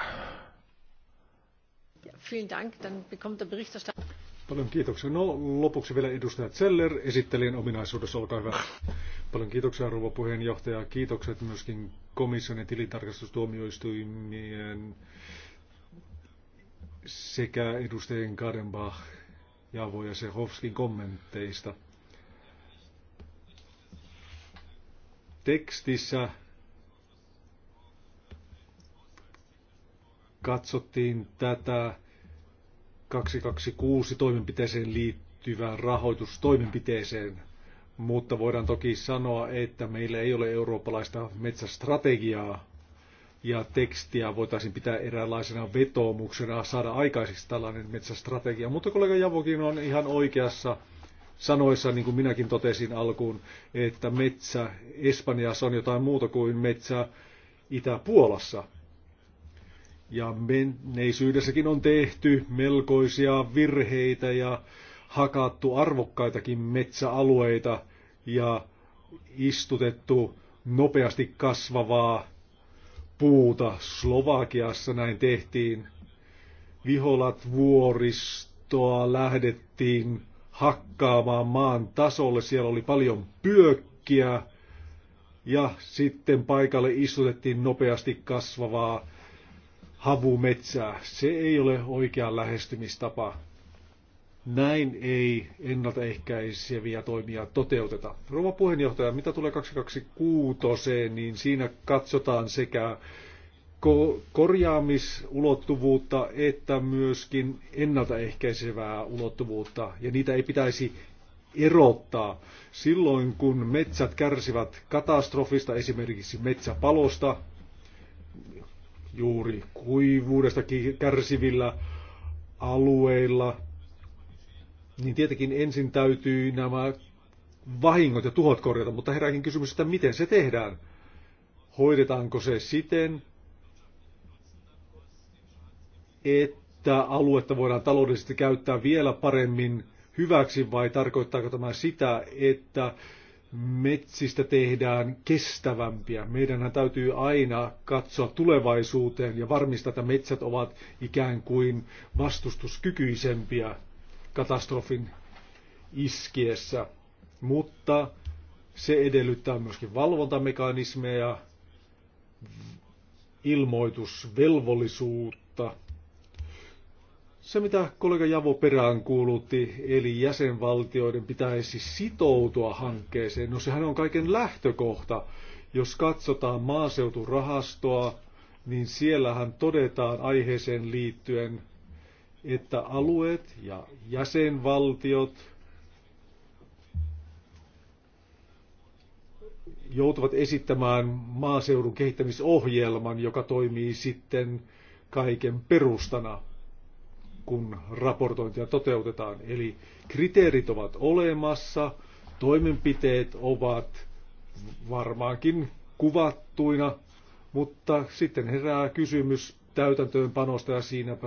Ja, Vielen Dank. Dann bekommt der Berichterstatter. Paljon kiitoksia. No, lopuksi vielä edustaja Zeller, esittelijän ominaisuudessa, olkaa hyvä. Paljon kiitoksia, rouva puheenjohtaja. Kiitokset myöskin komission ja tilintarkastustuomioistuimien sekä edustajien Kadenbach, Javo ja Sehovskin kommenteista. Tekstissä katsottiin tätä 226 toimenpiteeseen liittyvään rahoitustoimenpiteeseen, mutta voidaan toki sanoa, että meillä ei ole eurooppalaista metsästrategiaa ja tekstiä voitaisiin pitää eräänlaisena vetoomuksena saada aikaiseksi tällainen metsästrategia. Mutta kollega Javokin on ihan oikeassa sanoissa, niin kuin minäkin totesin alkuun, että metsä Espanjassa on jotain muuta kuin metsä Itä-Puolassa. Ja menneisyydessäkin on tehty melkoisia virheitä ja hakattu arvokkaitakin metsäalueita ja istutettu nopeasti kasvavaa puuta. Slovakiassa näin tehtiin. Viholat vuoristoa lähdettiin hakkaamaan maan tasolle. Siellä oli paljon pyökkiä ja sitten paikalle istutettiin nopeasti kasvavaa havumetsää. Se ei ole oikea lähestymistapa. Näin ei ennaltaehkäiseviä toimia toteuteta. Rouva puheenjohtaja, mitä tulee 226, niin siinä katsotaan sekä ko- korjaamisulottuvuutta että myöskin ennaltaehkäisevää ulottuvuutta, ja niitä ei pitäisi erottaa. Silloin kun metsät kärsivät katastrofista, esimerkiksi metsäpalosta, juuri kuivuudesta kärsivillä alueilla, niin tietenkin ensin täytyy nämä vahingot ja tuhot korjata, mutta herääkin kysymys, että miten se tehdään. Hoidetaanko se siten, että aluetta voidaan taloudellisesti käyttää vielä paremmin hyväksi vai tarkoittaako tämä sitä, että metsistä tehdään kestävämpiä. Meidänhän täytyy aina katsoa tulevaisuuteen ja varmistaa, että metsät ovat ikään kuin vastustuskykyisempiä katastrofin iskiessä. Mutta se edellyttää myöskin valvontamekanismeja, ilmoitusvelvollisuutta – se, mitä kollega Javo perään kuulutti, eli jäsenvaltioiden pitäisi sitoutua hankkeeseen, no sehän on kaiken lähtökohta. Jos katsotaan maaseuturahastoa, niin siellähän todetaan aiheeseen liittyen, että alueet ja jäsenvaltiot joutuvat esittämään maaseudun kehittämisohjelman, joka toimii sitten kaiken perustana kun raportointia toteutetaan. Eli kriteerit ovat olemassa, toimenpiteet ovat varmaankin kuvattuina, mutta sitten herää kysymys täytäntöönpanosta ja siinäpä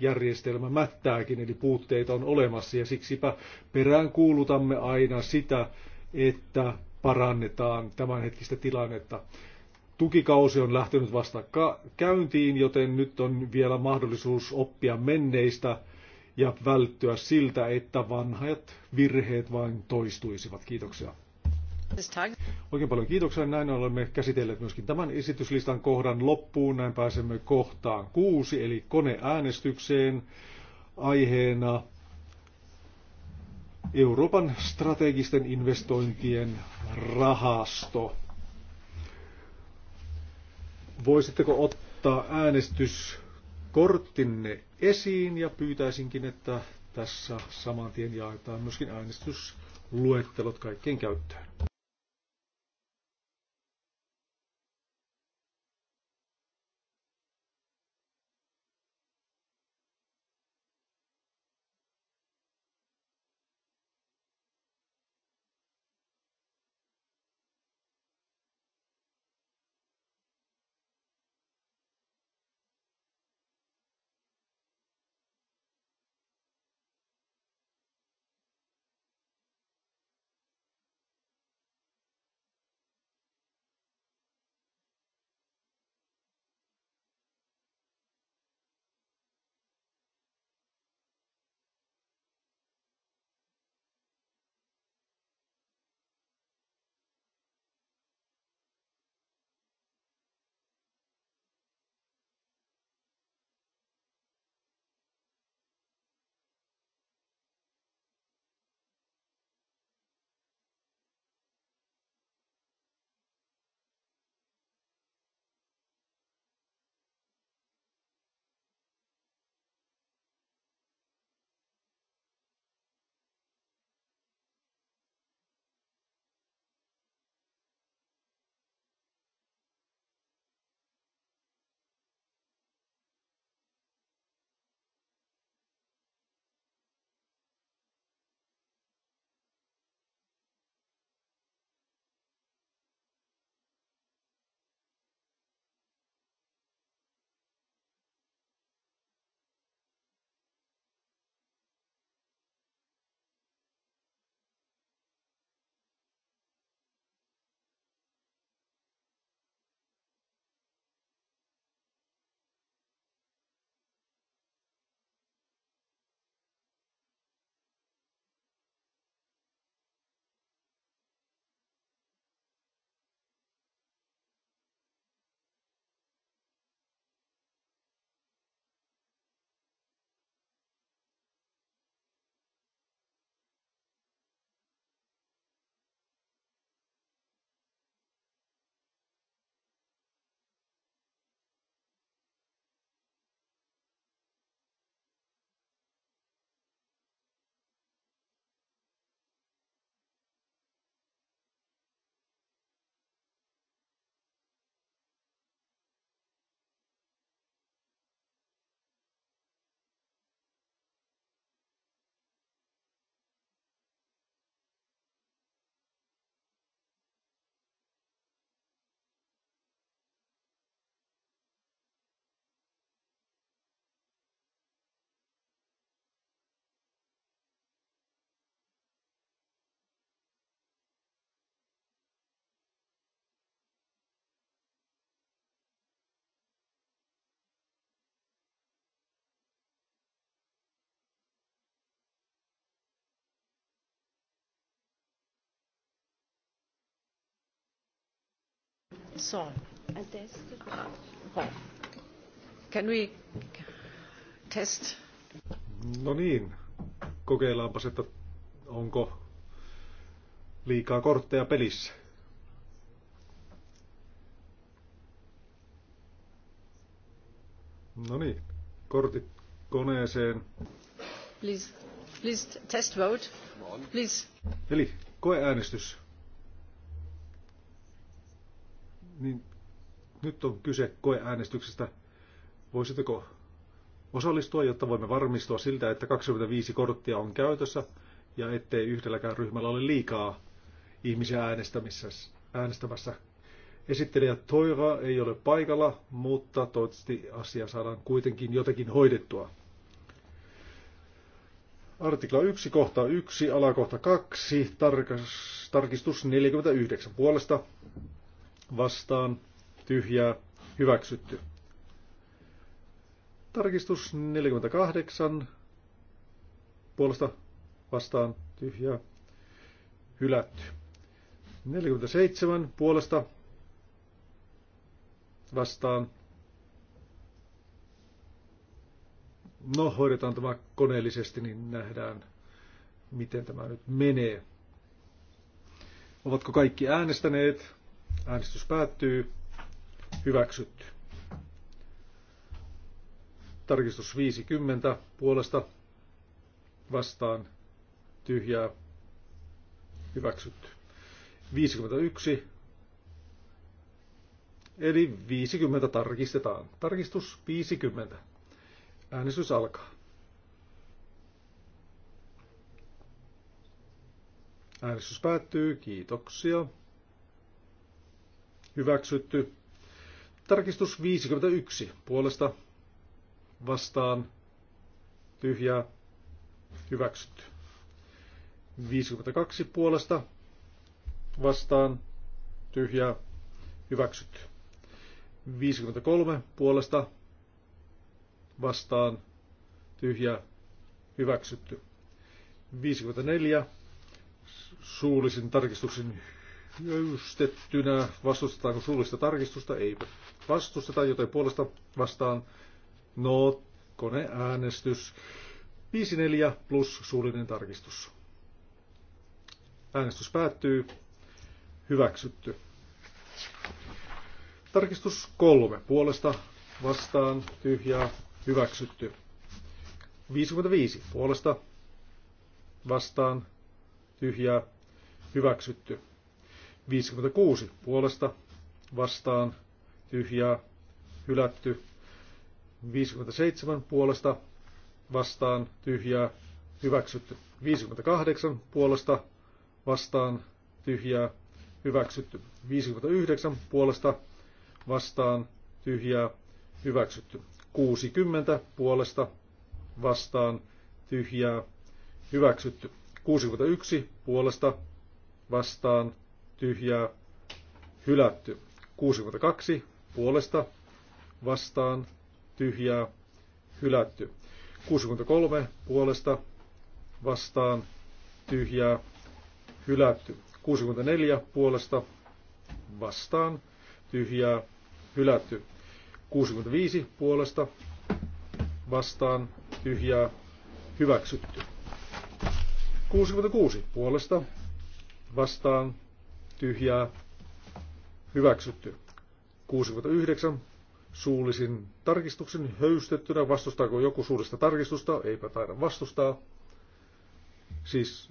järjestelmä mättääkin, eli puutteita on olemassa ja siksipä peräänkuulutamme aina sitä, että parannetaan tämänhetkistä tilannetta tukikausi on lähtenyt vasta käyntiin, joten nyt on vielä mahdollisuus oppia menneistä ja välttyä siltä, että vanhat virheet vain toistuisivat. Kiitoksia. Oikein paljon kiitoksia. Näin olemme käsitelleet myöskin tämän esityslistan kohdan loppuun. Näin pääsemme kohtaan kuusi, eli koneäänestykseen aiheena Euroopan strategisten investointien rahasto. Voisitteko ottaa äänestyskorttinne esiin ja pyytäisinkin, että tässä saman tien jaetaan myöskin äänestysluettelot kaikkien käyttöön. song. Can we test? No niin, kokeillaanpas, että onko liikaa kortteja pelissä. No niin, kortit koneeseen. Please, please test vote. Please. Eli koeäänestys. niin nyt on kyse koeäänestyksestä. Voisitteko osallistua, jotta voimme varmistua siltä, että 25 korttia on käytössä ja ettei yhdelläkään ryhmällä ole liikaa ihmisiä äänestämässä. Esittelijä Toira ei ole paikalla, mutta toivottavasti asia saadaan kuitenkin jotenkin hoidettua. Artikla 1, kohta 1, alakohta 2, tarkistus 49 puolesta vastaan tyhjää hyväksytty. Tarkistus 48 puolesta vastaan tyhjää hylätty. 47 puolesta vastaan. No, hoidetaan tämä koneellisesti, niin nähdään, miten tämä nyt menee. Ovatko kaikki äänestäneet? Äänestys päättyy. Hyväksytty. Tarkistus 50 puolesta vastaan tyhjää hyväksytty. 51 eli 50 tarkistetaan. Tarkistus 50. Äänestys alkaa. Äänestys päättyy. Kiitoksia hyväksytty. Tarkistus 51 puolesta vastaan tyhjää hyväksytty. 52 puolesta vastaan tyhjää hyväksytty. 53 puolesta vastaan tyhjää hyväksytty. 54 suullisin tarkistuksen höystettynä. Vastustetaanko suullista tarkistusta? Ei vastusteta, joten puolesta vastaan no koneäänestys. 5-4 plus suullinen tarkistus. Äänestys päättyy. Hyväksytty. Tarkistus kolme. Puolesta vastaan tyhjää hyväksytty. 55. Puolesta vastaan tyhjää hyväksytty. 56 puolesta vastaan tyhjää hylätty. 57 puolesta vastaan tyhjää hyväksytty. 58 puolesta vastaan tyhjää hyväksytty. 59 puolesta vastaan tyhjää hyväksytty. 60 puolesta vastaan tyhjää hyväksytty. 61 puolesta vastaan tyhjää, hylätty. 62 puolesta vastaan tyhjää, hylätty. 63 puolesta vastaan tyhjää, hylätty. 64 puolesta vastaan tyhjää, hylätty. 65 puolesta vastaan tyhjää, hyväksytty. 66 puolesta vastaan tyhjää hyväksytty. 69 suullisin tarkistuksen höystettynä. Vastustaako joku suurista tarkistusta? Eipä taida vastustaa. Siis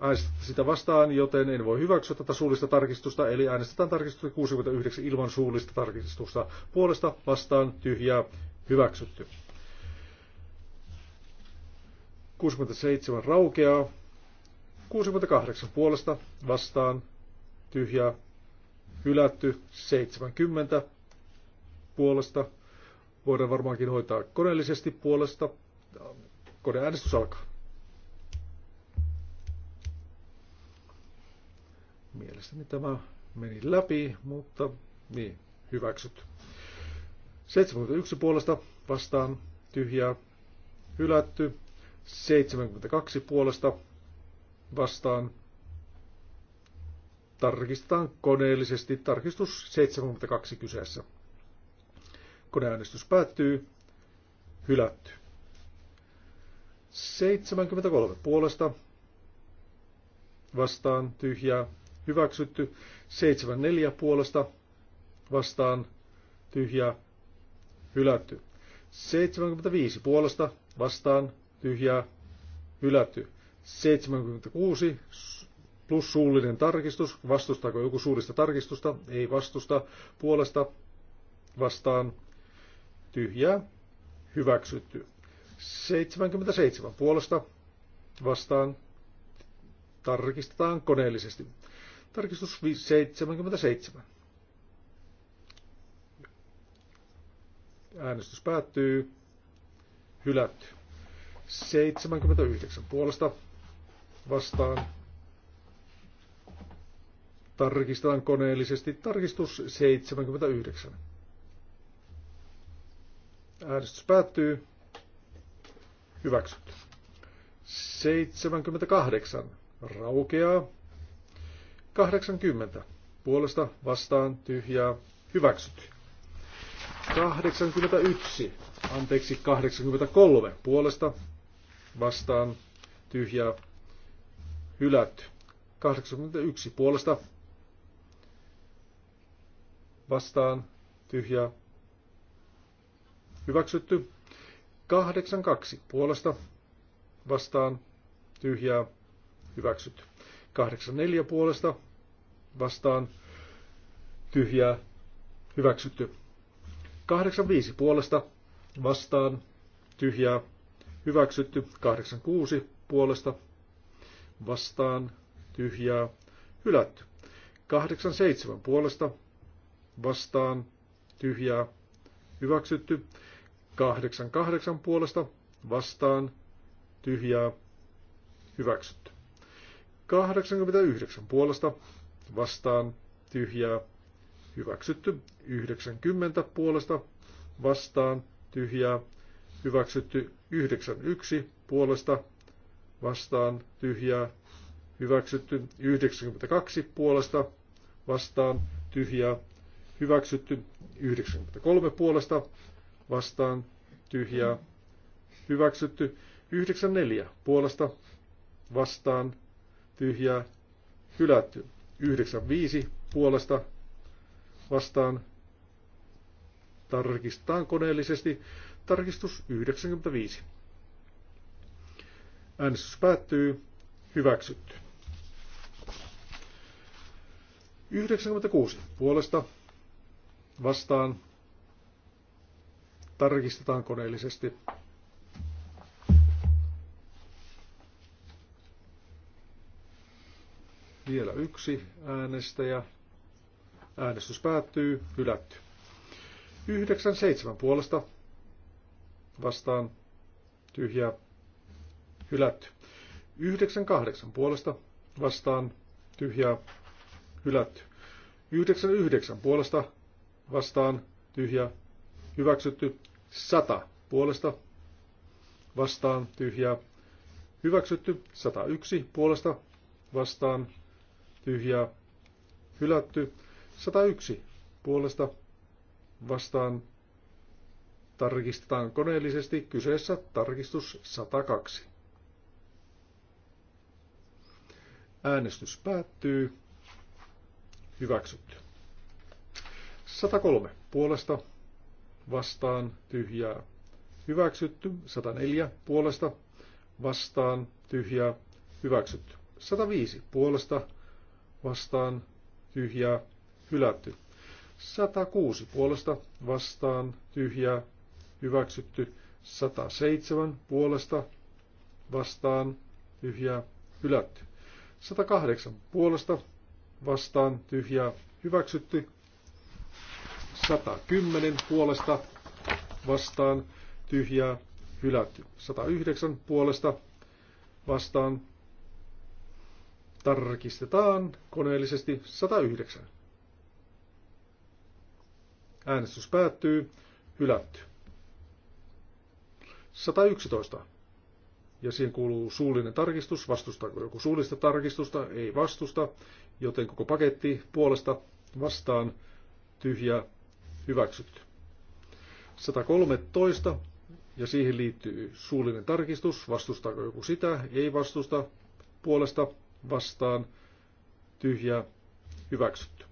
äänestetään sitä vastaan, joten en voi hyväksyä tätä suullista tarkistusta, eli äänestetään tarkistusta 69 ilman suullista tarkistusta. Puolesta vastaan tyhjää hyväksytty. 67 raukeaa. 68 puolesta vastaan tyhjää hylätty 70 puolesta. Voidaan varmaankin hoitaa koneellisesti puolesta. Koneäänestys alkaa. Mielestäni tämä meni läpi, mutta niin, hyväksyt. 71 puolesta vastaan tyhjää hylätty. 72 puolesta vastaan. Tarkistetaan koneellisesti. Tarkistus 72 kyseessä. Koneäänestys päättyy. Hylätty. 73 puolesta. Vastaan tyhjää. Hyväksytty. 74 puolesta. Vastaan tyhjää. Hylätty. 75 puolesta. Vastaan tyhjää. Hylätty. 76 plus suullinen tarkistus. Vastustaako joku suullista tarkistusta? Ei vastusta. Puolesta vastaan tyhjää. Hyväksytty. 77 puolesta vastaan tarkistetaan koneellisesti. Tarkistus 77. Äänestys päättyy. Hylätty. 79 puolesta vastaan. Tarkistetaan koneellisesti tarkistus 79. Äänestys päättyy. Hyväksytty. 78. Raukeaa. 80. Puolesta vastaan tyhjää. Hyväksytty. 81. Anteeksi, 83. Puolesta vastaan tyhjää hylätty. 81 puolesta vastaan tyhjää hyväksytty. 82 puolesta vastaan tyhjää hyväksytty. 84 puolesta vastaan tyhjää hyväksytty. 85 puolesta vastaan tyhjää hyväksytty. 86 puolesta vastaan, tyhjää, hylätty. 87 puolesta, vastaan, tyhjää, hyväksytty. 88 puolesta, vastaan, tyhjää, hyväksytty. 89 puolesta, vastaan, tyhjää, hyväksytty. 90 puolesta, vastaan, tyhjää, hyväksytty. 91 puolesta, vastaan tyhjää hyväksytty 92 puolesta vastaan tyhjää hyväksytty 93 puolesta vastaan tyhjää hyväksytty 94 puolesta vastaan tyhjää hylätty 95 puolesta vastaan tarkistetaan koneellisesti tarkistus 95. Äänestys päättyy. Hyväksytty. 96 puolesta vastaan tarkistetaan koneellisesti. Vielä yksi äänestäjä. Äänestys päättyy. Hylätty. 97 puolesta vastaan tyhjä hylätty. 98 puolesta vastaan tyhjää hylätty. 99 puolesta vastaan tyhjää hyväksytty. 100 puolesta vastaan tyhjää hyväksytty. 101 puolesta vastaan tyhjää hylätty. 101 puolesta vastaan tarkistetaan koneellisesti kyseessä tarkistus 102. Äänestys päättyy. Hyväksytty. 103 puolesta vastaan tyhjää. Hyväksytty. 104 puolesta vastaan tyhjää. Hyväksytty. 105 puolesta vastaan tyhjää. Hylätty. 106 puolesta vastaan tyhjää. Hyväksytty. 107 puolesta vastaan tyhjää. Hylätty. 108 puolesta vastaan tyhjää hyväksytty. 110 puolesta vastaan tyhjää hylätty. 109 puolesta vastaan tarkistetaan koneellisesti 109. Äänestys päättyy. Hylätty. 111 ja siihen kuuluu suullinen tarkistus. Vastustaako joku suullista tarkistusta? Ei vastusta, joten koko paketti puolesta vastaan tyhjä hyväksytty. 113 ja siihen liittyy suullinen tarkistus. Vastustaako joku sitä? Ei vastusta. Puolesta vastaan tyhjä hyväksytty.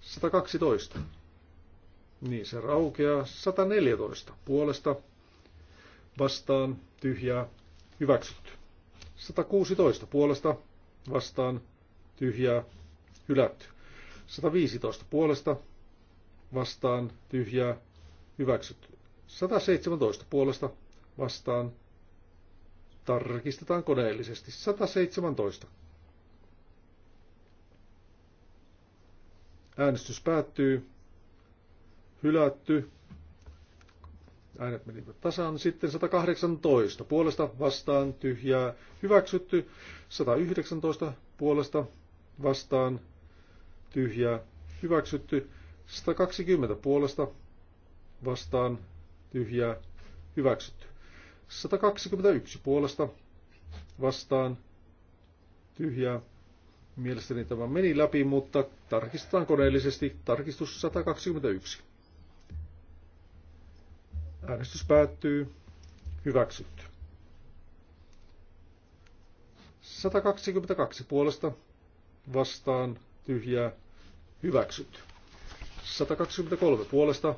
112. Niin se raukeaa. 114. Puolesta vastaan tyhjää Hyväksytty. 116 puolesta vastaan tyhjää hylätty. 115 puolesta vastaan tyhjää hyväksytty. 117 puolesta vastaan tarkistetaan koneellisesti. 117. Äänestys päättyy. Hylätty. Äänet menivät tasaan. Sitten 118 puolesta vastaan tyhjää hyväksytty. 119 puolesta vastaan tyhjää hyväksytty. 120 puolesta vastaan tyhjää hyväksytty. 121 puolesta vastaan tyhjää. Mielestäni tämä meni läpi, mutta tarkistetaan koneellisesti. Tarkistus 121. Äänestys päättyy. Hyväksytty. 122 puolesta vastaan tyhjää hyväksytty. 123 puolesta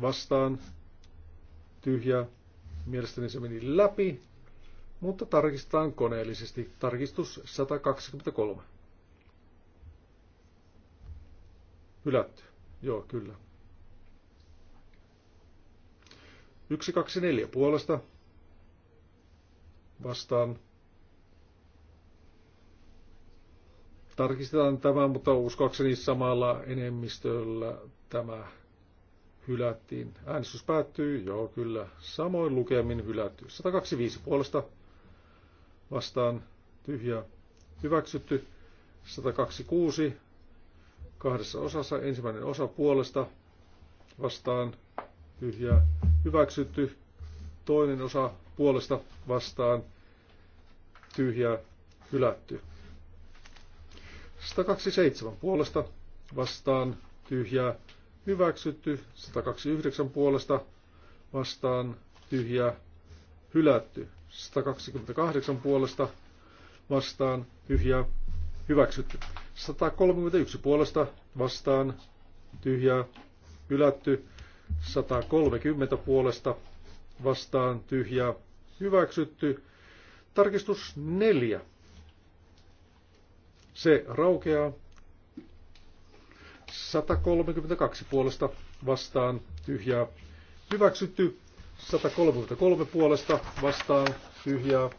vastaan tyhjää. Mielestäni se meni läpi, mutta tarkistetaan koneellisesti. Tarkistus 123. Hylätty. Joo, kyllä. 124 puolesta vastaan. Tarkistetaan tämä, mutta uskoakseni samalla enemmistöllä tämä hylättiin. Äänestys päättyy, joo kyllä, samoin lukemin hylätty. 125 puolesta vastaan tyhjä hyväksytty. 126 kahdessa osassa, ensimmäinen osa puolesta vastaan tyhjää hyväksytty. Toinen osa puolesta vastaan tyhjää hylätty. 127 puolesta vastaan tyhjää hyväksytty. 129 puolesta vastaan tyhjää hylätty. 128 puolesta vastaan tyhjää hyväksytty. 131 puolesta vastaan tyhjää hylätty. 130 puolesta vastaan tyhjää hyväksytty. Tarkistus 4. Se raukeaa 132 puolesta vastaan tyhjää hyväksytty. 133 puolesta vastaan tyhjää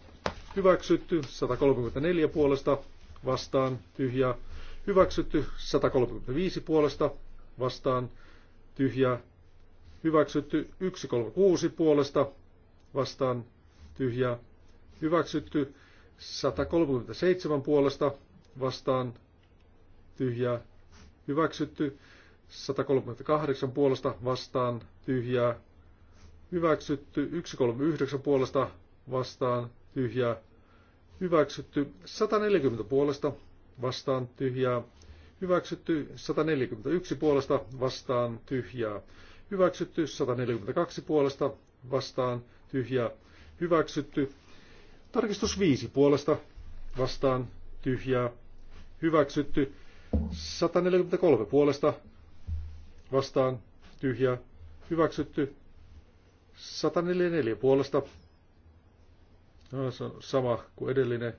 hyväksytty. 134 puolesta vastaan tyhjää hyväksytty. 135 puolesta vastaan tyhjää Hyväksytty 136 puolesta vastaan tyhjää. Hyväksytty 137 puolesta vastaan tyhjää. Hyväksytty 138 puolesta vastaan tyhjää. Hyväksytty 139 puolesta vastaan tyhjää. Hyväksytty 140 puolesta vastaan tyhjää. Hyväksytty 141 puolesta vastaan tyhjää hyväksytty, 142 puolesta vastaan tyhjää hyväksytty, tarkistus 5 puolesta vastaan tyhjää hyväksytty, 143 puolesta vastaan tyhjää hyväksytty, 144 puolesta no, se on sama kuin edellinen,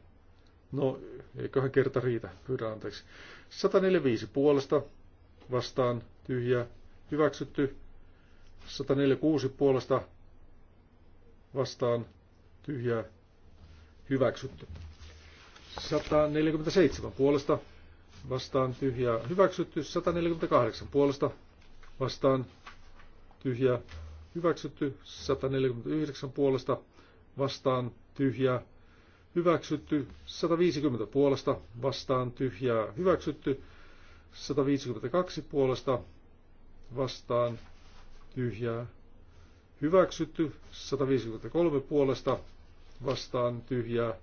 no eiköhän kerta riitä, pyydän anteeksi, 145 puolesta vastaan tyhjää hyväksytty, 146 puolesta vastaan tyhjää hyväksytty. 147 puolesta vastaan tyhjää hyväksytty. 148 puolesta vastaan tyhjää hyväksytty. 149 puolesta vastaan tyhjää hyväksytty. 150 puolesta vastaan tyhjää hyväksytty. 152 puolesta vastaan tyhjää hyväksytty. 153 puolesta vastaan tyhjää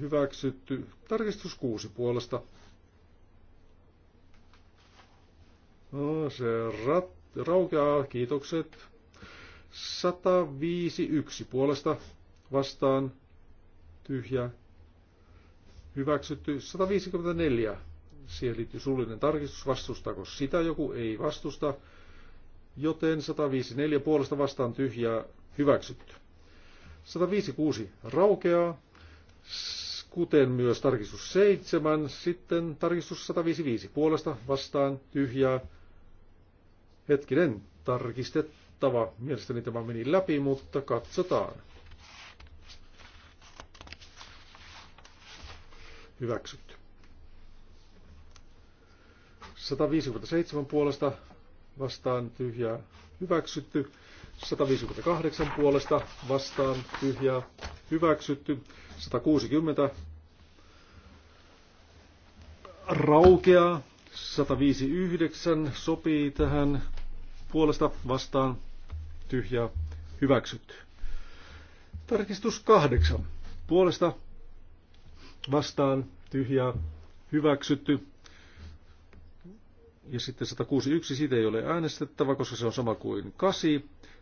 hyväksytty. Tarkistus 6 puolesta. No, se rat, raukeaa, kiitokset. 151 puolesta vastaan tyhjä hyväksytty 154. Siihen liittyy suullinen tarkistus. Vastustako sitä joku? Ei vastusta joten 154 puolesta vastaan tyhjää hyväksytty. 156 raukeaa, kuten myös tarkistus 7, sitten tarkistus 155 puolesta vastaan tyhjää. Hetkinen, tarkistettava. Mielestäni tämä meni läpi, mutta katsotaan. Hyväksytty. 157 puolesta vastaan tyhjää hyväksytty. 158 puolesta vastaan tyhjää hyväksytty. 160 raukeaa. 159 sopii tähän puolesta vastaan tyhjää hyväksytty. Tarkistus 8 puolesta vastaan tyhjää hyväksytty. Ja sitten 161, siitä ei ole äänestettävä, koska se on sama kuin 8.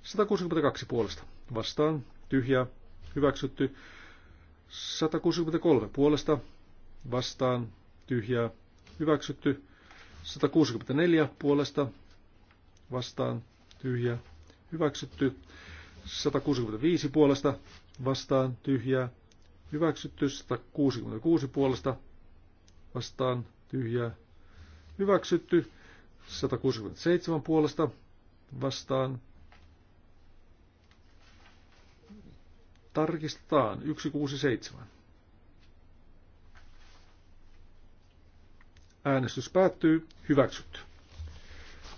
162 puolesta vastaan, tyhjä, hyväksytty. 163 puolesta vastaan, tyhjä, hyväksytty. 164 puolesta vastaan, tyhjä, hyväksytty. 165 puolesta vastaan, tyhjä, hyväksytty. 166 puolesta vastaan, tyhjä, hyväksytty. 167 puolesta vastaan. Tarkistetaan 167. Äänestys päättyy. Hyväksytty.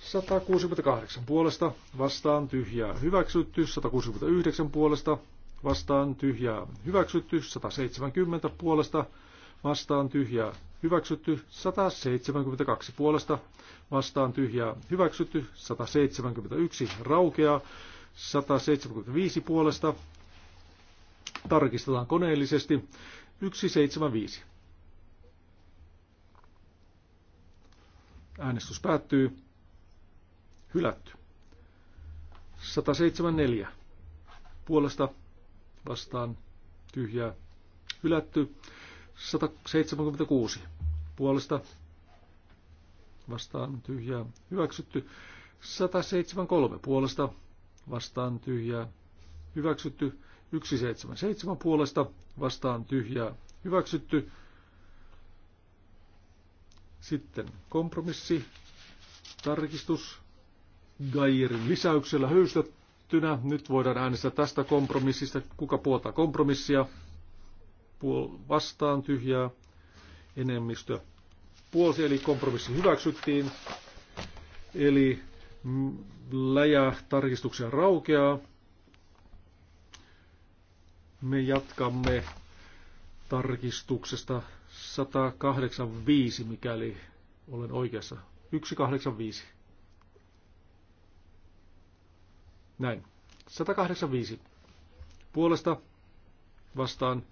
168 puolesta vastaan tyhjää hyväksytty, 169 puolesta vastaan tyhjää hyväksytty, 170 puolesta vastaan tyhjää hyväksytty 172 puolesta, vastaan tyhjää hyväksytty 171 raukeaa 175 puolesta. Tarkistetaan koneellisesti 175. Äänestys päättyy. Hylätty. 174 puolesta vastaan tyhjää hylätty. 176 puolesta vastaan tyhjää hyväksytty. 173 puolesta vastaan tyhjää hyväksytty. 177 puolesta vastaan tyhjää hyväksytty. Sitten kompromissi, tarkistus, Gairin lisäyksellä höystettynä. Nyt voidaan äänestää tästä kompromissista, kuka puoltaa kompromissia, puol- vastaan tyhjää enemmistö puolsi, eli kompromissi hyväksyttiin. Eli läjä tarkistuksia raukeaa. Me jatkamme tarkistuksesta 185, mikäli olen oikeassa. 185. Näin. 185. Puolesta vastaan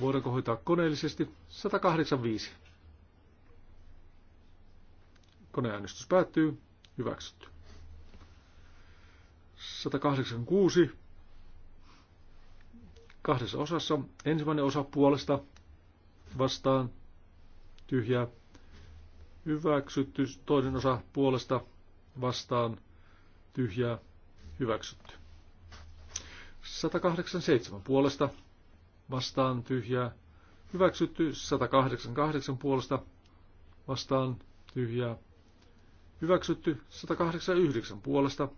Voidaanko hoitaa koneellisesti? 185. Koneäänestys päättyy. Hyväksytty. 186. Kahdessa osassa. Ensimmäinen osa puolesta vastaan. Tyhjää. Hyväksytty. Toinen osa puolesta vastaan. Tyhjää. Hyväksytty. 187 puolesta vastaan tyhjää hyväksytty. 188 puolesta vastaan tyhjää hyväksytty. 189 puolesta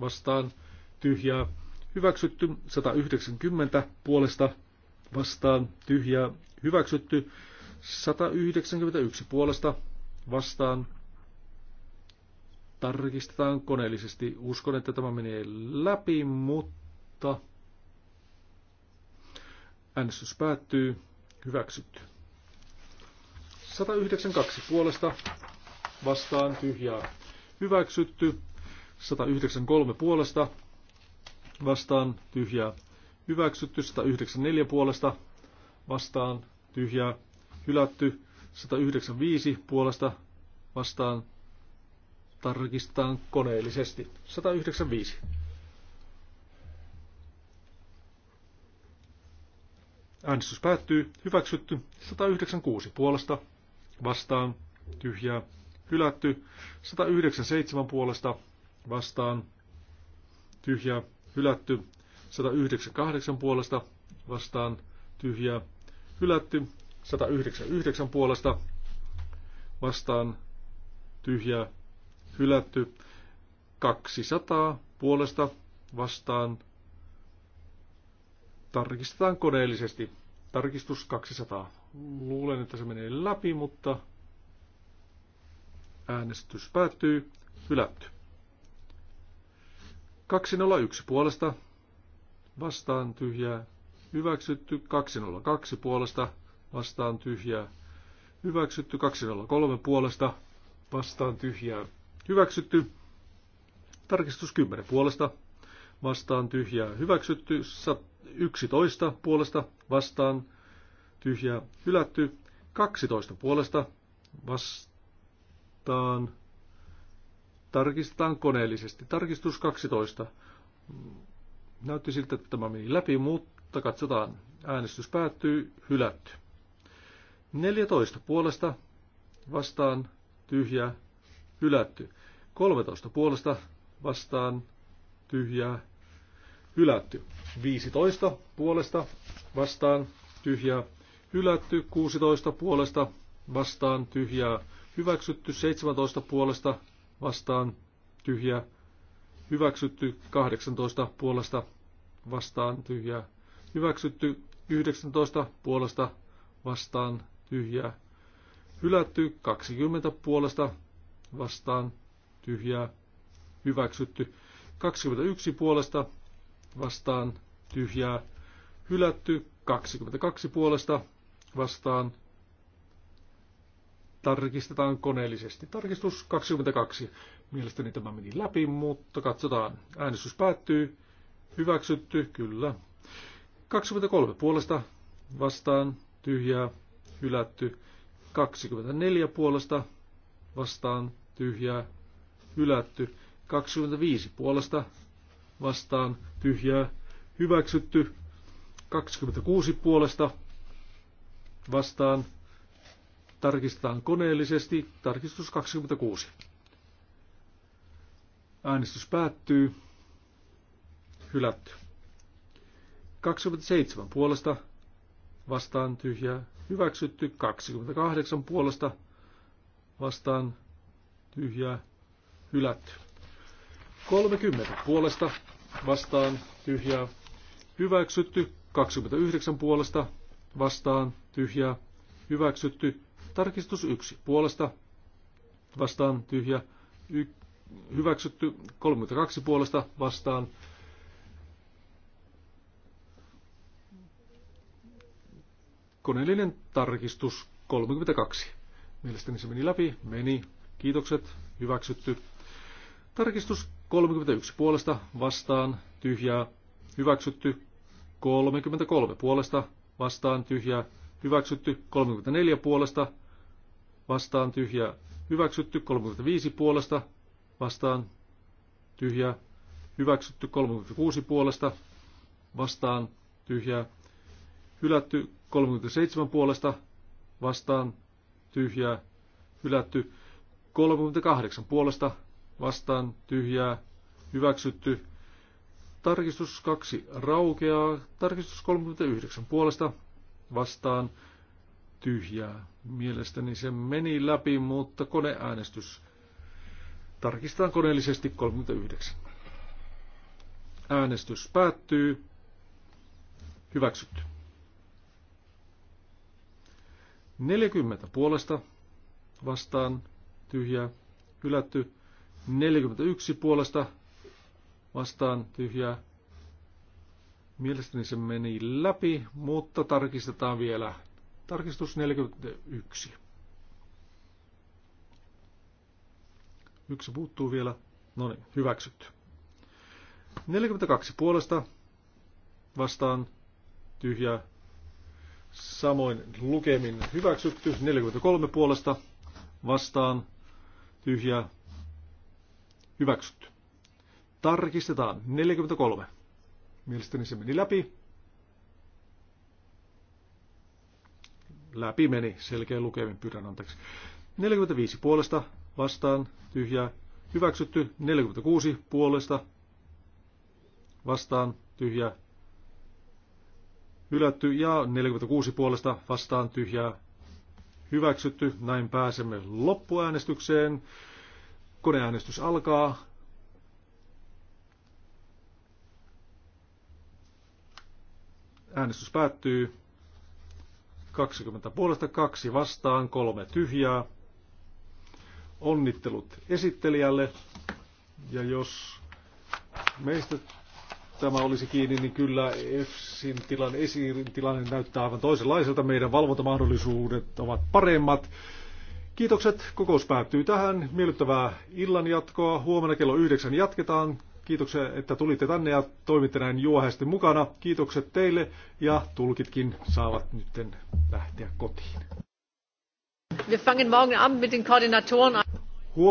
vastaan tyhjää hyväksytty. 190 puolesta vastaan tyhjää hyväksytty. 191 puolesta vastaan tarkistetaan koneellisesti. Uskon, että tämä menee läpi, mutta Äänestys päättyy. Hyväksytty. 192 puolesta vastaan tyhjää. Hyväksytty. 193 puolesta vastaan tyhjää. Hyväksytty. 194 puolesta vastaan tyhjää. Hylätty. 195 puolesta vastaan tarkistetaan koneellisesti. 195. Äänestys päättyy. Hyväksytty. 196 puolesta. Vastaan. Tyhjää. Hylätty. 197 puolesta. Vastaan. Tyhjää. Hylätty. 198 puolesta. Vastaan. Tyhjää. Hylätty. 199 puolesta. Vastaan. Tyhjää. Hylätty. 200 puolesta. Vastaan. Tarkistetaan koneellisesti. Tarkistus 200. Luulen, että se menee läpi, mutta äänestys päättyy. Hylätty. 201 puolesta. Vastaan tyhjää. Hyväksytty. 202 puolesta. Vastaan tyhjää. Hyväksytty. 203 puolesta. Vastaan tyhjää. Hyväksytty. Tarkistus 10 puolesta. Vastaan tyhjää. Hyväksytty. 100 11 puolesta vastaan tyhjä, hylätty. 12 puolesta vastaan tarkistetaan koneellisesti. Tarkistus 12. Näytti siltä, että tämä meni läpi, mutta katsotaan. Äänestys päättyy, hylätty. 14 puolesta vastaan tyhjä, hylätty. 13 puolesta vastaan tyhjä hylätty. 15 puolesta vastaan tyhjää hylätty. 16 puolesta vastaan tyhjää hyväksytty. 17 puolesta vastaan tyhjää hyväksytty. 18 puolesta vastaan tyhjää hyväksytty. 19 puolesta vastaan tyhjää hylätty. 20 puolesta vastaan tyhjää hyväksytty. 21 puolesta vastaan tyhjää hylätty. 22 puolesta vastaan tarkistetaan koneellisesti. Tarkistus 22. Mielestäni tämä meni läpi, mutta katsotaan. Äänestys päättyy. Hyväksytty, kyllä. 23 puolesta vastaan tyhjää hylätty. 24 puolesta vastaan tyhjää hylätty. 25 puolesta vastaan tyhjää hyväksytty. 26 puolesta vastaan tarkistetaan koneellisesti. Tarkistus 26. Äänestys päättyy. Hylätty. 27 puolesta vastaan tyhjää hyväksytty. 28 puolesta vastaan tyhjää hylätty. 30 puolesta vastaan tyhjää hyväksytty. 29 puolesta vastaan tyhjää hyväksytty. Tarkistus 1 puolesta vastaan tyhjä y- hyväksytty. 32 puolesta vastaan koneellinen tarkistus 32. Mielestäni se meni läpi, meni, kiitokset, hyväksytty. Tarkistus 31 puolesta vastaan tyhjää hyväksytty. 33 puolesta vastaan tyhjää hyväksytty. 34 puolesta vastaan tyhjää hyväksytty. 35 puolesta vastaan tyhjää hyväksytty. 36 puolesta vastaan tyhjää hylätty. 37 puolesta vastaan tyhjää hylätty. 38 puolesta vastaan tyhjää hyväksytty. Tarkistus 2 raukeaa. Tarkistus 39 puolesta vastaan tyhjää. Mielestäni se meni läpi, mutta koneäänestys tarkistetaan koneellisesti 39. Äänestys päättyy. Hyväksytty. 40 puolesta vastaan tyhjää hylätty. 41 puolesta vastaan tyhjää. Mielestäni se meni läpi, mutta tarkistetaan vielä. Tarkistus 41. Yksi puuttuu vielä. No niin, hyväksytty. 42 puolesta vastaan tyhjää. Samoin lukemin hyväksytty. 43 puolesta vastaan tyhjää Hyväksytty. Tarkistetaan. 43. Mielestäni se meni läpi. Läpi meni. Selkeä lukemin pyydän anteeksi. 45 puolesta vastaan. Tyhjää. Hyväksytty. 46 puolesta vastaan. Tyhjää. Hylätty. Ja 46 puolesta vastaan. Tyhjää. Hyväksytty. Näin pääsemme loppuäänestykseen. Koneäänestys alkaa. Äänestys päättyy. 20 puolesta, 2 vastaan, 3 tyhjää. Onnittelut esittelijälle. Ja jos meistä tämä olisi kiinni, niin kyllä EFSin tilanne, esiin tilanne näyttää aivan toisenlaiselta. Meidän valvontamahdollisuudet ovat paremmat. Kiitokset, kokous päättyy tähän. Miellyttävää illan jatkoa. Huomenna kello yhdeksän jatketaan. Kiitoksia, että tulitte tänne ja toimitte näin juohästi mukana. Kiitokset teille ja tulkitkin saavat nytten lähteä kotiin. Wir fangen morgen an mit den Koordinatoren an.